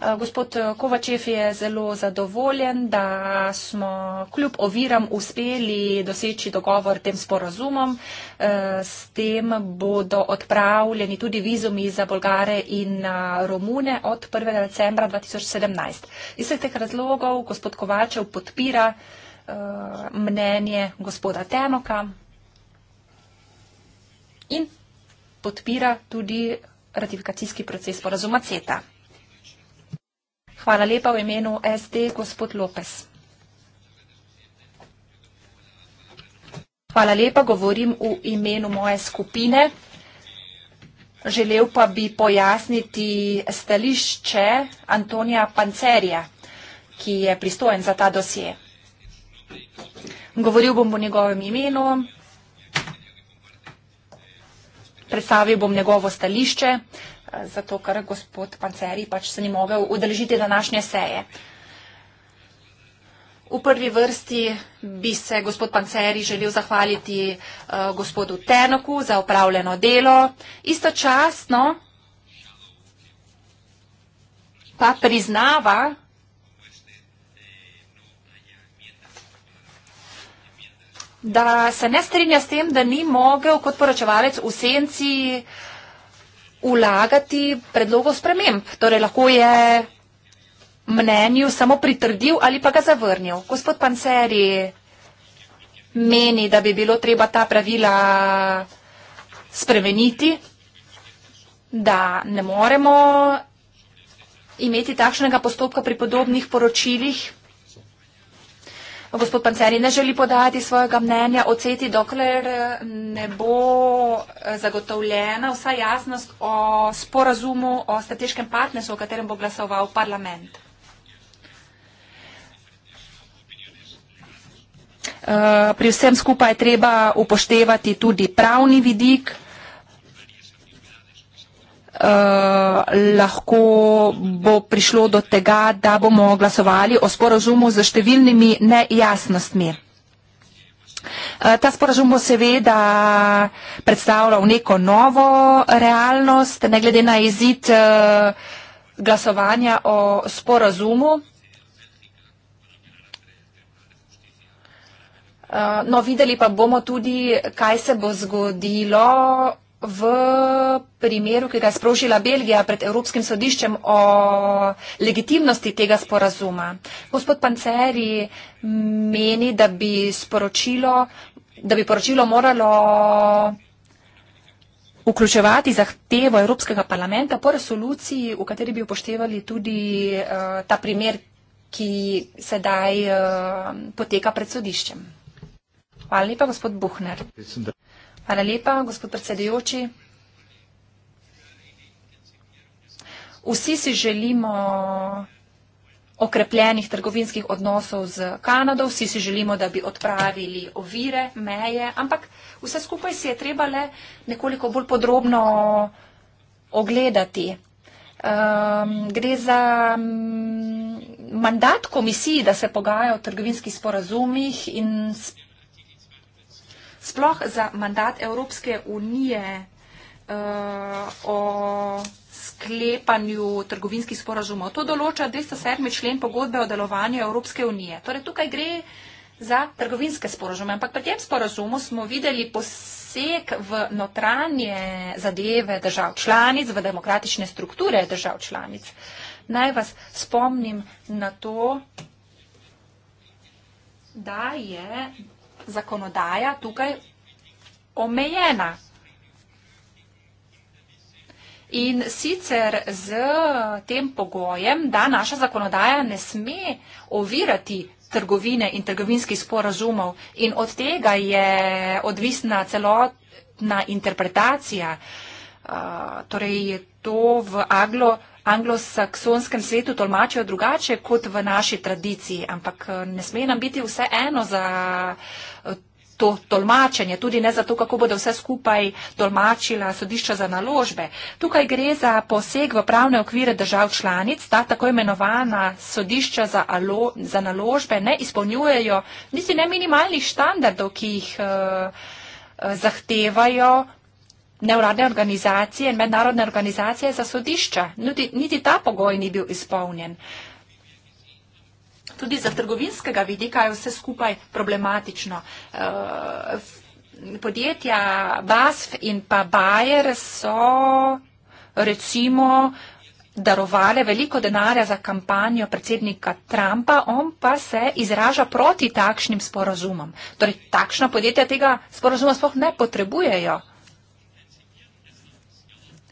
Eh, gospod eh, Kovačev je zelo zadovoljen, da smo kljub oviram uspeli doseči dogovor tem sporazumom. S tem bodo odpravljeni tudi vizumi za Bolgare in Romune od 1. decembra 2017. Iz vseh teh razlogov gospod Kovačev podpira mnenje gospoda Tenoka in podpira tudi ratifikacijski proces porazuma CETA. Hvala lepa v imenu SD, gospod Lopes. Hvala lepa, govorim v imenu moje skupine. Želel pa bi pojasniti stališče Antonija Pancerija, ki je pristojen za ta dosje. Govoril bom v njegovem imenu, predstavil bom njegovo stališče, eh, zato ker gospod Panceri pač se ni mogel udeležiti današnje seje. V prvi vrsti bi se gospod Panceri želel zahvaliti uh, gospodu Tenoku za upravljeno delo. Istočasno pa priznava, da se ne strinja s tem, da ni mogel kot poročevalec v senci vlagati predlogov sprememb. Torej lahko je mnenju samo pritrdil ali pa ga zavrnil. Gospod Panseri meni, da bi bilo treba ta pravila spremeniti, da ne moremo imeti takšnega postopka pri podobnih poročilih gospod Panceri ne želi podati svojega mnenja o CETI, dokler eh, ne bo eh, zagotovljena vsa jasnost o sporazumu o strateškem partnerstvu, o katerem bo glasoval parlament. Eh, pri vsem skupaj je treba upoštevati tudi pravni vidik. Eh, lahko bo prišlo do tega, da bomo glasovali o sporozumu z številnimi nejasnostmi. Eh, ta sporažum bo seveda predstavljal neko novo realnost, ne glede na izid eh, glasovanja o sporazumu. No, videli pa bomo tudi, kaj se bo zgodilo v primeru, ki ga je sprožila Belgija pred Evropskim sodiščem o legitimnosti tega sporazuma. Gospod Panceri meni, da bi sporočilo, da bi poročilo moralo vključevati zahtevo Evropskega parlamenta po resoluciji, v kateri bi upoštevali tudi uh, ta primer, ki sedaj uh, poteka pred sodiščem. Hvala lepa, gospod Buhner. Mislim, da... Hvala lepa, gospod predsedujoči. Vsi si želimo okrepljenih trgovinskih odnosov z Kanado, vsi si želimo, da bi odpravili ovire, meje, ampak vse skupaj si je treba le nekoliko bolj podrobno ogledati. Um, gre za mm, mandat komisiji, da se pogaja o trgovinskih sporazumih in sporazumih sploh za mandat Evropske unije eh, o sklepanju trgovinskih sporazumov. To določa 207. člen pogodbe o delovanju Evropske unije. Torej, tukaj gre za trgovinske sporazume, ampak pri tem sporazumu smo videli poseg v notranje zadeve držav članic, v demokratične strukture držav članic. Naj vas spomnim na to, da je zakonodaja tukaj omejena. In sicer z tem pogojem, da naša zakonodaja ne sme ovirati trgovine in trgovinskih sporazumov in od tega je odvisna celotna interpretacija. Uh, torej je to v Aglo anglosaksonskem svetu tolmačijo drugače kot v naši tradiciji, ampak eh, ne sme nam biti vse eno za eh, to tolmačenje, tudi ne za to, kako bodo vse skupaj tolmačila sodišča za naložbe. Tukaj gre za poseg v pravne okvire držav članic, ta tako imenovana sodišča za, alo, za naložbe ne izpolnjujejo niti ne minimalnih standardov, ki jih uh, zahtevajo Nevladne organizacije in mednarodne organizacije za sodišča. Niti, niti ta pogoj ni bil izpolnjen. Tudi za trgovinskega vidika je vse skupaj problematično. Eh, podjetja BASF in pa Bayer so recimo darovale veliko denarja za kampanjo predsednika Trumpa, on pa se izraža proti takšnim sporazumom. Torej, takšna podjetja tega sporazuma sploh ne potrebujejo.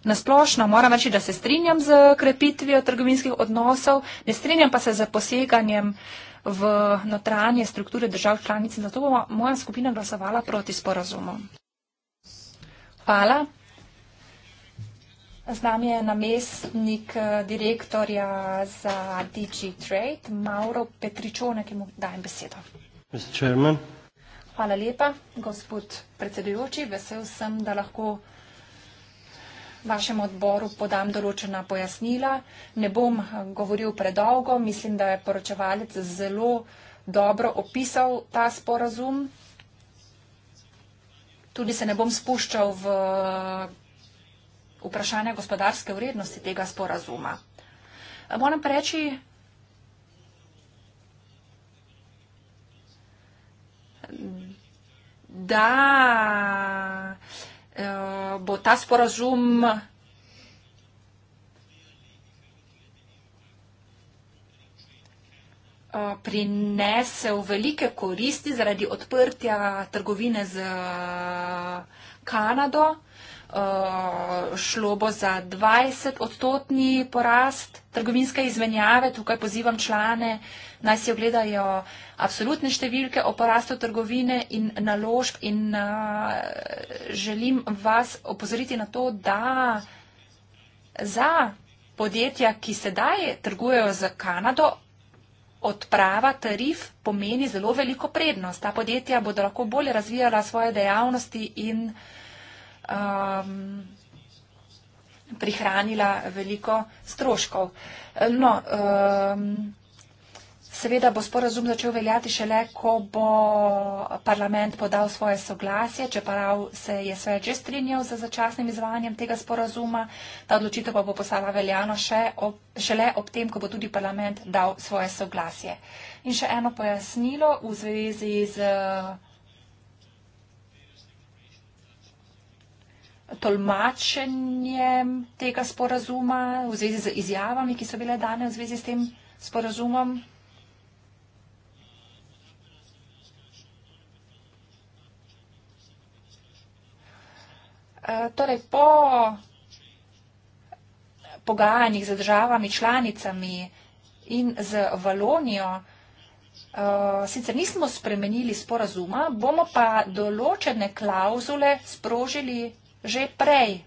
Na splošno moram reči, da se strinjam z krepitvijo trgovinskih odnosov, ne strinjam pa se z poseganjem v notranje strukture držav članic in zato bo moja skupina glasovala proti sporazumu. Hvala. Z nami je namestnik eh, direktorja za DG Trade, Mauro Petričone, ki mu dajem besedo. Hvala lepa, gospod predsedujoči. Vesel sem, da lahko vašem odboru podam določena pojasnila. Ne bom eh, govoril predolgo, mislim, da je poročevalec zelo dobro opisal ta sporazum. Tudi se ne bom spuščal v eh, vprašanje gospodarske vrednosti tega sporazuma. Eh, moram preči, da Eh, bo ta sporazum eh, prinesel velike koristi zaradi odprtja trgovine z Kanado. Eh, šlo bo za 20 odstotni porast trgovinske izmenjave. Tukaj pozivam člane, naj si ogledajo absolutne številke o porastu trgovine in naložb in eh, želim vas opozoriti na to, da za podjetja, ki sedaj trgujejo z Kanado, odprava tarif pomeni zelo veliko prednost. Ta podjetja bodo lahko bolje razvijala svoje dejavnosti in um, prihranila veliko stroškov. No, um, Seveda bo sporazum začel veljati šele, ko bo parlament podal svoje soglasje, čeprav se je svet že strinjal za začasnim izvajanjem tega sporazuma. Ta odločitev pa bo postala veljano še ob, šele ob tem, ko bo tudi parlament dal svoje soglasje. In še eno pojasnilo v zvezi z. tolmačenjem tega sporazuma, v zvezi z izjavami, ki so bile dane v zvezi s tem sporazumom? Eh, torej, po pogajanjih z državami, članicami in z Valonijo, eh, sicer nismo spremenili sporazuma, bomo pa določene klauzule sprožili že prej.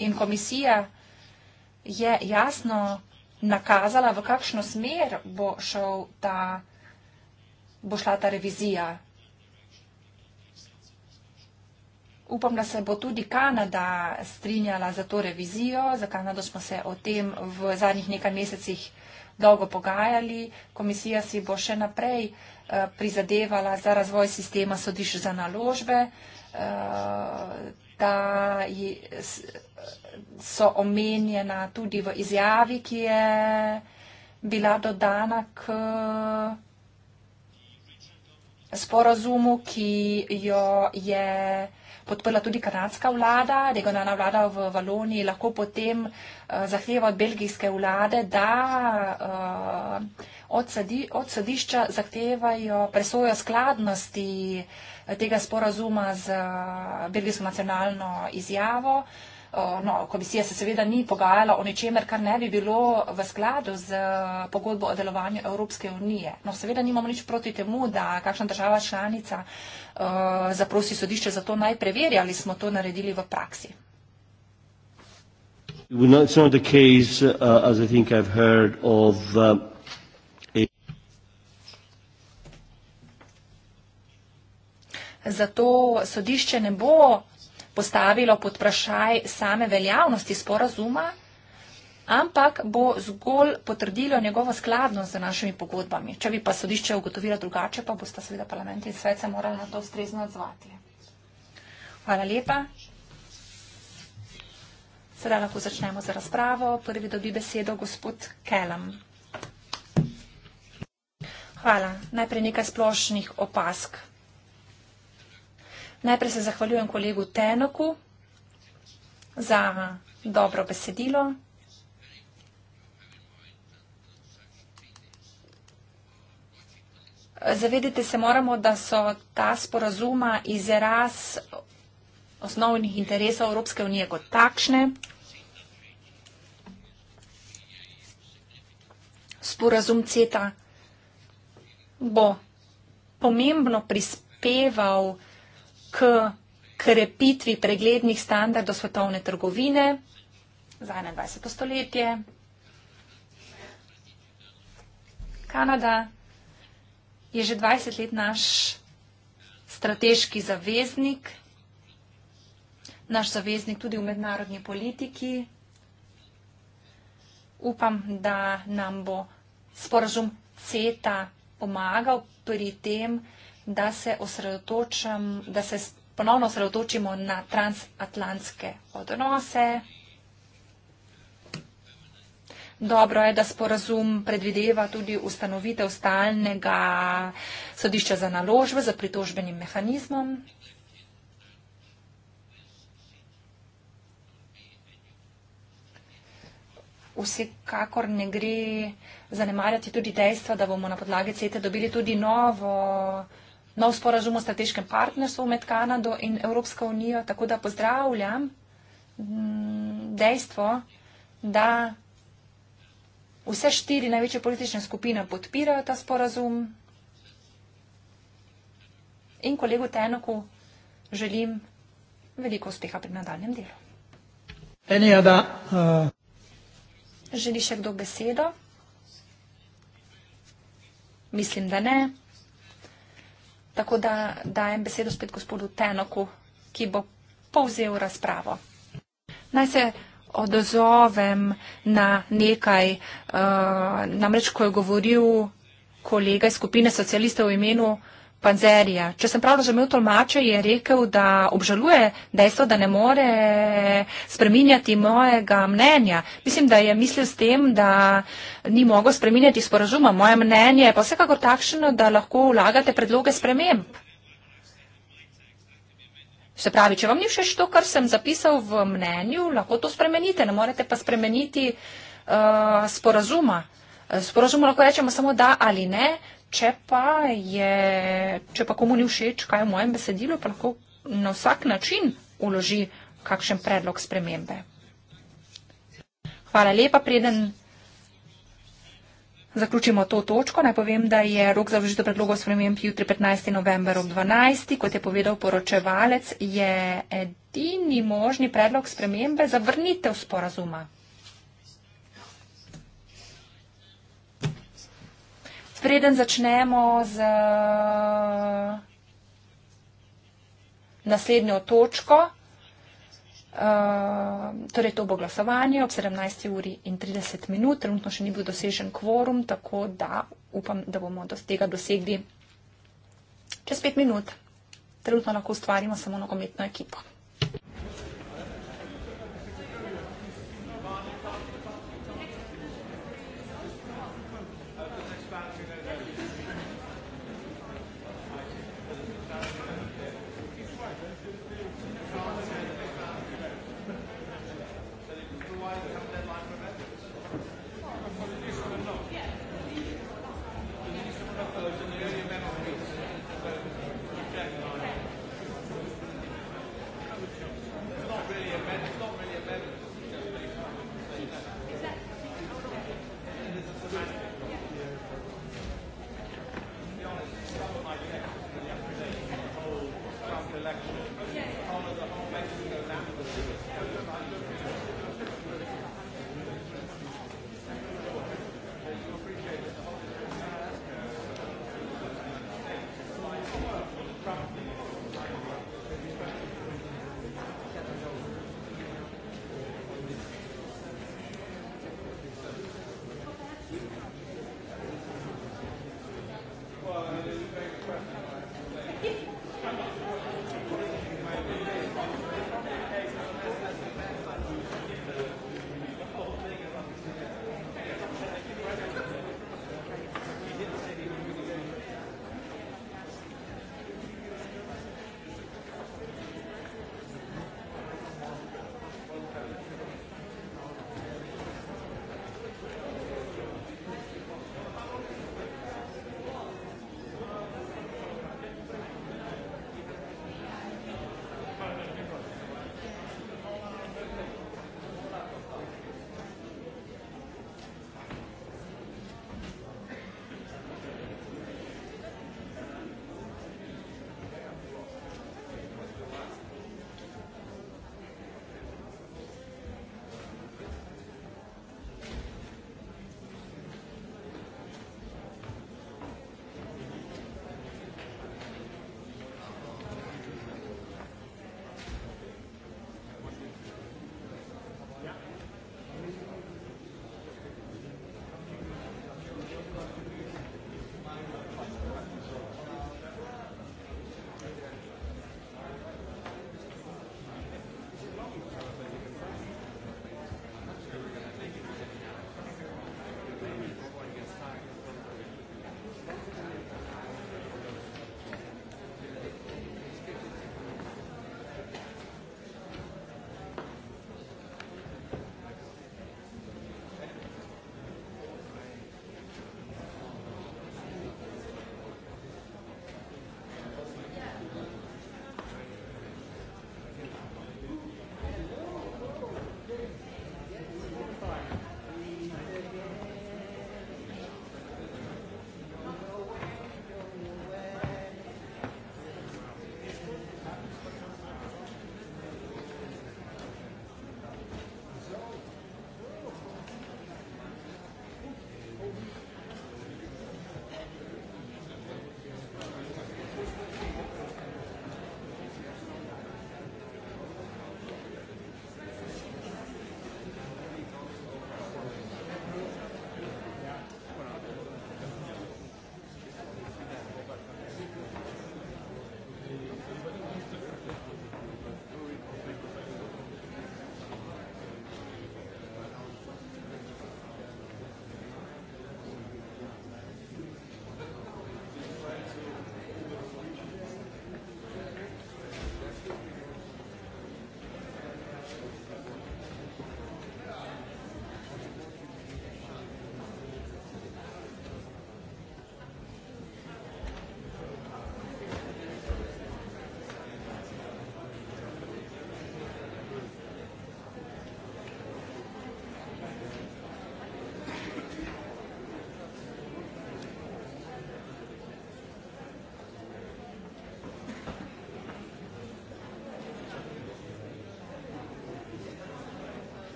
In komisija je jasno nakazala, v kakšno smer bo, šel ta, bo šla ta revizija. Upam, da se bo tudi Kanada strinjala za to revizijo. Za Kanado smo se o tem v zadnjih nekaj mesecih dolgo pogajali. Komisija si bo še naprej eh, prizadevala za razvoj sistema sodišč za naložbe. Eh, da so omenjena tudi v izjavi, ki je bila dodana k sporazumu, ki jo je podprla tudi kanadska vlada, regionalna vlada v Valoniji, lahko potem eh, zahteva od belgijske vlade, da eh, od sodišča zahtevajo presojo skladnosti tega sporazuma z belgijsko nacionalno izjavo. No, komisija se seveda ni pogajala o ničemer, kar ne bi bilo v skladu z pogodbo o delovanju Evropske unije. No, seveda nimamo nič proti temu, da kakšna država članica uh, zaprosi sodišče za to najpreverja, ali smo to naredili v praksi. It's not the case, uh, as I think I've heard, of uh, Zato sodišče ne bo postavilo pod vprašaj same veljavnosti sporazuma, ampak bo zgolj potrdilo njegovo skladnost z našimi pogodbami. Če bi pa sodišče ugotovilo drugače, pa boste seveda parlament in svet se morali na to ustrezno odzvati. Hvala lepa. Sedaj lahko začnemo z razpravo. Prvi dobi besedo gospod Kelam. Hvala. Najprej nekaj splošnih opask. Najprej se zahvaljujem kolegu Tenoku za dobro besedilo. Zavedite se moramo, da so ta sporazuma izraz osnovnih interesov Evropske unije kot takšne. Sporazum CETA bo pomembno prispeval vsega, k krepitvi preglednih standardov svetovne trgovine za 21. stoletje. Kanada je že 20 let naš strateški zaveznik, naš zaveznik tudi v mednarodni politiki. Upam, da nam bo sporazum CETA pomagal pri tem, da se, da se ponovno osredotočimo na transatlantske odnose. Dobro je, da sporazum predvideva tudi ustanovitev stalnega sodišča za naložbe za pritožbenim mehanizmom. Vsekakor ne gre zanemarjati tudi dejstva, da bomo na podlagi CETE dobili tudi novo nov sporazum o strateškem partnerstvu med Kanado in Evropsko unijo, tako da pozdravljam mm, dejstvo, da vse štiri največje politične skupine podpirajo ta sporazum in kolegu Tenoku želim veliko uspeha pri nadaljem delu. Enijada, uh... Želi še kdo besedo? Mislim, da ne. Tako da dajem besedo spet gospodu Tenoku, ki bo povzel razpravo. Naj se odozovem na nekaj, uh, namreč ko je govoril kolega iz skupine socialistov v imenu uh, Panzerija. Če sem prav razumel tolmače, je rekel, da obžaluje dejstvo, da ne more spreminjati mojega mnenja. Mislim, da je mislil s tem, da ni mogel spreminjati sporazuma. Moje mnenje je pa vsekakor takšno, da lahko vlagate predloge sprememb. Se pravi, če vam ni všeč to, kar sem zapisal v mnenju, lahko to spremenite, ne morete pa spremeniti uh, sporazuma. Sporazum lahko rečemo samo da ali ne, Če pa, je, če pa komu ni všeč, kaj je v mojem besedilu, pa lahko na vsak način uloži kakšen predlog spremembe. Hvala lepa, preden zaključimo to točko. Naj povem, da je rok za vložitev predlogov sprememb jutri 15. november ob 12. Kot je povedal poročevalec, je edini možni predlog spremembe zavrnitev sporazuma. preden začnemo z eh, naslednjo točko, eh, torej to bo glasovanje ob 17. uri in 30 minut, trenutno še ni bil dosežen kvorum, tako da upam, da bomo do tega dosegli čez 5 minut. Trenutno lahko ustvarimo samo nogometno ekipo.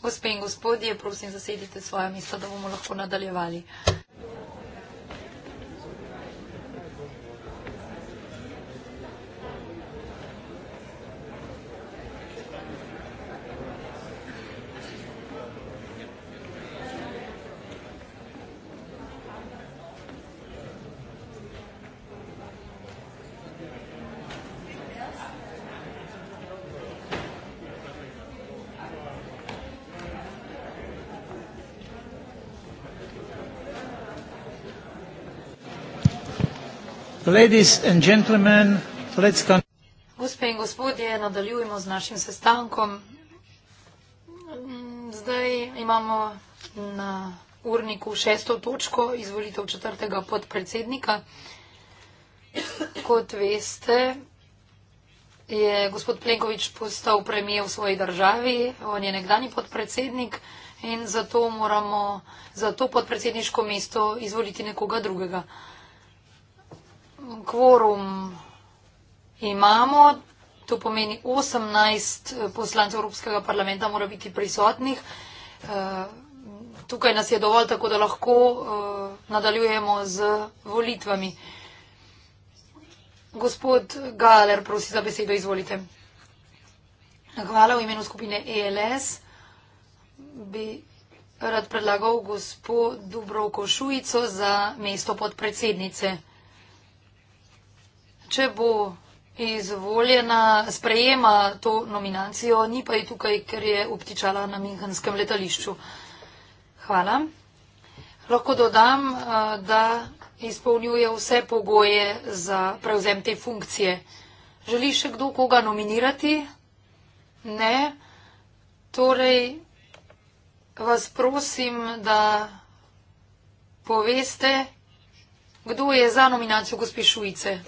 Gospe in gospodje, prosim, zasedite svoje mesto, da bomo lahko nadaljevali. Gospe in gospodje, nadaljujemo z našim sestankom. Mm, zdaj imamo na urniku šesto točko izvolitev četrtega podpredsednika. Kot veste, je gospod Plenkovič postal premijer v svoji državi, on je nekdani podpredsednik in zato moramo za to podpredsedniško mesto izvoliti nekoga drugega kvorum imamo, to pomeni 18 eh, poslancev Evropskega parlamenta mora biti prisotnih. Eh, tukaj nas je dovolj, tako da lahko eh, nadaljujemo z volitvami. Gospod Galer, prosi za besedo, izvolite. Hvala v imenu skupine ELS. Bi rad predlagal gospod Dubrovko Šujico za mesto podpredsednice če bo izvoljena, sprejema to nominacijo, ni pa je tukaj, ker je obtičala na Minhanskem letališču. Hvala. Lahko dodam, eh, da izpolnjuje vse pogoje za prevzem te funkcije. Želi še kdo koga nominirati? Ne. Torej, vas prosim, da poveste, kdo je za nominacijo gospe Šujce.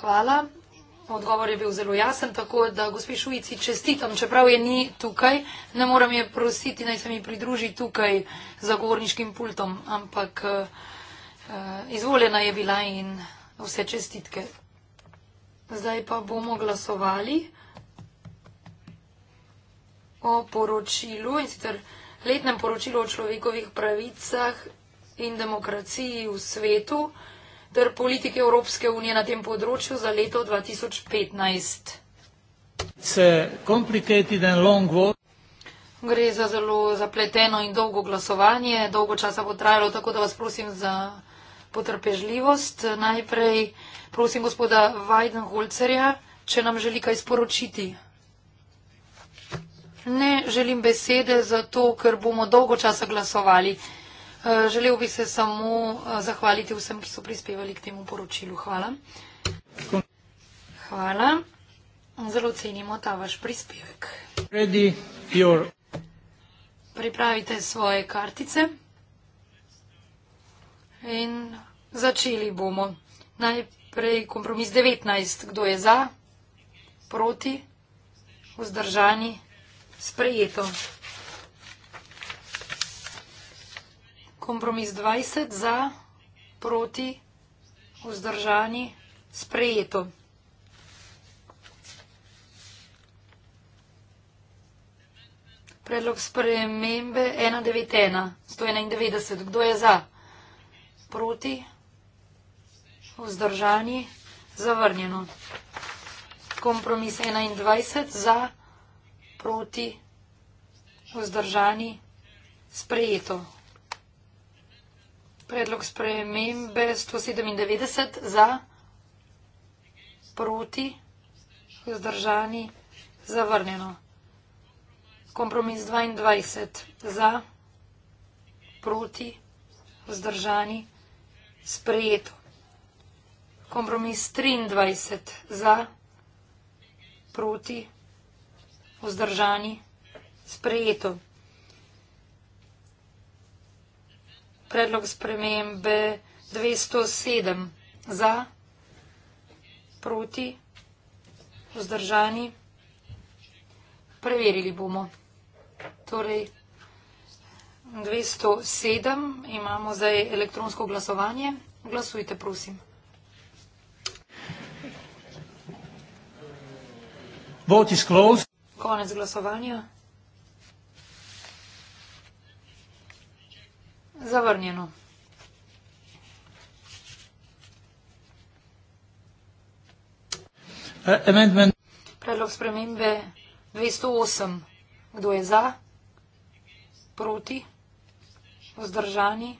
Hvala. Odgovor je bil zelo jasen, tako da gospe Šujici čestitam, čeprav je ni tukaj, ne moram je prositi, naj se mi pridruži tukaj za govorniškim pultom, ampak eh, eh, izvoljena je bila in vse čestitke. Zdaj pa bomo glasovali o poročilu, in sicer letnem poročilu o človekovih pravicah in demokraciji v svetu ter politike Evropske unije na tem področju za leto 2015. Gre za zelo zapleteno in dolgo glasovanje. Dolgo časa bo trajalo, tako da vas prosim za potrpežljivost. Najprej prosim gospoda Weidenholzerja, če nam želi kaj sporočiti. Ne želim besede zato, ker bomo dolgo časa glasovali. Eh, želel bi se samo eh, zahvaliti vsem, ki so prispevali k temu poročilu. Hvala. Hvala. Zelo cenimo ta vaš prispevek. Pripravite svoje kartice in začeli bomo. Najprej kompromis 19. Kdo je za, proti, vzdržani, sprejeto. Kompromis 20 za, proti, vzdržani, sprejeto. Predlog spremembe 191, 191, kdo je za, proti, vzdržani, zavrnjeno. Kompromis 21 za, proti, vzdržani, sprejeto. Predlog spremembe 197 za, proti, vzdržani, zavrnjeno. Kompromis 22 za, proti, vzdržani, sprejeto. Kompromis 23 za, proti, vzdržani, sprejeto. predlog spremembe 207 za, proti, vzdržani. Preverili bomo. Torej, 207 imamo zdaj elektronsko glasovanje. Glasujte, prosim. Vote is closed. Konec glasovanja. Zavrnjeno. Uh, amendment. Predlog spremembe 208. Kdo je za? Proti? Vzdržani?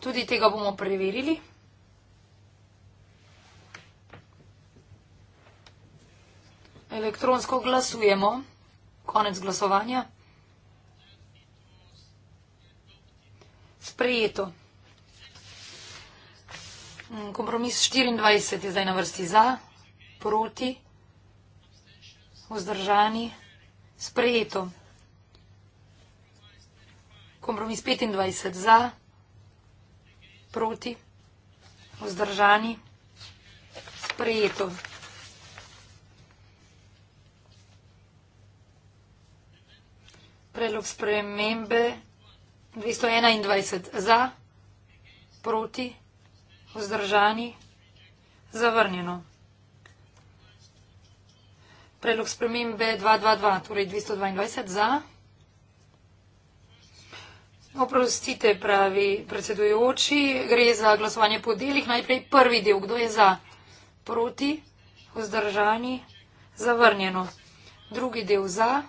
Tudi tega bomo preverili. Elektronsko glasujemo. Konec glasovanja. sprejeto. Mm, kompromis 24 je zdaj na vrsti za, proti, vzdržani, sprejeto. Kompromis 25 za, proti, vzdržani, sprejeto. Predlog spremembe 221 za, proti, vzdržani, zavrnjeno. Predlog spremembe 222, torej 222 za. Oprostite, pravi predsedujoči, gre za glasovanje po delih. Najprej prvi del, kdo je za, proti, vzdržani, zavrnjeno. Drugi del za,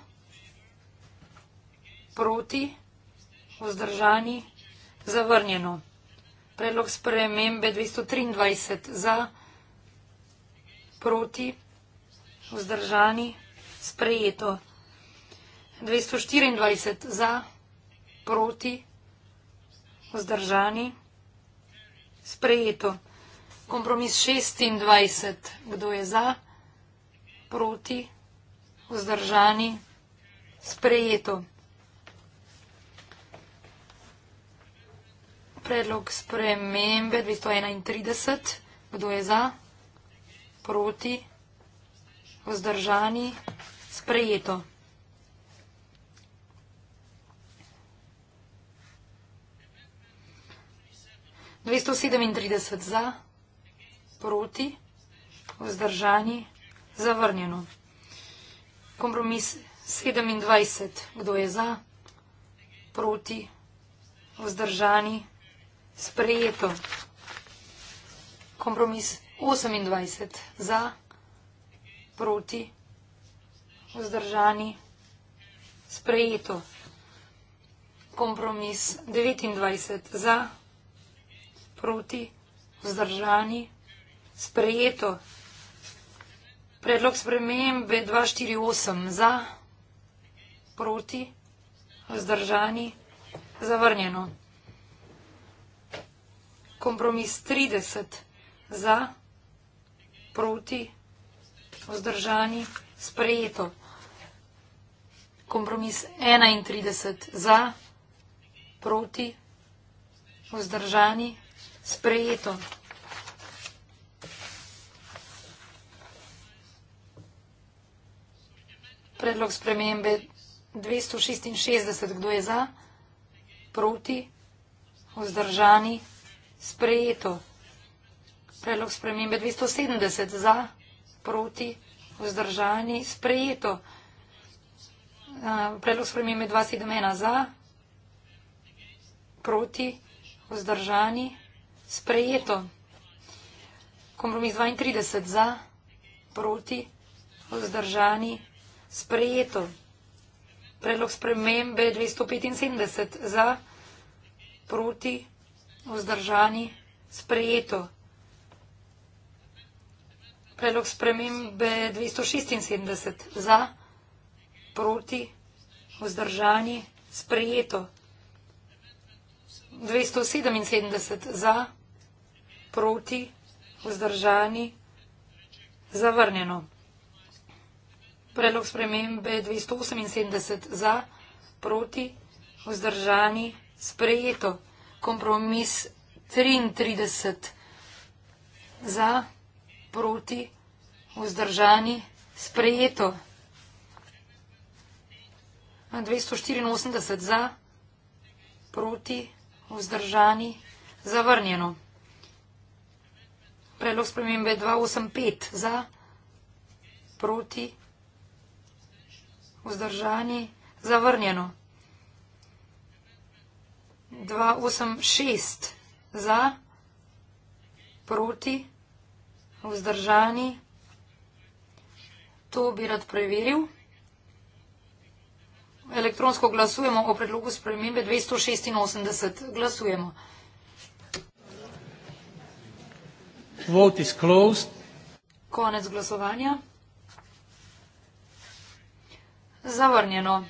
proti, vzdržani vzdržani, zavrnjeno. Predlog spremembe 223 za, proti, vzdržani, sprejeto. 224 za, proti, vzdržani, sprejeto. Kompromis 26, kdo je za, proti, vzdržani, sprejeto. predlog spremembe 231. Kdo je za? Proti? Vzdržani? Sprejeto. Dvesto sedemintrideset za, proti, vzdržani, zavrnjeno. Kompromis sedemindvajset, kdo je za, proti, vzdržani, zavrnjeno sprejeto. Kompromis 28 za, proti, vzdržani, sprejeto. Kompromis 29 za, proti, vzdržani, sprejeto. Predlog spremembe 248 za, proti, vzdržani, zavrnjeno kompromis 30 za, proti, vzdržani, sprejeto. Kompromis 31 za, proti, vzdržani, sprejeto. Predlog spremembe 266, kdo je za, proti, vzdržani, sprejeto sprejeto. Predlog spremembe 270 eh, za, proti, vzdržani, sprejeto. Predlog spremembe 271 za, proti, vzdržani, sprejeto. Kompromis 32 za, proti, vzdržani, sprejeto. Predlog spremembe 275 za, proti, vzdržani, sprejeto vzdržani, sprejeto. Predlog spremembe 276 za, proti, vzdržani, sprejeto. 277 za, proti, vzdržani, zavrnjeno. Predlog spremembe 278 za, proti, vzdržani, sprejeto kompromis 33 za, proti, vzdržani, sprejeto. 284 za, proti, vzdržani, zavrnjeno. Predlog spremembe 285 za, proti, vzdržani, zavrnjeno. 286 za, proti, vzdržani. To bi rad preveril. Elektronsko glasujemo o predlogu spremembe 286. Glasujemo. Vote is closed. Konec glasovanja. Zavrnjeno.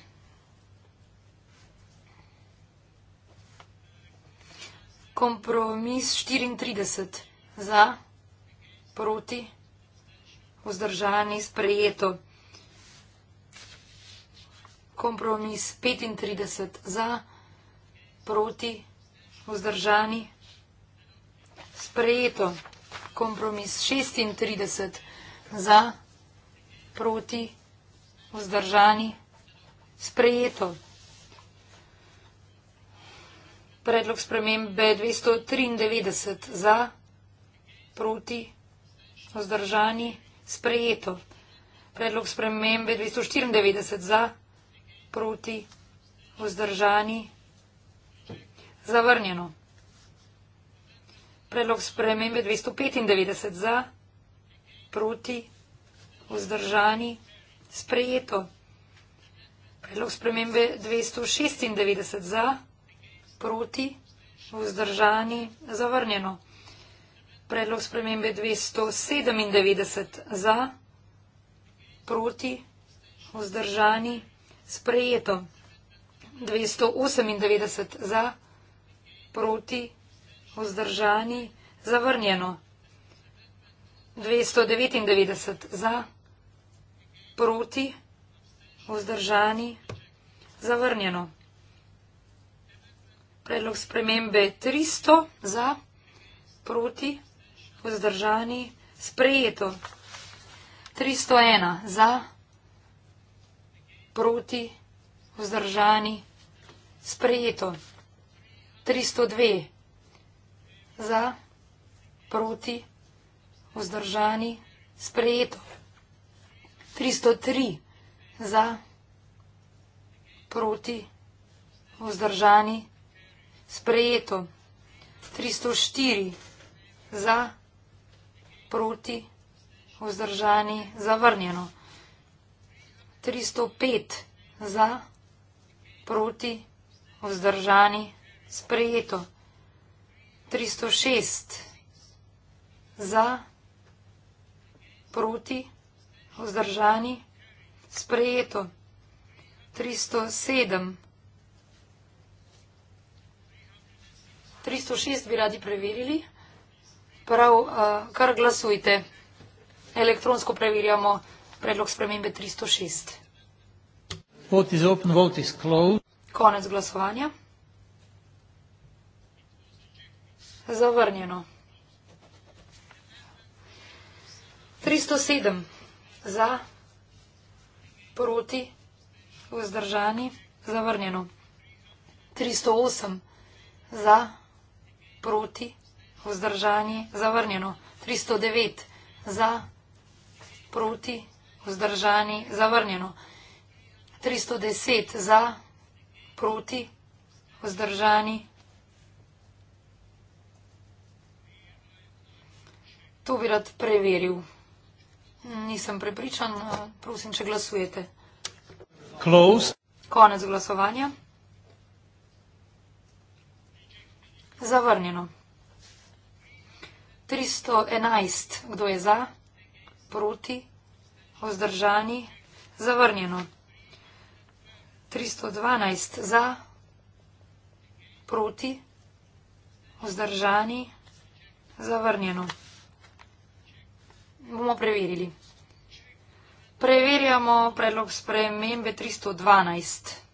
kompromis 34 za, proti, vzdržani, sprejeto. Kompromis 35 za, proti, vzdržani, sprejeto. Kompromis 36 za, proti, vzdržani, sprejeto. Predlog spremembe 293 za, proti, vzdržani, sprejeto. Predlog spremembe 294 za, proti, vzdržani, zavrnjeno. Predlog spremembe 295 za, proti, vzdržani, sprejeto. Predlog spremembe 296 za, proti, vzdržani, sprejeto proti, vzdržani, zavrnjeno. Predlog spremembe 297 za, proti, vzdržani, sprejeto. 298 za, proti, vzdržani, zavrnjeno. 299 za, proti, vzdržani, zavrnjeno. Predlog spremembe 300 za, proti, vzdržani, sprejeto. 301 za, proti, vzdržani, sprejeto. 302 za, proti, vzdržani, sprejeto. 303 za, proti, vzdržani, sprejeto sprejeto 304 za, proti, vzdržani, zavrnjeno 305 za, proti, vzdržani, sprejeto 306 za, proti, vzdržani, sprejeto 307 za, proti, vzdržani, sprejeto 307 306 bi radi preverili. Prav, eh, kar glasujte. Elektronsko preverjamo predlog spremembe 306. Vote is open, vote is closed. Konec glasovanja. Zavrnjeno. 307 za, proti, vzdržani, zavrnjeno. 308 za, proti, vzdržani proti, vzdržani, zavrnjeno. 309 za, proti, vzdržani, zavrnjeno. 310 za, proti, vzdržani. To bi rad preveril. Nisem prepričan, prosim, če glasujete. Close. Konec glasovanja. Zavrnjeno. 311. Kdo je za? Proti? Ozdržani? Zavrnjeno. 312. Za? Proti? Ozdržani? Zavrnjeno. Bomo preverili. Preverjamo predlog spremembe 312.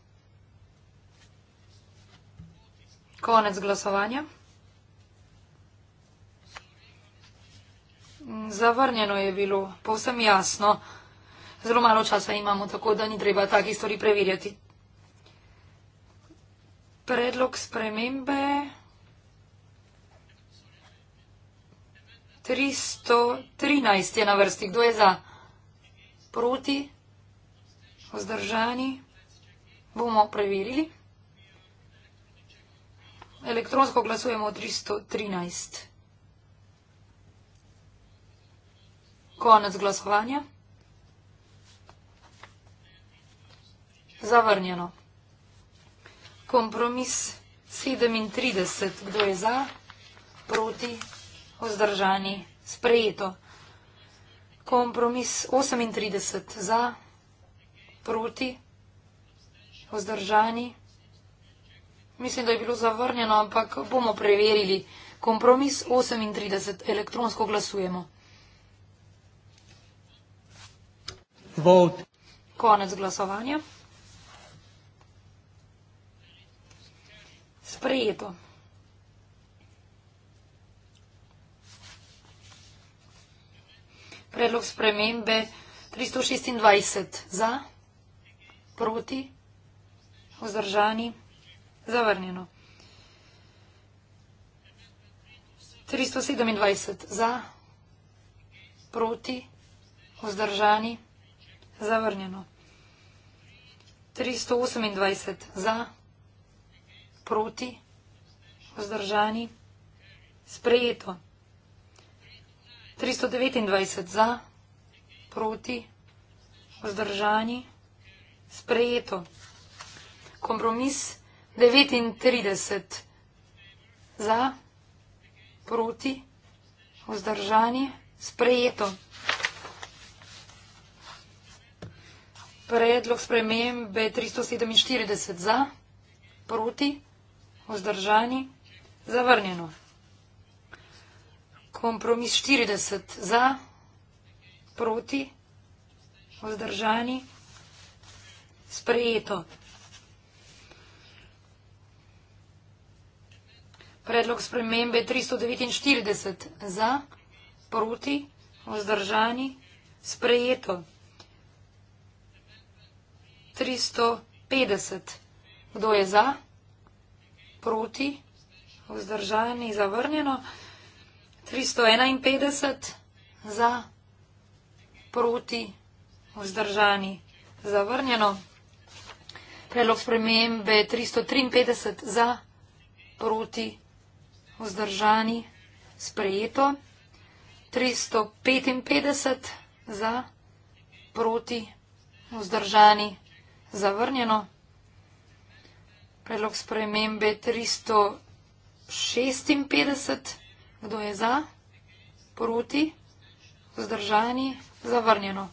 Konec glasovanja. Zavrnjeno je bilo, povsem jasno. Zelo malo časa imamo, tako da ni treba takih stvari preverjati. Predlog spremembe 313 je na vrsti. Kdo je za? Proti? Vzdržani? Bomo preverili. Elektronsko glasujemo 313. Konec glasovanja. Zavrnjeno. Kompromis 37. Kdo je za? Proti? Ozdržani? Sprejeto. Kompromis 38. Za? Proti? Ozdržani? Sprejeto. Mislim, da je bilo zavrnjeno, ampak bomo preverili. Kompromis 38, elektronsko glasujemo. Vote. Konec glasovanja. Sprejeto. Predlog spremembe 326 za, proti, vzdržani. Zavrnjeno. 327 za, proti, vzdržani, zavrnjeno. 328 za, proti, vzdržani, sprejeto. 329 za, proti, vzdržani, sprejeto. Kompromis 327. 39 za, proti, vzdržani, sprejeto. Predlog spremembe 347 za, proti, vzdržani, zavrnjeno. Kompromis 40 za, proti, vzdržani, sprejeto. Predlog spremembe 349 za, proti, vzdržani, sprejeto. 350. Kdo je za, proti, vzdržani, zavrnjeno. 351 za, proti, vzdržani, zavrnjeno. Predlog spremembe 353 za, proti, vzdržani vzdržani, sprejeto, 355 za, proti, vzdržani, zavrnjeno, predlog spremembe 356, kdo je za, proti, vzdržani, zavrnjeno.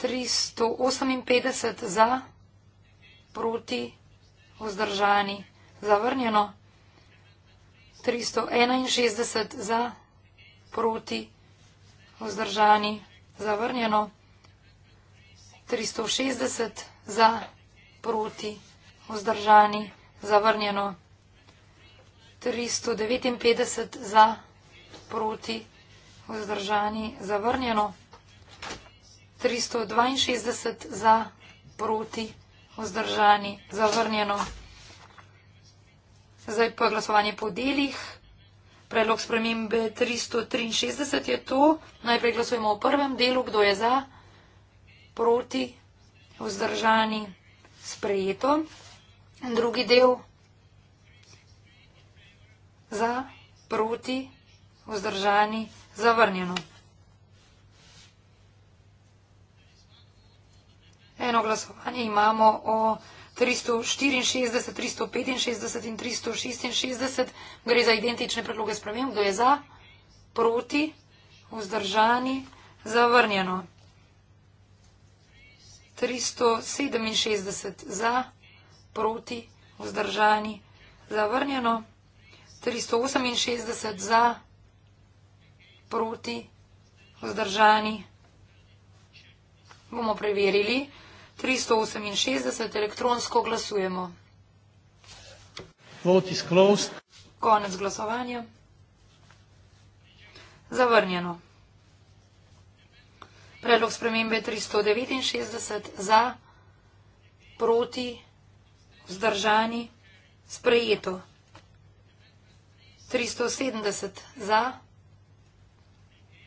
358 za, proti, vzdržani, zavrnjeno. 361 za, proti, vzdržani, zavrnjeno. 360 za, proti, vzdržani, zavrnjeno. 359 za, proti, vzdržani, zavrnjeno. 362 za, proti, vzdržani, zavrnjeno. 359 za, proti, vzdržani, zavrnjeno. Zdaj pa glasovanje po delih. Predlog spremembe 363 je to. Najprej glasujemo v prvem delu, kdo je za, proti, vzdržani, sprejeto. Drugi del za, proti, vzdržani, zavrnjeno. Eno glasovanje imamo o 364, 365 in 366 gre za identične predloge sprememb. Kdo je za, proti, vzdržani, zavrnjeno. 367 za, proti, vzdržani, zavrnjeno. 368 za, proti, vzdržani. Bomo preverili. 368 elektronsko glasujemo. Vote is closed. Konec glasovanja. Zavrnjeno. Predlog spremembe 369 za, proti, vzdržani, sprejeto. 370 za,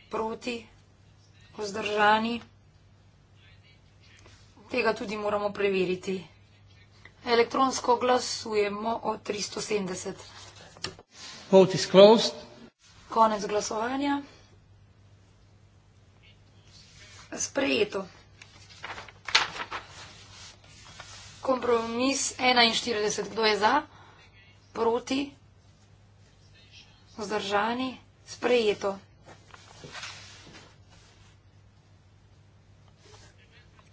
proti, vzdržani, sprejeto tega tudi moramo preveriti. Elektronsko glasujemo o 370. Vote is closed. Konec glasovanja. Sprejeto. Kompromis 41. Kdo je za? Proti? Vzdržani? Sprejeto.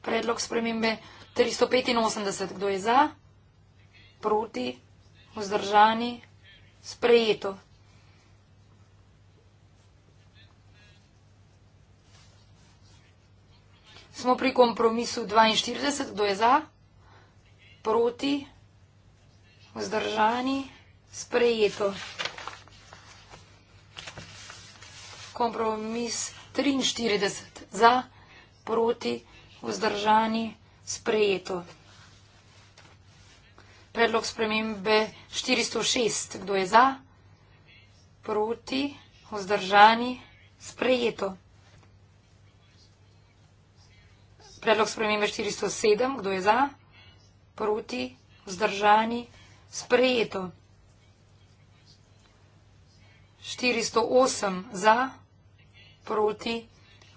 predlog spremembe 385. Kdo je za? Proti? Vzdržani? Sprejeto. Smo pri kompromisu 42. Kdo je za? Proti? Vzdržani? Sprejeto. Kompromis 43. Za? Proti? Vzdržani? vzdržani, sprejeto. Predlog spremembe 406. Kdo je za? Proti, vzdržani, sprejeto. Predlog spremembe 407. Kdo je za? Proti, vzdržani, sprejeto. 408 za, proti,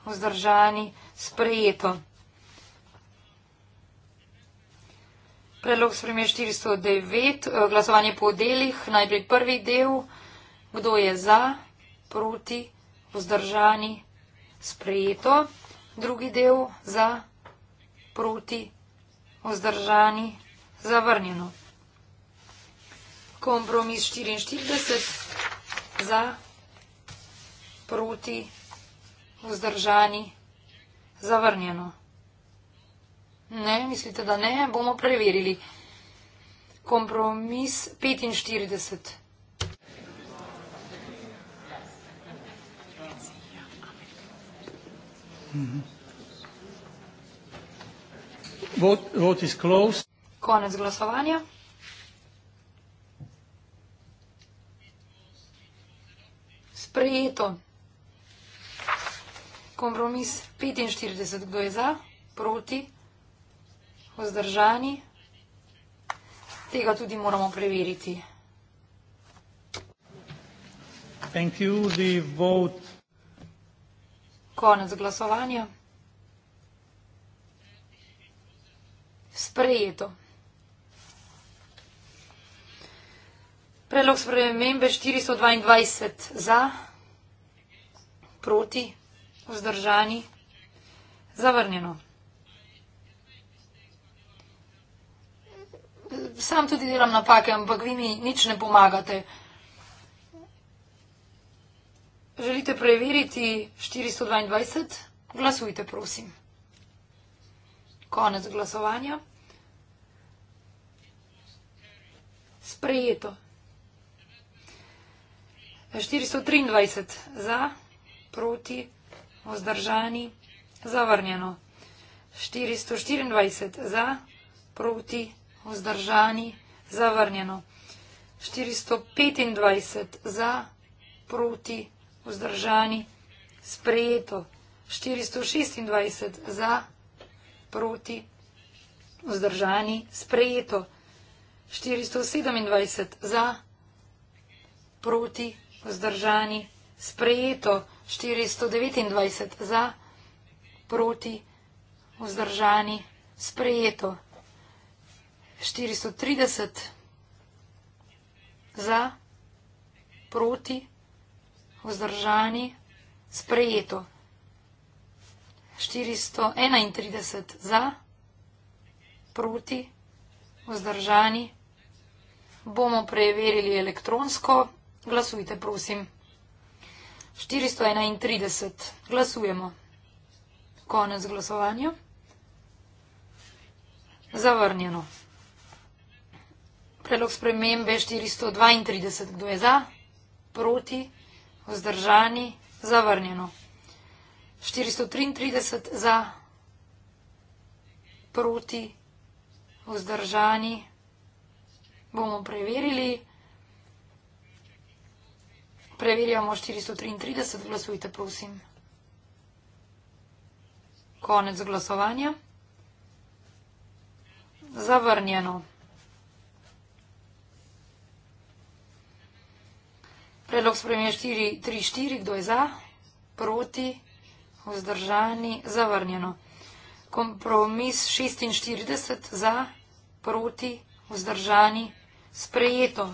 vzdržani, sprejeto. Predlog spremenja 409, eh, glasovanje po delih, najprej prvi del, kdo je za, proti, vzdržani, sprejeto, drugi del, za, proti, vzdržani, zavrnjeno. Kompromis 44, za, proti, vzdržani, zavrnjeno. Ne, mislite, da ne? Bomo preverili. Kompromis 45. Vote, vote is closed. Konec glasovanja. Sprejeto. Kompromis 45. Kdo je za? Proti? vzdržani. Tega tudi moramo preveriti. Thank you, the vote. Konec glasovanja. Sprejeto. Predlog spremembe 422 za, proti, vzdržani, zavrnjeno. sam tudi delam napake, ampak vi mi nič ne pomagate. Želite preveriti 422? Glasujte, prosim. Konec glasovanja. Sprejeto. 423 za, proti, vzdržani, zavrnjeno. 424 za, proti, vzdržani vzdržani, zavrnjeno. 425 za, proti, vzdržani, sprejeto. 426 za, proti, vzdržani, sprejeto. 427 za, proti, vzdržani, sprejeto. 429 za, proti, vzdržani, sprejeto. 430 za, proti, vzdržani, sprejeto. 431 za, proti, vzdržani. Bomo preverili elektronsko. Glasujte, prosim. 431. Glasujemo. Konec glasovanja. Zavrnjeno. Predlog spremembe 432, kdo je za, proti, vzdržani, zavrnjeno. 433 za, proti, vzdržani, bomo preverili. Preverjamo 433, glasujte prosim. Konec glasovanja. Zavrnjeno. Predlog spremenja 4.3.4. Kdo je za? Proti? Vzdržani? Zavrnjeno. Kompromis 46. Za? Proti? Vzdržani? Sprejeto.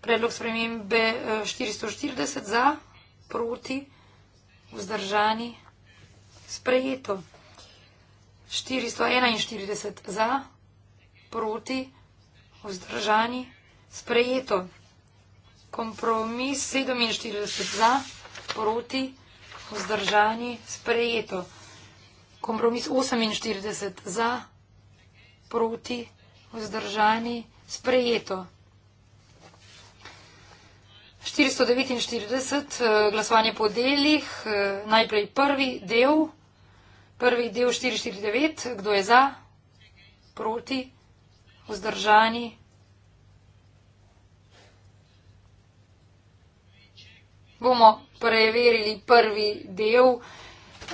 Predlog spremenbe 440. Eh, za? Proti? Vzdržani? Sprejeto. 441. Za? Proti? Vzdržani? Sprejeto kompromis 47 za, proti, vzdržani, sprejeto. Kompromis 48 za, proti, vzdržani, sprejeto. 449 eh, glasovanje po delih, eh, najprej prvi del, prvi del 449, kdo je za, proti, vzdržani, sprejeto. bomo preverili prvi del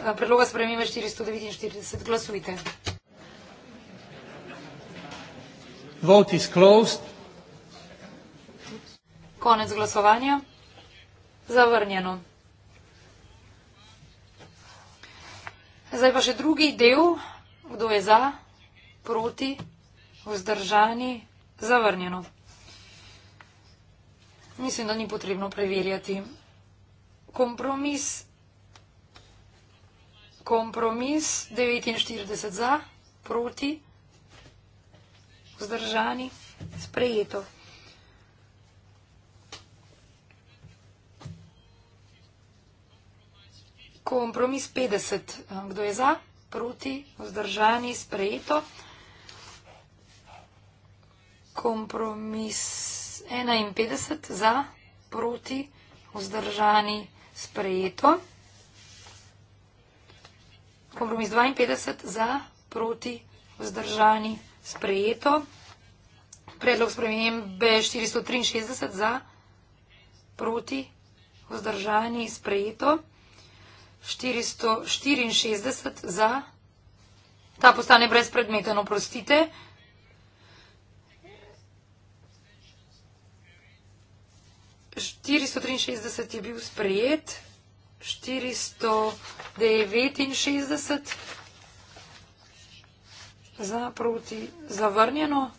eh, predloga spremembe 449. Glasujte. Vote is closed. Konec glasovanja. Zavrnjeno. Zdaj pa še drugi del. Kdo je za, proti, vzdržani, zavrnjeno. Mislim, da ni potrebno preverjati kompromis, kompromis 49 za, proti, vzdržani, sprejeto. Kompromis 50, eh, kdo je za, proti, vzdržani, sprejeto. Kompromis 51 za, proti, vzdržani, sprejeto sprejeto. Kompromis 52 za, proti, vzdržani, sprejeto. Predlog spremenjembe 463 za, proti, vzdržani, sprejeto. 464 za, ta postane brez predmeten, oprostite. 463 je bil sprejet, 469 za proti zavrnjeno,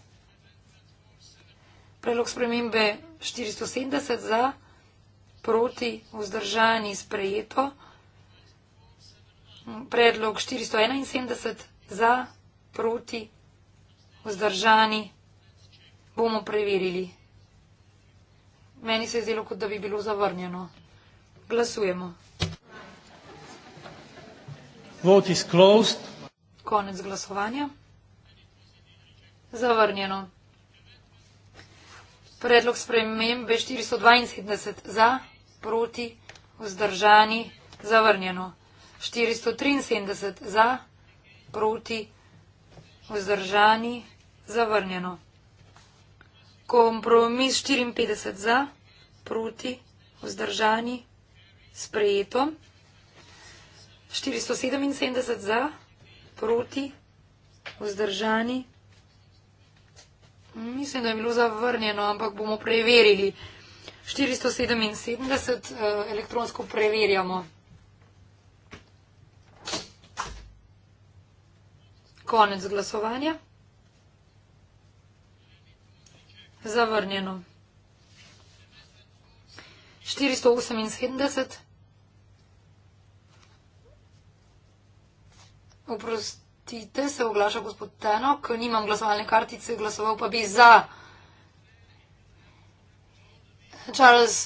predlog spremembe 470 za proti vzdržani sprejeto, predlog 471 za proti vzdržani bomo preverili. Meni se je zdelo, kot da bi bilo zavrnjeno. Glasujemo. Vote is closed. Konec glasovanja. Zavrnjeno. Predlog spremembe 472 za, proti, vzdržani, zavrnjeno. 473 za, proti, vzdržani, zavrnjeno kompromis 54 za, proti, vzdržani, sprejeto. 477 za, proti, vzdržani. Mislim, da je bilo zavrnjeno, ampak bomo preverili. 477 eh, elektronsko preverjamo. Konec glasovanja. Zavrnjeno. 478. Oprostite, se oglaša gospod Tenok, nimam glasovalne kartice, glasoval pa bi za. Charles,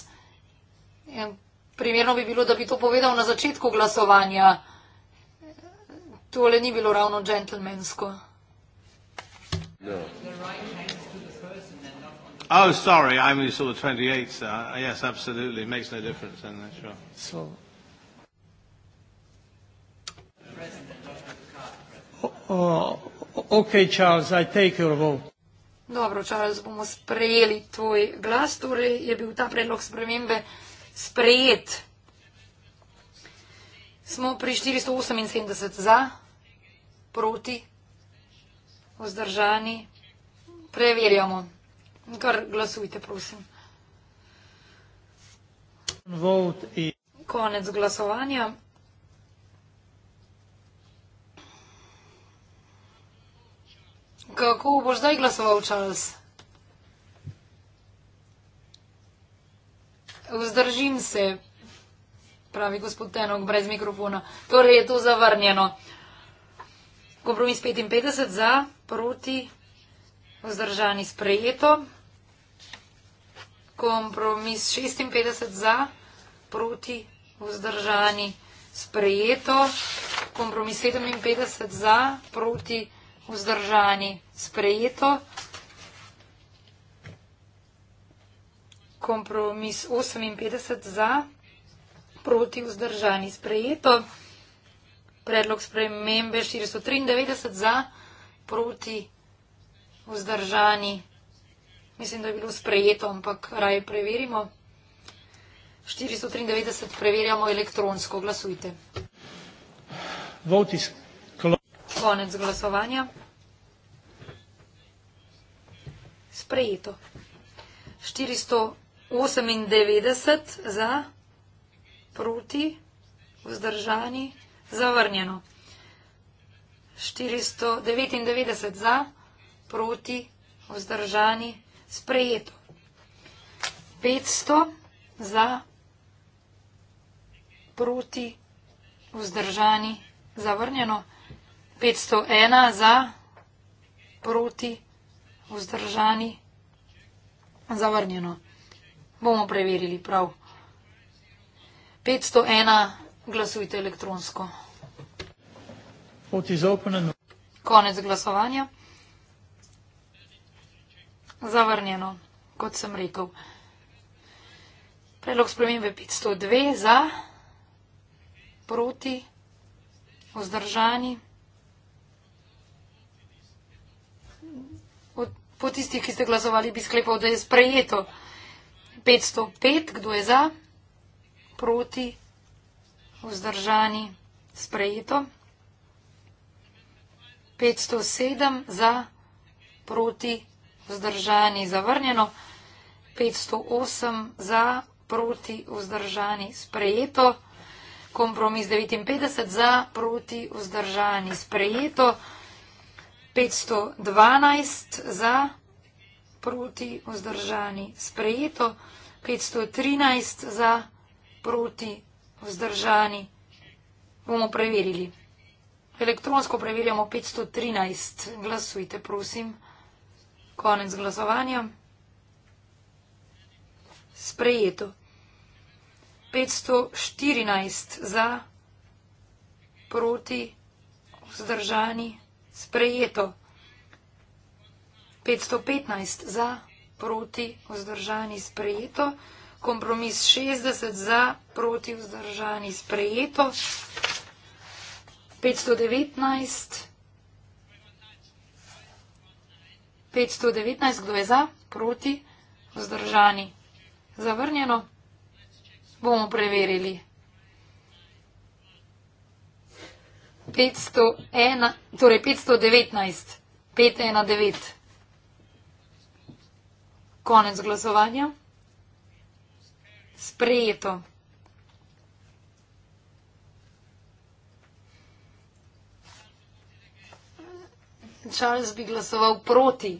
ja, primerno bi bilo, da bi to povedal na začetku glasovanja. Tole ni bilo ravno džentlmensko. No. Oh, sorry, I only saw the 28th. Uh, yes, absolutely. It makes no difference, then, sure. So. Uh, ok, Charles, I take your vote. Dobro, Charles, bomo sprejeli tvoj glas, torej je bil ta predlog spremembe sprejet. Smo pri 478 za, proti, vzdržani, preverjamo. Kar glasujte, prosim. Konec glasovanja. Kako boš zdaj glasoval, Charles? Vzdržim se, pravi gospod Tenok, brez mikrofona. Torej je to zavrnjeno. Kompromis 55 za, proti, vzdržani sprejeto kompromis 56 za, proti, vzdržani, sprejeto. Kompromis 57 za, proti, vzdržani, sprejeto. Kompromis 58 za, proti, vzdržani, sprejeto. Predlog spremembe 493 za, proti, vzdržani, sprejeto mislim, da je bilo sprejeto, ampak raje preverimo. 493 preverjamo elektronsko, glasujte. Votis. Konec glasovanja. Sprejeto. 498 za, proti, vzdržani, zavrnjeno. 499 za, proti, vzdržani, zavrnjeno sprejeto. 500 za proti vzdržani zavrnjeno, 501 za proti vzdržani zavrnjeno. Bomo preverili prav. 501 glasujte elektronsko. Konec glasovanja. Zavrnjeno, kot sem rekel. Predlog spremembe 502 za, proti, vzdržani. Po tistih, ki ste glasovali, bi sklepal, da je sprejeto 505, kdo je za, proti, vzdržani, sprejeto. 507 za, proti, vzdržani vzdržani, zavrnjeno, 508 za, proti vzdržani, sprejeto, kompromis 59 za, proti vzdržani, sprejeto, 512 za, proti vzdržani, sprejeto, 513 za, proti vzdržani, bomo preverili. Elektronsko preverjamo 513. Glasujte, prosim. Konec glasovanja. Sprejeto. 514 za, proti, vzdržani, sprejeto. 515 za, proti, vzdržani, sprejeto. Kompromis 60 za, proti, vzdržani, sprejeto. 519 za. 519, kdo je za, proti, vzdržani, zavrnjeno, bomo preverili. 501, torej 519, 519. Konec glasovanja. Sprejeto. Charles bi glasoval proti.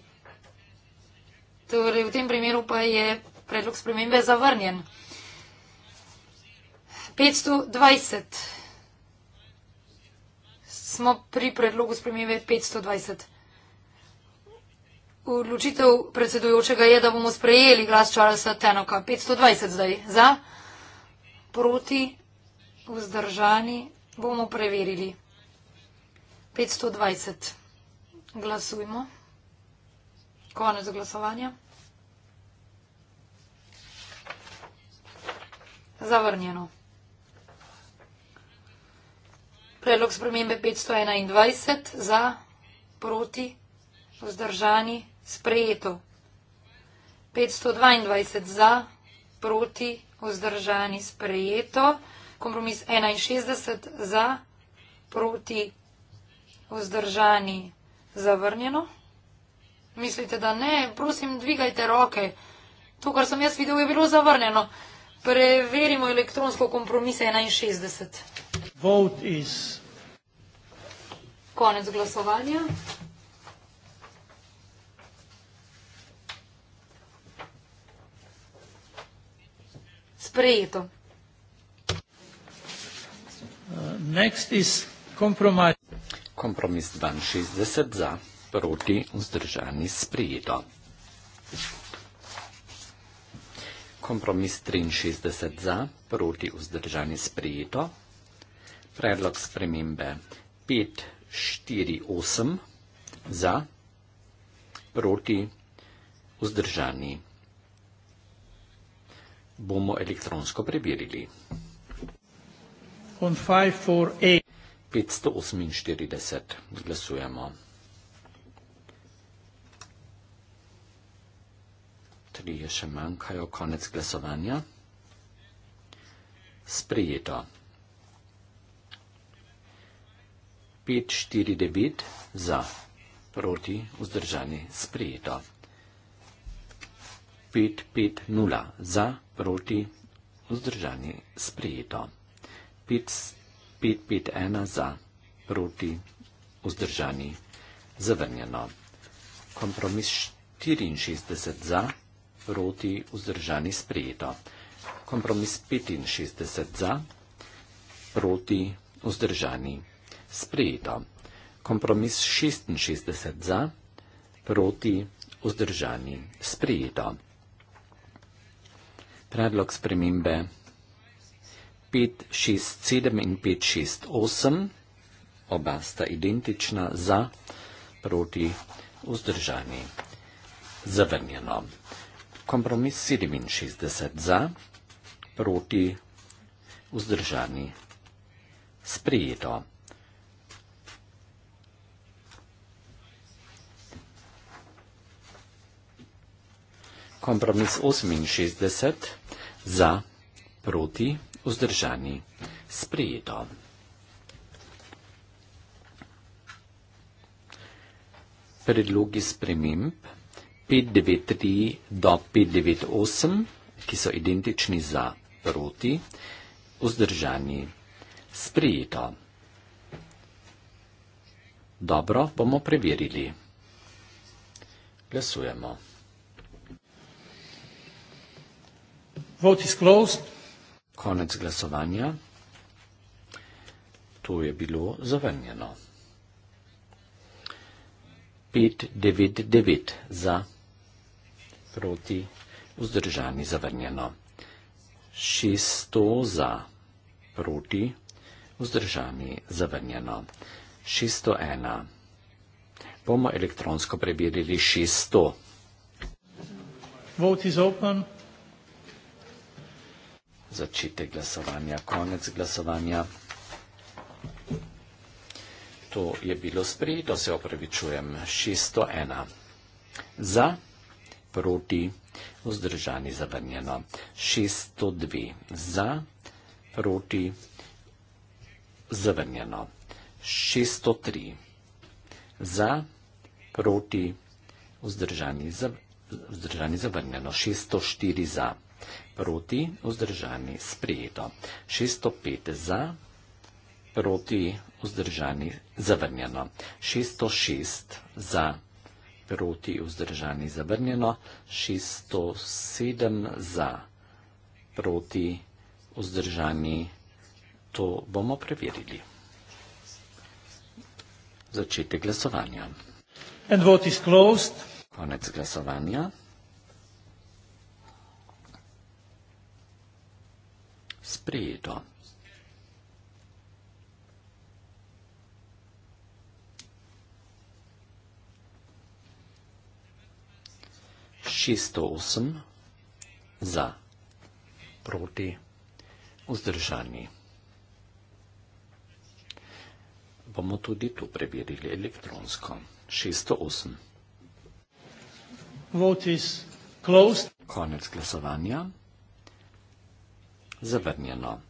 Torej, v tem primeru pa je predlog spremembe zavrnjen. 520. Smo pri predlogu spremembe 520. Odločitev predsedujočega je, da bomo sprejeli glas Charlesa Tenoka. 520 zdaj za, proti, vzdržani bomo preverili. 520. Glasujmo. Konec glasovanja. Zavrnjeno. Predlog spremembe 521 za, proti, vzdržani, sprejeto. 522 za, proti, vzdržani, sprejeto. Kompromis 61 za, proti, vzdržani, sprejeto. Zavrnjeno? Mislite, da ne? Prosim, dvigajte roke. To, kar sem jaz videl, je bilo zavrnjeno. Preverimo elektronsko kompromise 61. Vote is. Konec glasovanja. Sprejeto. Uh, next is compromise kompromis 62 za, proti vzdržani sprijeto. Kompromis 63 za, proti vzdržani sprijeto. Predlog spremembe 5, 4, 8 za, proti vzdržani. Bomo elektronsko preverili. On 5, 4, 8. 548. Glasujemo. 3 je še manjkajo, konec glasovanja. Sprejeto. 549 za, proti, vzdržani, sprejeto. 550 za, proti, vzdržani, sprejeto. 500 pet pet ena za, proti, vzdržani, zavrnjeno. Kompromis štiriinšestdeset za, proti, vzdržani, sprejeto. Kompromis petinšestdeset za, proti, vzdržani, sprejeto. Kompromis šestinšestdeset za, proti, vzdržani, sprejeto. Predlog spremembe 567 in 568, oba sta identična za, proti, vzdržani, zavrnjeno. Kompromis 67 za, proti, vzdržani, sprijeto. Kompromis 68 za, proti, vzdržani, sprijeto vzdržani. Sprejeto. Predlogi sprememb 593 do 598, ki so identični za proti, vzdržani. Sprejeto. Dobro, bomo preverili. Glasujemo. Vote is closed. Konec glasovanja. To je bilo zavrnjeno. 599 za, proti, vzdržani zavrnjeno. 600 za, proti, vzdržani zavrnjeno. 601. Bomo elektronsko preverili 600. Vote is open začetek glasovanja, konec glasovanja. To je bilo sprejeto, se opravičujem. 601. Za, proti, vzdržani, zavrnjeno. 602. Za, proti, zavrnjeno. 603. Za, proti, vzdržani, zavrnjeno. 604. Za. Proti, vzdržani, sprejeto. 605 za, proti, vzdržani, zavrnjeno. 606 za, proti, vzdržani, zavrnjeno. 607 za, proti, vzdržani, to bomo preverili. Začete glasovanja. And vote is closed. Konec glasovanja. sprejeto. Šesto osem za proti vzdržani. Bomo tudi to preverili elektronsko. Šesto osem. Konec glasovanja zavrnjeno.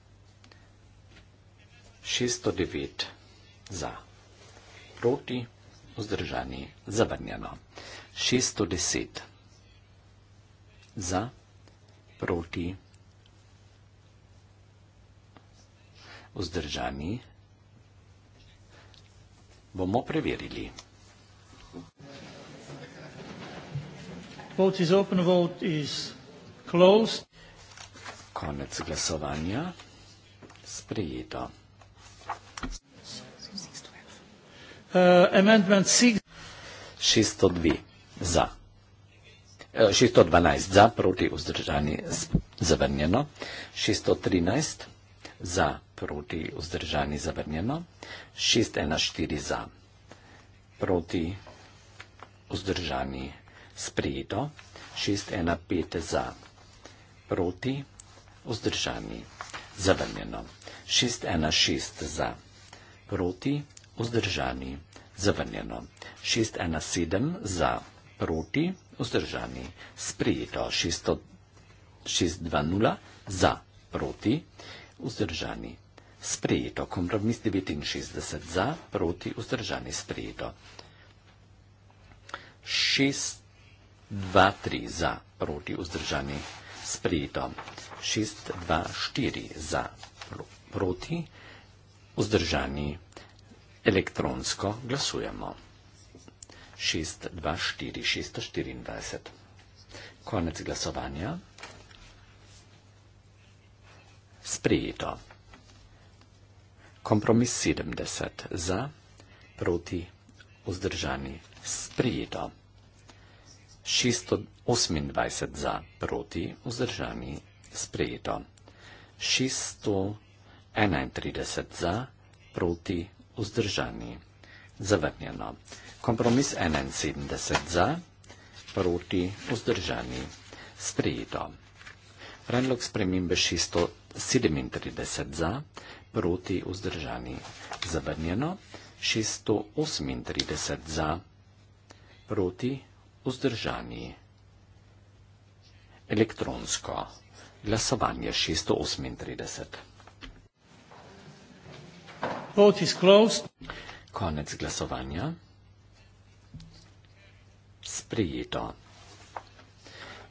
609 za. Proti, vzdržani, zavrnjeno. 610 za, proti, vzdržani, bomo preverili. Vote is open, vote is closed. Konec glasovanja. Sprejeto. Uh, amendment 602 za. Uh, eh, 612 za, proti vzdržani zavrnjeno. 613 za, proti vzdržani zavrnjeno. 614 za, proti vzdržani sprejeto. 615 za, proti vzdržani zavrnjeno vzdržani, zavrnjeno. 616 za, proti, vzdržani, zavrnjeno. 617 za, proti, vzdržani, sprejeto. 620 za, proti, vzdržani. Sprejeto. Kompromis 69 za, proti, vzdržani. Sprejeto. 6, 2, 3 za, proti, vzdržani. Sprejeto šest, dva, štiri za, proti, vzdržani, elektronsko glasujemo. Šest, dva, štiri, šesto, štirindvajset. Konec glasovanja. Sprejeto. Kompromis sedemdeset za, proti, vzdržani, sprejeto. 628 za, proti, vzdržani, sprejeto. 631 za, proti, vzdržani. Zavrnjeno. Kompromis 71 za, proti, vzdržani. Sprejeto. Predlog spremembe 637 za, proti, vzdržani. Zavrnjeno. 638 za, proti, vzdržani. Elektronsko glasovanje 638. Vote is closed. Konec glasovanja. Sprijeto.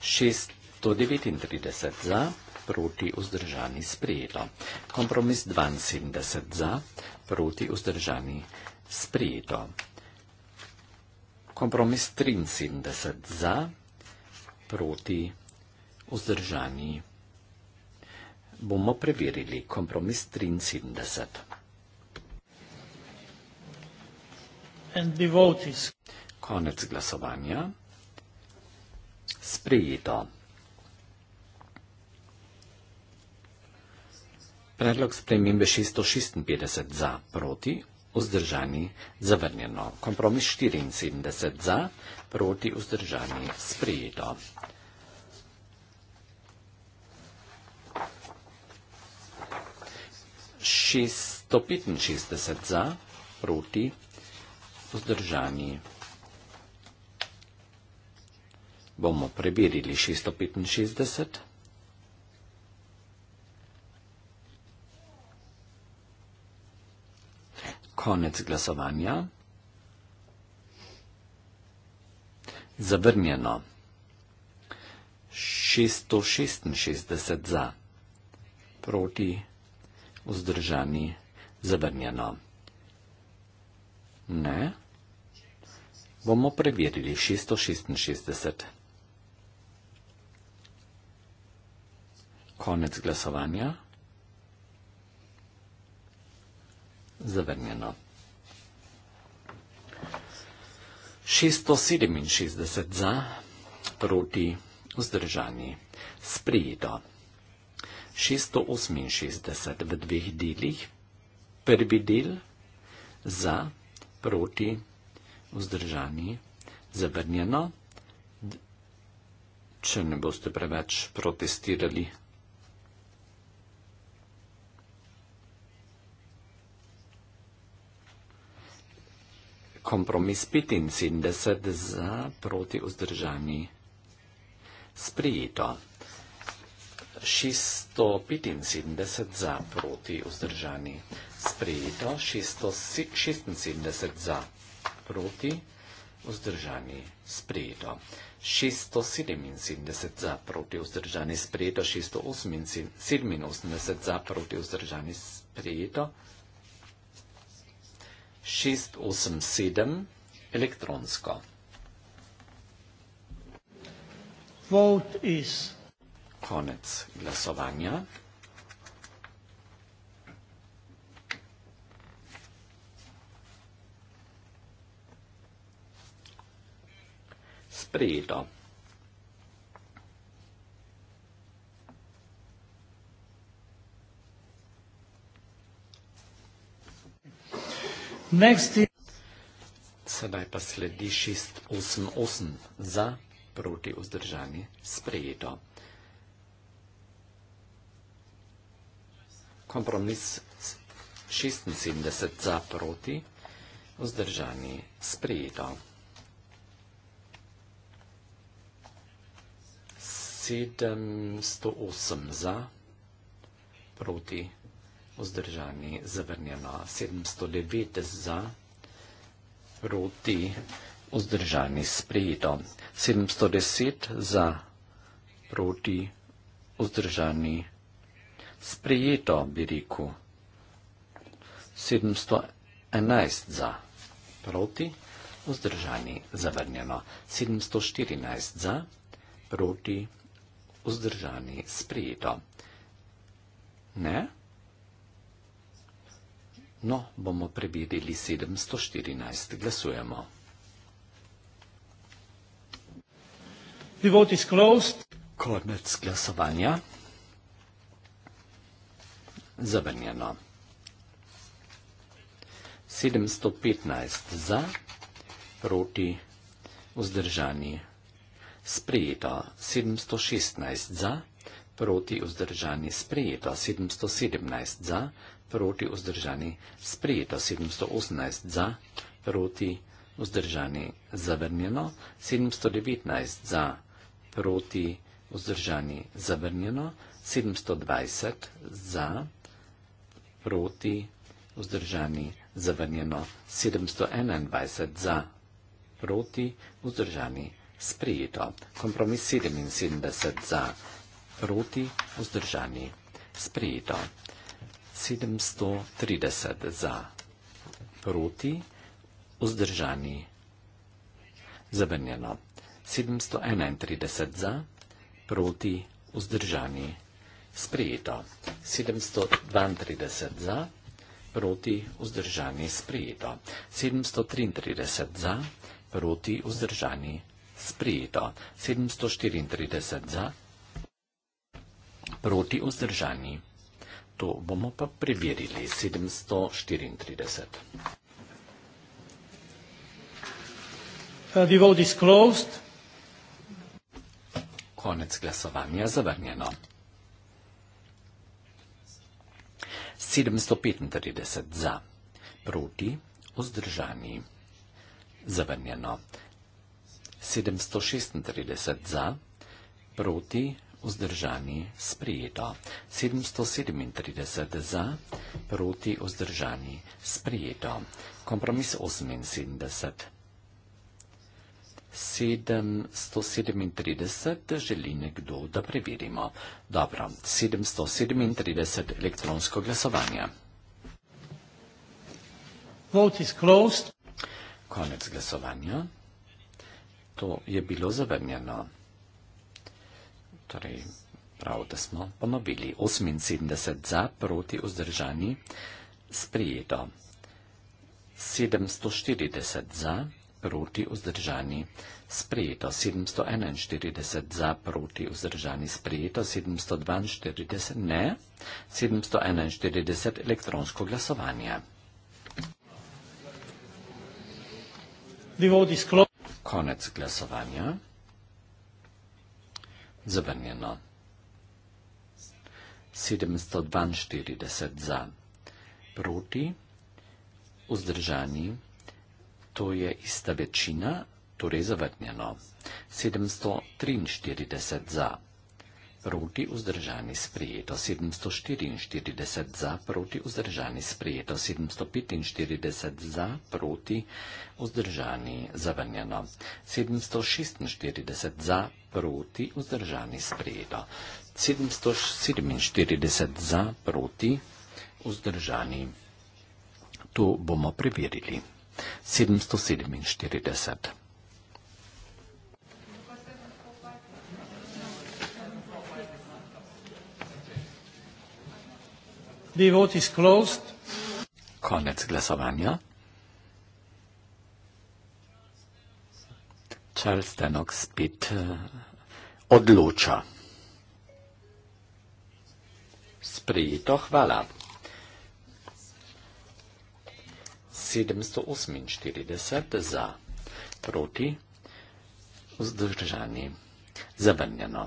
639 za, proti vzdržani sprijeto. Kompromis 72 za, proti vzdržani sprijeto. Kompromis 73 za, proti vzdržani sprijeto bomo preverili kompromis 73. Konec glasovanja. Sprejeto. Predlog spremembe 656 za, proti, vzdržani, zavrnjeno. Kompromis 74 za, proti, vzdržani, sprejeto. 665 za, proti, vzdržani. Bomo preverili 665. Konec glasovanja. Zavrnjeno. 666 za, proti, vzdržani vzdržani, zavrnjeno. Ne? Bomo preverili 666. Konec glasovanja. Zavrnjeno. 667 za, proti, vzdržani, sprijeto. 668 v dveh delih. Prvi del za, proti, vzdržani, zavrnjeno. Če ne boste preveč protestirali, Kompromis 75 za proti vzdržani. Sprijeto. 675 za, proti vzdržani. Sprejeto, 676 za, proti vzdržani. Sprejeto, 677 za, proti vzdržani. Sprejeto, 687 za, proti vzdržani. Sprejeto, 687 elektronsko. Vote is konec glasovanja. Sprejeto. Next. Sedaj pa sledi 688 za proti vzdržanje sprejeto. kompromis 76 za proti, vzdržani sprejeto. 708 za proti, vzdržani zavrnjeno. 709 za proti, vzdržani sprejeto. 710 za proti, vzdržani sprejeto sprejeto, bi rekel. 711 za proti, vzdržani zavrnjeno. 714 za proti, vzdržani sprejeto. Ne? No, bomo prebedili 714. Glasujemo. The vote is closed. Konec glasovanja zavrnjeno. 715 za, proti, vzdržani, sprejeto. 716 za, proti, vzdržani, sprejeto. 717 za, proti, vzdržani, sprejeto. 718 za, proti, vzdržani, zavrnjeno. 719 za, proti, vzdržani, zavrnjeno. 720 za, proti, vzdržani, zavrnjeno proti, vzdržani, zavrnjeno 721 za, proti, vzdržani, sprijeto. Kompromis 77 za, proti, vzdržani, sprijeto. 730 za, proti, vzdržani, zavrnjeno 731 za, proti, vzdržani, sprijeto sprejeto. 732 za, proti vzdržani sprejeto. 733 za, proti vzdržani sprejeto. 734 za, proti vzdržani. To bomo pa preverili. 734. Uh, Konec glasovanja zavrnjeno. 735 za, proti, vzdržani, zavrnjeno. 736 za, proti, vzdržani, sprijeto. 737 za, proti, vzdržani, sprijeto. Kompromis 78. 737 želi nekdo, da preverimo. Dobro, 737 elektronsko glasovanje. Vote is closed. Konec glasovanja. To je bilo zavrnjeno. Torej, prav, da smo ponovili. 78 za, proti, vzdržani, sprijeto. 740 za, proti vzdržani sprejeto, 741 za proti vzdržani sprejeto, 742 ne, 741 elektronsko glasovanje. Konec glasovanja. Zavrnjeno. 742 za proti vzdržani sprejeto to je ista večina, torej zavrnjeno. 743 za. Proti vzdržani sprejeto 744 za, proti vzdržani sprejeto 745 za, proti vzdržani zavrnjeno 746 za, proti vzdržani sprejeto 747 za, proti vzdržani. To bomo preverili. 747. The vote is closed. Konec glasovanja. Charles Denok spet eh, odloča. Sprejeto, hvala. 748 za, proti, vzdržani, zavrnjeno.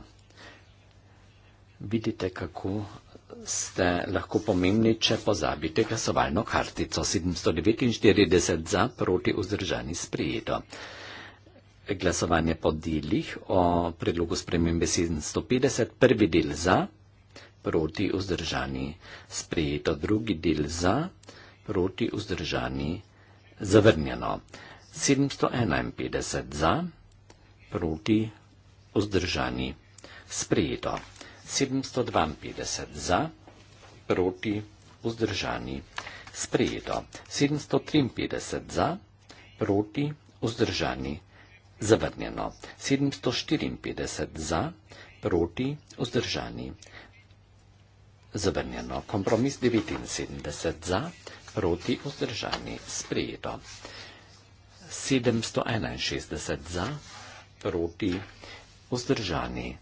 Vidite, kako ste lahko pomembni, če pozabite glasovalno kartico. 749 za, proti, vzdržani, sprijeto. Glasovanje po delih o predlogu spremembe 750, prvi del za, proti, vzdržani, sprijeto, drugi del za, proti, vzdržani, sprijeto proti vzdržani zavrnjeno. 751 za, proti vzdržani sprejeto. 752 za, proti vzdržani sprejeto. 753 za, proti vzdržani zavrnjeno. 754 za, proti vzdržani zavrnjeno. Kompromis 79 za, proti vzdržani sprejeto. 761 za, proti vzdržani.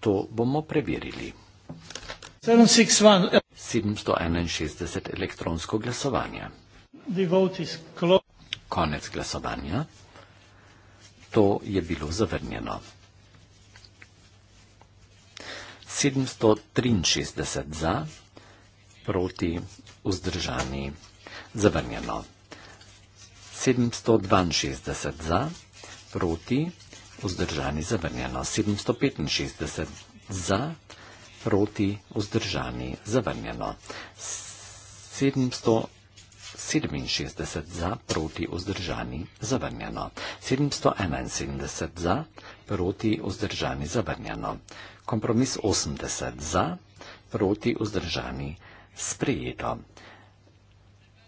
To bomo preverili. 761 elektronsko glasovanje. Konec glasovanja. To je bilo zavrnjeno. 763 za, proti vzdržani. Zavrnjeno. 762 za, proti, vzdržani, zavrnjeno. 765 za, proti, vzdržani, zavrnjeno. 767 za, proti, vzdržani, zavrnjeno. 771 za, proti, vzdržani, zavrnjeno. Kompromis 80 za, proti, vzdržani, zavrnjeno sprejeto.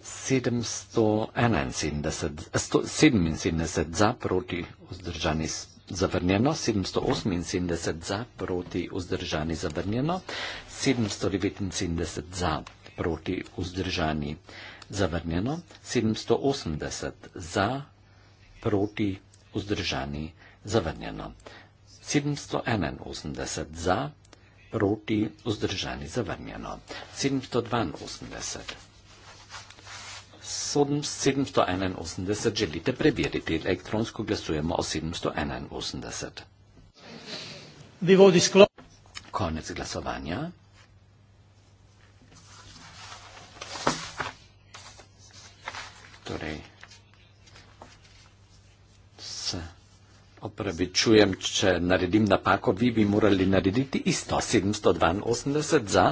777 za proti vzdržani zavrnjeno, 778 za proti vzdržani zavrnjeno, 779 za proti vzdržani zavrnjeno, 780 za proti vzdržani zavrnjeno, 781 za roti vzdržani zavrnjeno. 782. 781 želite preveriti. Elektronsko glasujemo o 781. Konec glasovanja. Torej, Opravičujem, če naredim napako, vi bi morali narediti isto, 782 za.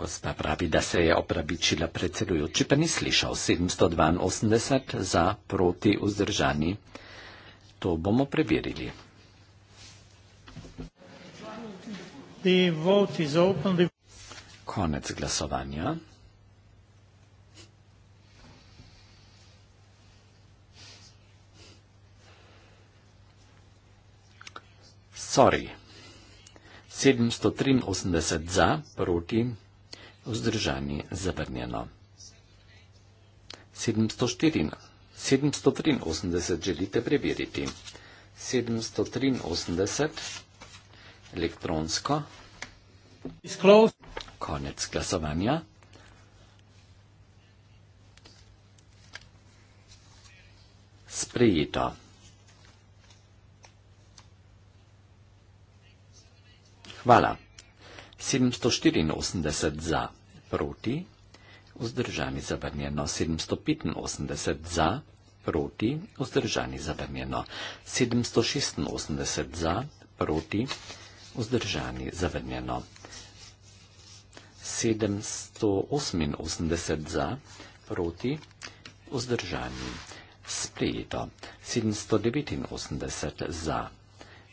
Gospa pravi, da se je opravičila predsedujoči, pa ni slišal, 782 za proti vzdržani. To bomo preverili. Konec glasovanja. Sori. 783 za, proti, vzdržani, zavrnjeno. 704. 783 želite preveriti. 783 elektronsko. Disclose. Konec glasovanja. Sprejeto. Hvala. 784 za, proti, vzdržani zavrnjeno, 785 za, proti, vzdržani zavrnjeno, 786 za, proti, vzdržani zavrnjeno, 788 za, proti, vzdržani sprejeto, 789 za,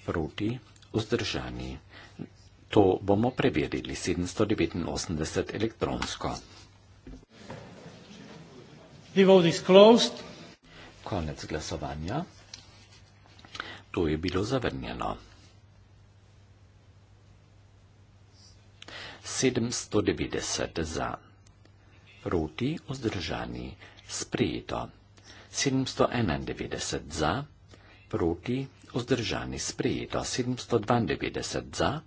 proti, vzdržani sprejeto. To bomo preverili 789 elektronsko. The vote is closed. Konec glasovanja. To je bilo zavrnjeno. 790 za. Proti vzdržani. Sprejeto. 791 za. Proti vzdržani. Sprejeto. 792 za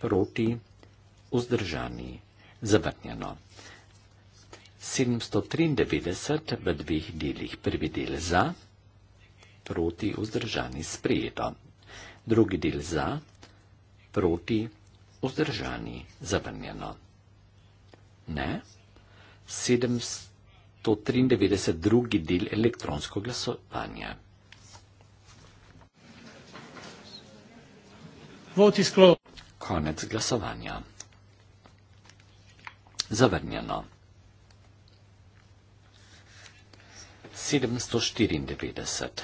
proti, vzdržani, zavrnjeno. 793 v dveh delih, prvi del za, proti, vzdržani, sprejeto, drugi del za, proti, vzdržani, zavrnjeno. Ne, 793 drugi del elektronsko glasovanje. Vote is closed. Konec glasovanja. Zavrnjeno. 794.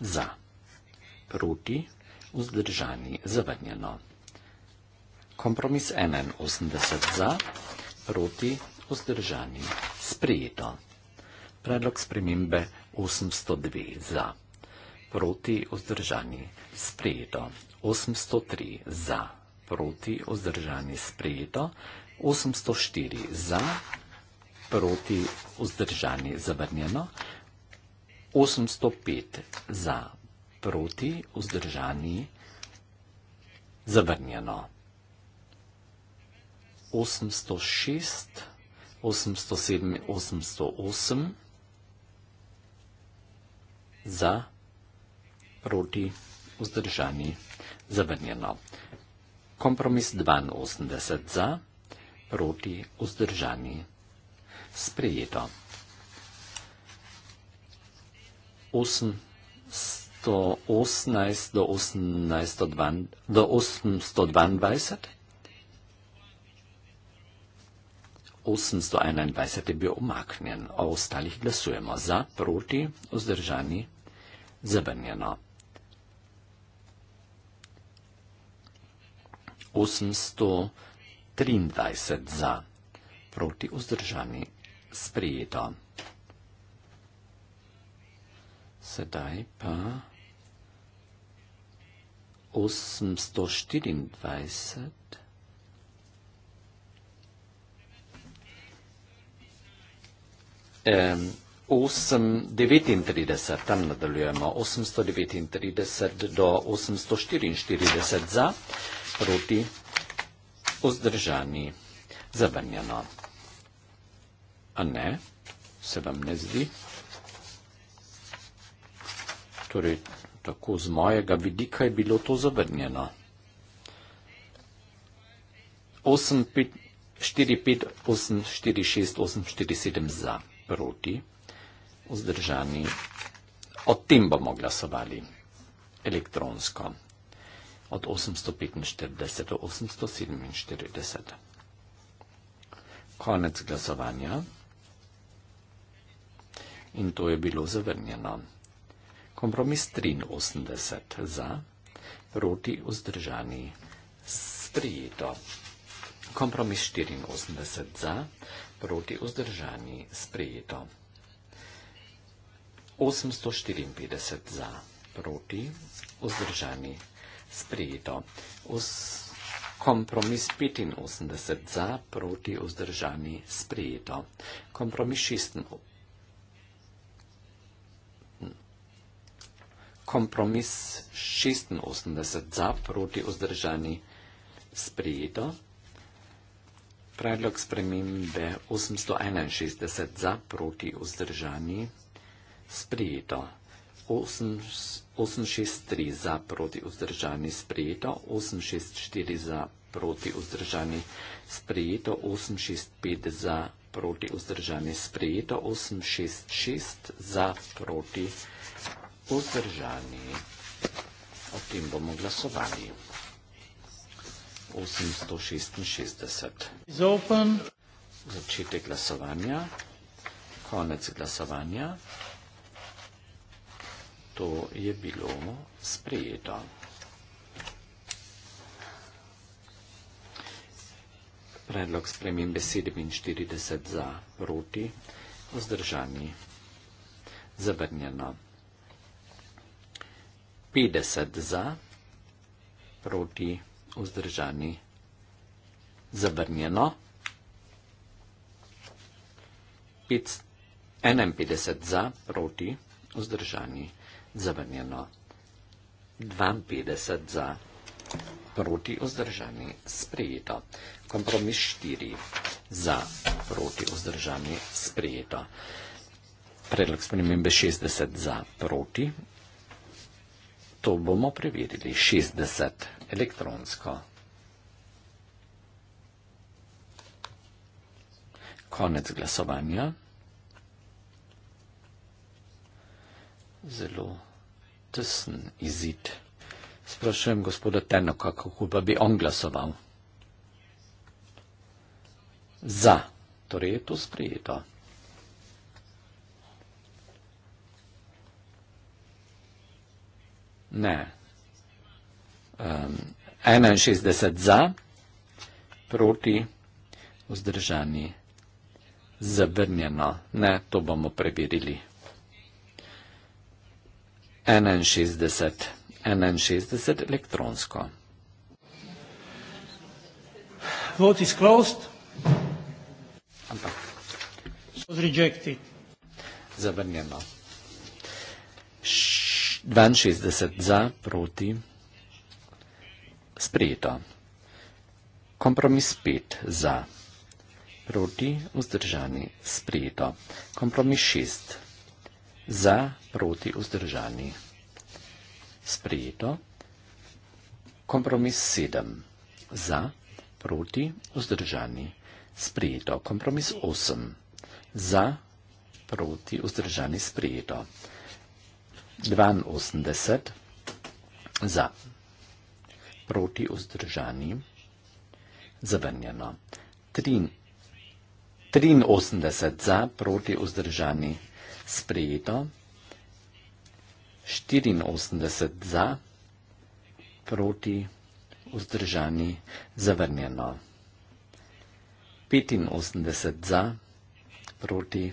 Za. Proti. Vzdržani. Zavrnjeno. Kompromis 81. Za. Proti. Vzdržani. Sprejeto. Predlog spremembe 802. Za proti vzdržani sprejeto, 803 za proti vzdržani sprejeto, 804 za proti vzdržani zavrnjeno, 805 za proti vzdržani zavrnjeno. 806, 807, 808 za proti vzdržani zavrnjeno proti vzdržani zavrnjeno. Kompromis 82 za, proti vzdržani sprejeto. 818 do, 18 do 822. 821 je bil omaknjen, o ostalih glasujemo za, proti, vzdržani, zabrnjeno. 823 za, proti vzdržani sprejeto. Sedaj pa 824 eh, 839, tam nadaljujemo 839 do 844 za, proti, vzdržani, zabrnjeno. A ne, se vam ne zdi? Torej, tako z mojega vidika je bilo to zabrnjeno. 8, 5, 4, 5, 8, 4, 6, 8, 4, 7 za, proti, vzdržani vzdržani. O tem bomo glasovali elektronsko od 845 do 847. Konec glasovanja. In to je bilo zavrnjeno. Kompromis 83 za, proti vzdržani sprijeto. Kompromis 84 za, proti vzdržani sprijeto. 854 za, proti, vzdržani, sprejeto. Os Kompromis 85 za, proti vzdržani, sprejeto. Kompromis 86, kompromis 86 za, proti vzdržani, sprejeto. Predlog spremembe 861 za, proti vzdržani, sprejeto sprejeto. 863 za proti vzdržani sprejeto, 864 za proti vzdržani sprejeto, 865 za proti vzdržani sprejeto, 866 za proti vzdržani. O tem bomo glasovali. 866. Zopen. Začetek glasovanja. Konec glasovanja. To je bilo sprejeto. Predlog spremembe 47 za proti, vzdržani, zavrnjeno. 50 za proti, vzdržani, zavrnjeno. 51 za proti, vzdržani, zavrnjeno zavrnjeno. 52 za, proti vzdržani, sprejeto. Kompromis 4 za, proti vzdržani, sprejeto. Predlog spremembe 60 za, proti. To bomo preverili. 60 elektronsko. Konec glasovanja. Zelo tesen izid. Sprašujem gospoda Tenoka, kako pa bi on glasoval. Za. Torej je to sprejeto. Ne. Um, 61 za, proti, vzdržani, zavrnjeno. Ne, to bomo preverili. 61, 61 elektronsko. Vote is closed. Ampak. Was rejected. Zavrnjeno. 62 za, proti, sprejeto. Kompromis 5 za, proti, vzdržani, sprejeto. Kompromis 6 za za proti vzdržani. Sprejeto. Kompromis 7. Za proti vzdržani. Sprejeto. Kompromis 8. Za proti vzdržani. Sprejeto. 82. Za proti vzdržani. Zavrnjeno. 83 za proti vzdržani sprejeto 84 za, proti vzdržani zavrnjeno 85 za, proti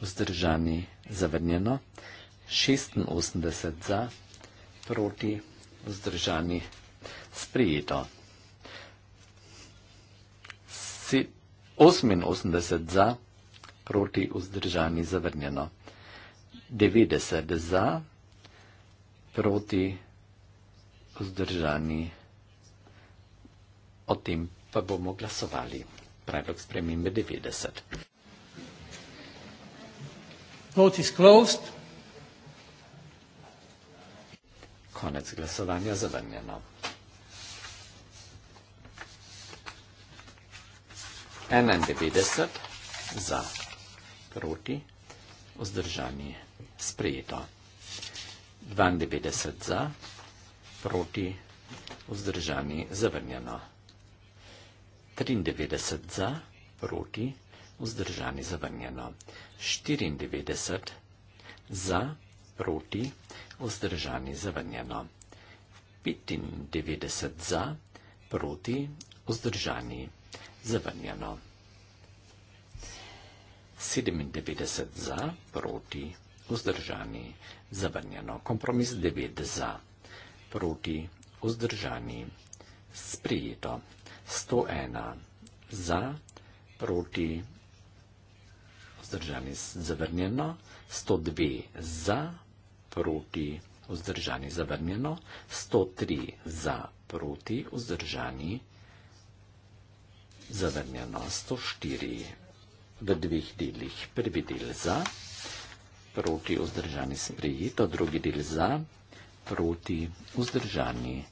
vzdržani zavrnjeno 86 za, proti vzdržani sprejeto 88 za, proti vzdržani zavrnjeno 90 za, proti vzdržani. O tem pa bomo glasovali. Predlog spremembe 90. Vote is closed. Konec glasovanja zavrnjeno. Enaindevetdeset za, proti, vzdržanje sprejeto. 92 za, proti, vzdržani, zavrnjeno. 93 za, proti, vzdržani, zavrnjeno. 94 za, proti, vzdržani, zavrnjeno. 95 za, proti, vzdržani, zavrnjeno. 97 za, proti, vzdržani, zavrnjeno vzdržani, zavrnjeno, kompromis 9 za, proti, vzdržani, sprijeto, 101 za, proti, vzdržani, zavrnjeno, 102 za, proti, vzdržani, zavrnjeno, 103 za, proti, vzdržani, zavrnjeno, 104 v dveh delih, prvi del za, proti vzdržani sprejeto, drugi del za, proti vzdržani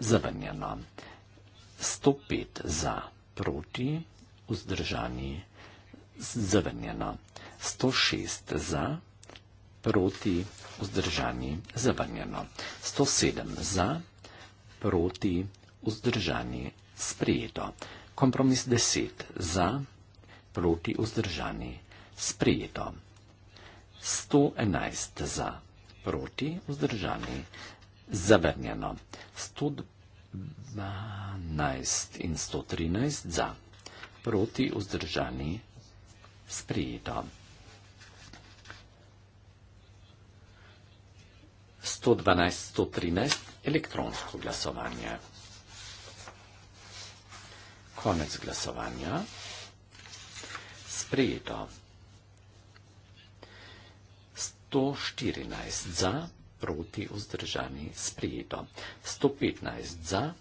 zavrnjeno. 105 za, proti vzdržani zavrnjeno. 106 za, proti vzdržani zavrnjeno. 107 za, proti vzdržani sprejeto. Kompromis 10 za, proti vzdržani sprejeto. 111 za, proti, vzdržani, zavrnjeno. 112 in 113 za, proti, vzdržani, sprijeto. 112, 113, elektronsko glasovanje. Konec glasovanja. Sprijeto. 114 za, proti vzdržani sprejeto. 115 za,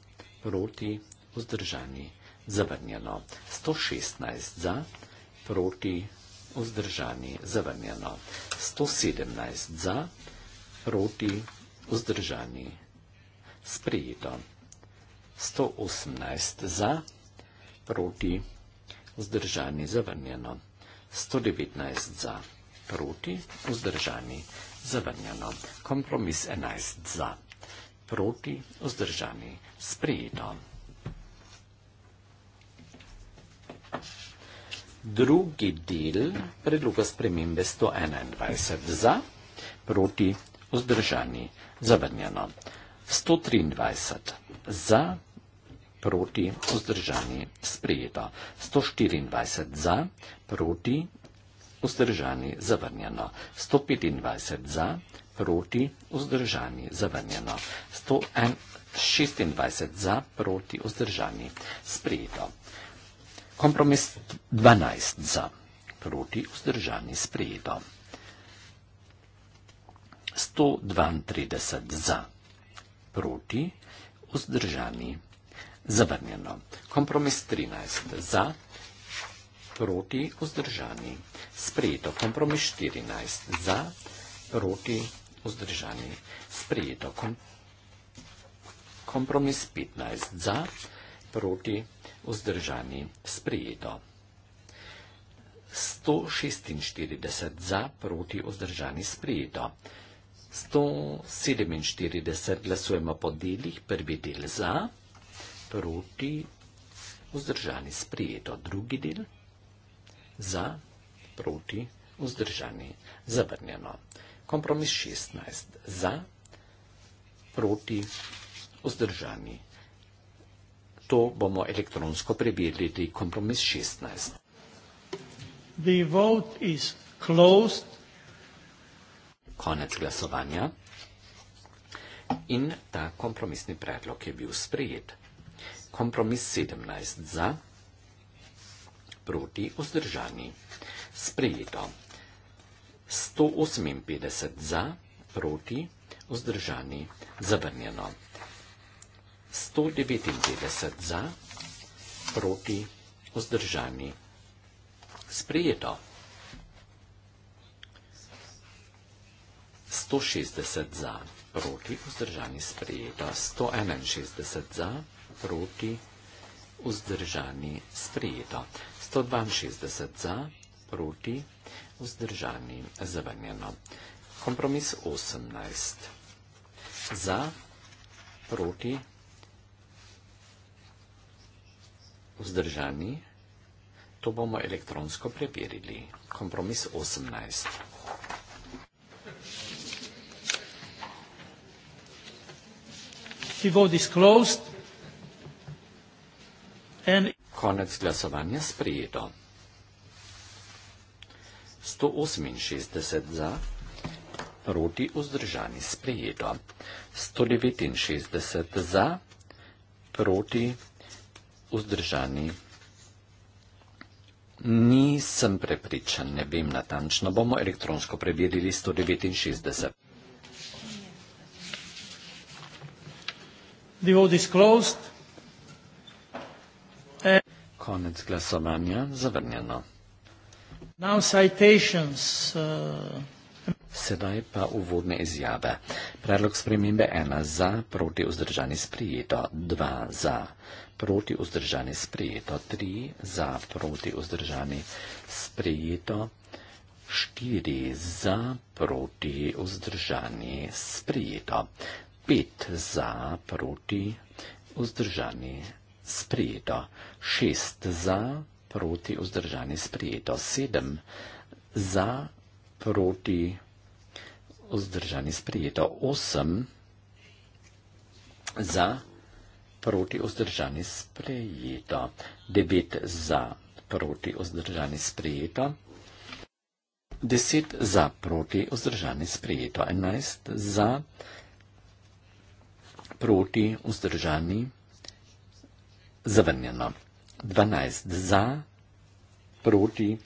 proti vzdržani zavrnjeno. 116 za, proti vzdržani zavrnjeno. 117 za, proti vzdržani sprejeto. 118 za, proti vzdržani zavrnjeno. 119 za, proti vzdržani zavrnjeno proti, vzdržani, zavrnjeno. Kompromis 11 za, proti, vzdržani, sprejeto. Drugi del predloga spremembe 121 za, proti, vzdržani, zavrnjeno. 123 za, proti, vzdržani, sprejeto. 124 za, proti, vzdržani, zavrnjeno. 125 za, proti, vzdržani, zavrnjeno. 126 za, proti, vzdržani, sprejeto. Kompromis 12 za, proti, vzdržani, sprejeto. 132 za, proti, vzdržani, zavrnjeno. Kompromis 13 za, proti, vzdržani, sprejeto proti vzdržani. Sprejeto kompromis 14 za proti vzdržani. Sprejeto kom kompromis 15 za proti vzdržani. Sprejeto. 146 za proti vzdržani sprejeto. 147 glasujemo po delih, prvi del za, proti vzdržani sprejeto, drugi del za, proti, vzdržani, zavrnjeno. Kompromis 16. Za, proti, vzdržani. To bomo elektronsko prebirili. Kompromis 16. The vote is closed. Konec glasovanja. In ta kompromisni predlog je bil sprejet. Kompromis 17 za proti vzdržani. Sprejeto. 158 za, proti vzdržani, zavrnjeno. 159 za, proti vzdržani, sprejeto. 160 za, proti vzdržani, sprejeto. 161 za, proti vzdržani, sprejeto. 162 za, proti, vzdržani, zavrnjeno. Kompromis 18. Za, proti, vzdržani, to bomo elektronsko preverili. Kompromis 18. The vote is closed. And konec glasovanja sprejeto. 168 za, proti vzdržani sprejeto. 169 za, proti vzdržani. Nisem prepričan, ne vem natančno, bomo elektronsko preverili 169. The vote is closed. And Konec glasovanja zavrnjeno. Now citations. Uh, Sedaj pa uvodne izjave. Predlog spremembe 1 za, proti vzdržani sprijeto, 2 za, proti vzdržani sprijeto, 3 za, proti vzdržani sprijeto, 4 za, proti vzdržani sprijeto, 5 za, proti vzdržani sprijeto šest za, proti, vzdržani, sprijeto, sedem za, proti, vzdržani, sprijeto, osem za, proti, vzdržani, sprijeto, devet za, proti, vzdržani, sprijeto, deset za, proti, vzdržani, sprijeto, enajst za, proti, vzdržani, zavrnjeno. 12 za, proti,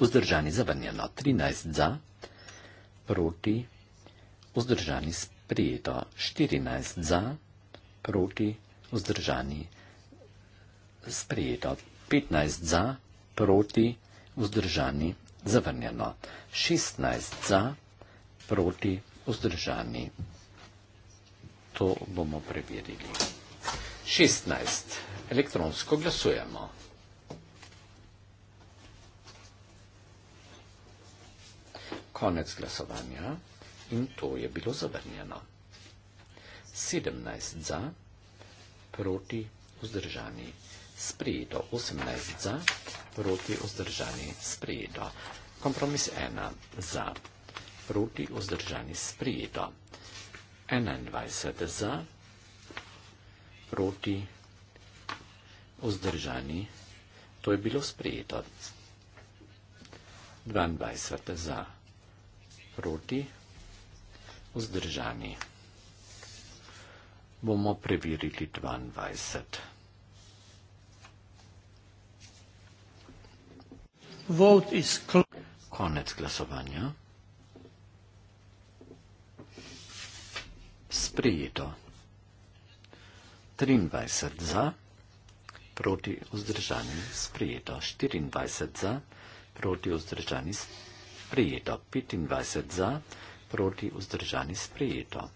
vzdržani, zavrnjeno, 13 za, proti, vzdržani, sprijeto, 14 za, proti, vzdržani, sprijeto, 15 za, proti, vzdržani, zavrnjeno, 16 za, proti, vzdržani. To bomo preverili. 16 za elektronsko glasujemo. Konec glasovanja in to je bilo zavrnjeno. 17 za, proti vzdržani sprejeto. 18 za, proti vzdržani sprejeto. Kompromis 1 za, proti vzdržani sprejeto. 21 za, proti vzdržani sprejeto vzdržani, to je bilo sprejeto. 22 za, proti, vzdržani. Bomo preverili 22. Vote is Konec glasovanja. Sprejeto. 23 za proti vzdržanim sprijeto 24 za, proti vzdržanim sprijeto 25 za, proti vzdržanim sprijeto.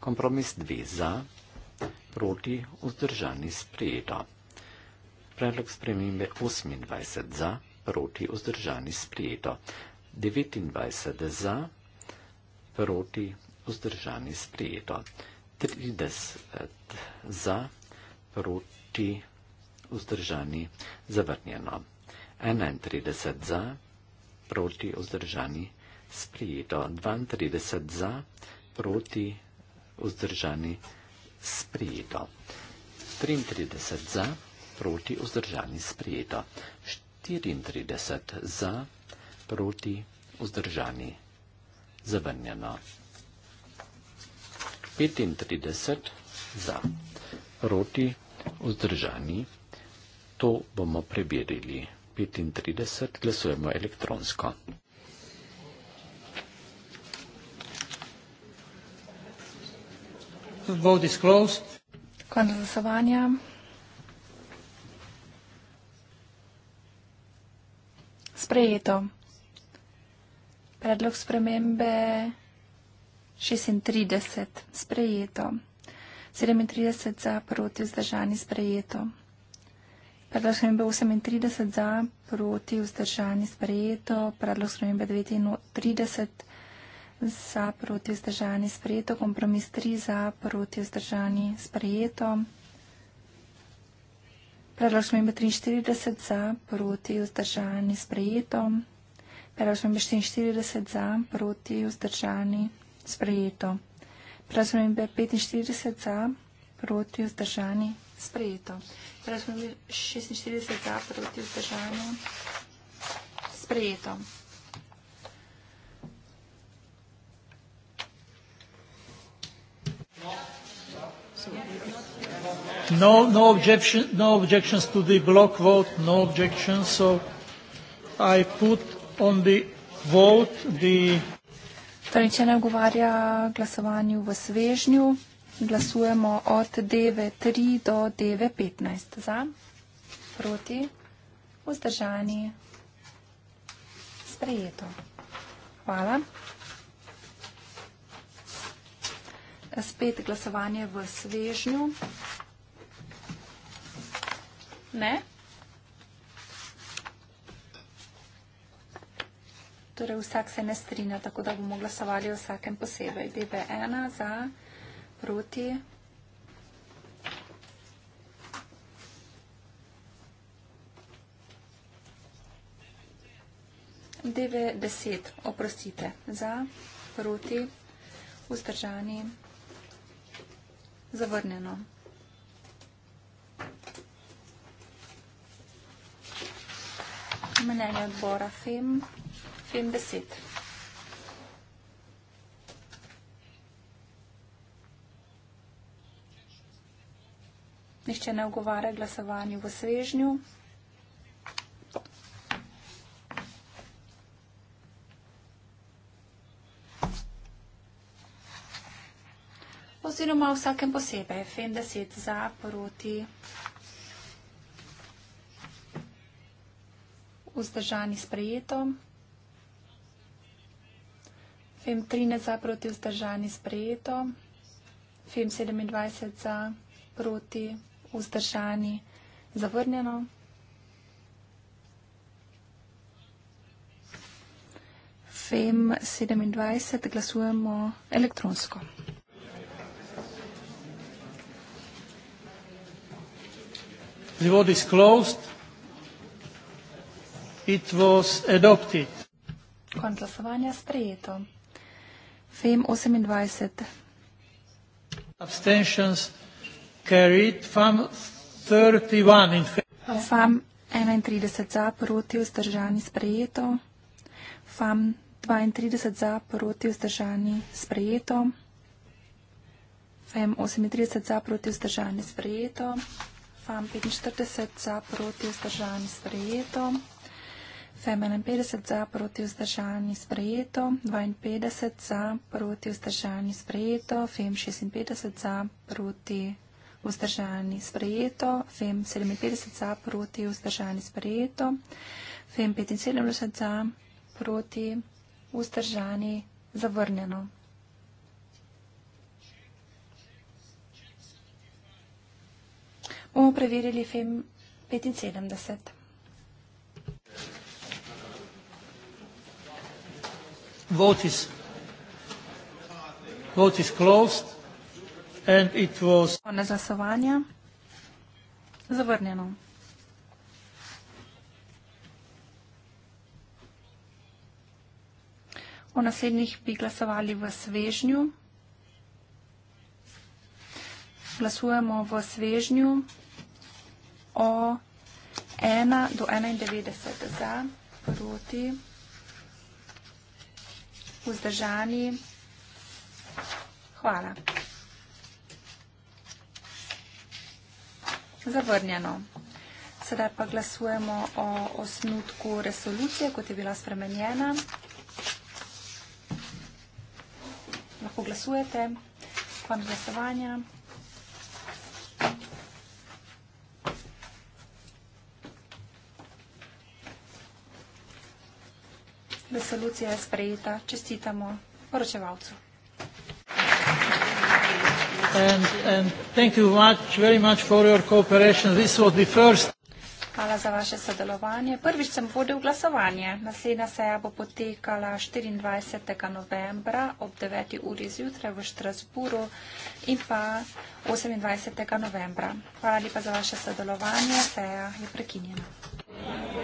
Kompromis 2 za, proti vzdržanim sprijeto. Predlog spremembe 28 za, proti vzdržanim sprijeto. 29 za, proti vzdržanim sprijeto. 30 za, proti vzdržanim sprijeto proti vzdržani zavrnjeno. 31 za, proti vzdržani sprijeto. 32 za, proti vzdržani sprijeto. 33 za, proti vzdržani sprijeto. 34 za, proti vzdržani zavrnjeno. 35 za, proti vzdržani sprijeto. Vzdržani, to bomo preberili. 35 glasujemo elektronsko. Vote is closed. Konec glasovanja. Sprejeto. Predlog spremembe 36. Sprejeto. 37 za, proti vzdržani sprejeto. Predlog spremembe 38 za, proti vzdržani sprejeto. Predlog spremembe 39 za, proti vzdržani sprejeto. Kompromis 3 za, proti vzdržani sprejeto. Predlog spremembe 43 za, proti vzdržani sprejeto. Predlog spremembe 44 za, proti vzdržani sprejeto. Razmembe 45 za, proti vzdržani, sprejeto. Razmembe 46 za, proti vzdržani, sprejeto. No, no, objection, no objections to the block vote, no objections, so I put on the vote the... Torej, nič ne govarja glasovanju v svežnju. Glasujemo od DV3 do DV15. Za, proti, vzdržani. Sprejeto. Hvala. Spet glasovanje v svežnju. Ne? Torej, vsak se ne strinja, tako da bomo glasovali o vsakem posebej. DB1 za, proti. DV10, oprostite, za, proti, vzdržani, zavrnjeno. Mnenje odbora FEM in 10. Nišče ne ogovara glasovanju v svežnju. Oziroma vsakem posebej, fin 10 za, proti, vzdržani sprejetom. FEM 13 za proti vzdržani sprejeto, FEM 27 za proti vzdržani zavrnjeno. FEM 27 glasujemo elektronsko. The vote is closed. It was adopted. Kon glasovanja sprejeto. FEM 28. Abstentions carried FAM 31 in FAM 31 za, proti vzdržani sprejeto. FAM 32 za, proti vzdržani sprejeto. FAM 38 za, proti vzdržani sprejeto. FAM 45 za, proti vzdržani sprejeto. FAM 45 za, proti vzdržani sprejeto. Za 51 za proti vzdržani sprejeto, 52 za proti vzdržani sprejeto, FEM 56 za proti vzdržani sprejeto, FEM 57 za proti vzdržani sprejeto, FEM 75 za proti vzdržani zavrnjeno. Bomo preverili FEM 75. vote is vote is closed and it was na glasovanje zavrnjeno O naslednjih bi glasovali v svežnju. Glasujemo v svežnju o 1 do 91 za, proti vzdržani. Hvala. Zavrnjeno. Sedaj pa glasujemo o osnutku resolucije, kot je bila spremenjena. Lahko glasujete. Hvala glasovanja. Resolucija je sprejeta. Čestitamo poročevalcu. And, and thank you much, very much for your cooperation. This was the first. Hvala za vaše sodelovanje. Prvič sem vodil glasovanje. Naslednja seja bo potekala 24. novembra ob 9. uri zjutraj v Štrasburu in pa 28. novembra. Hvala lepa za vaše sodelovanje. Seja je prekinjena. Hvala.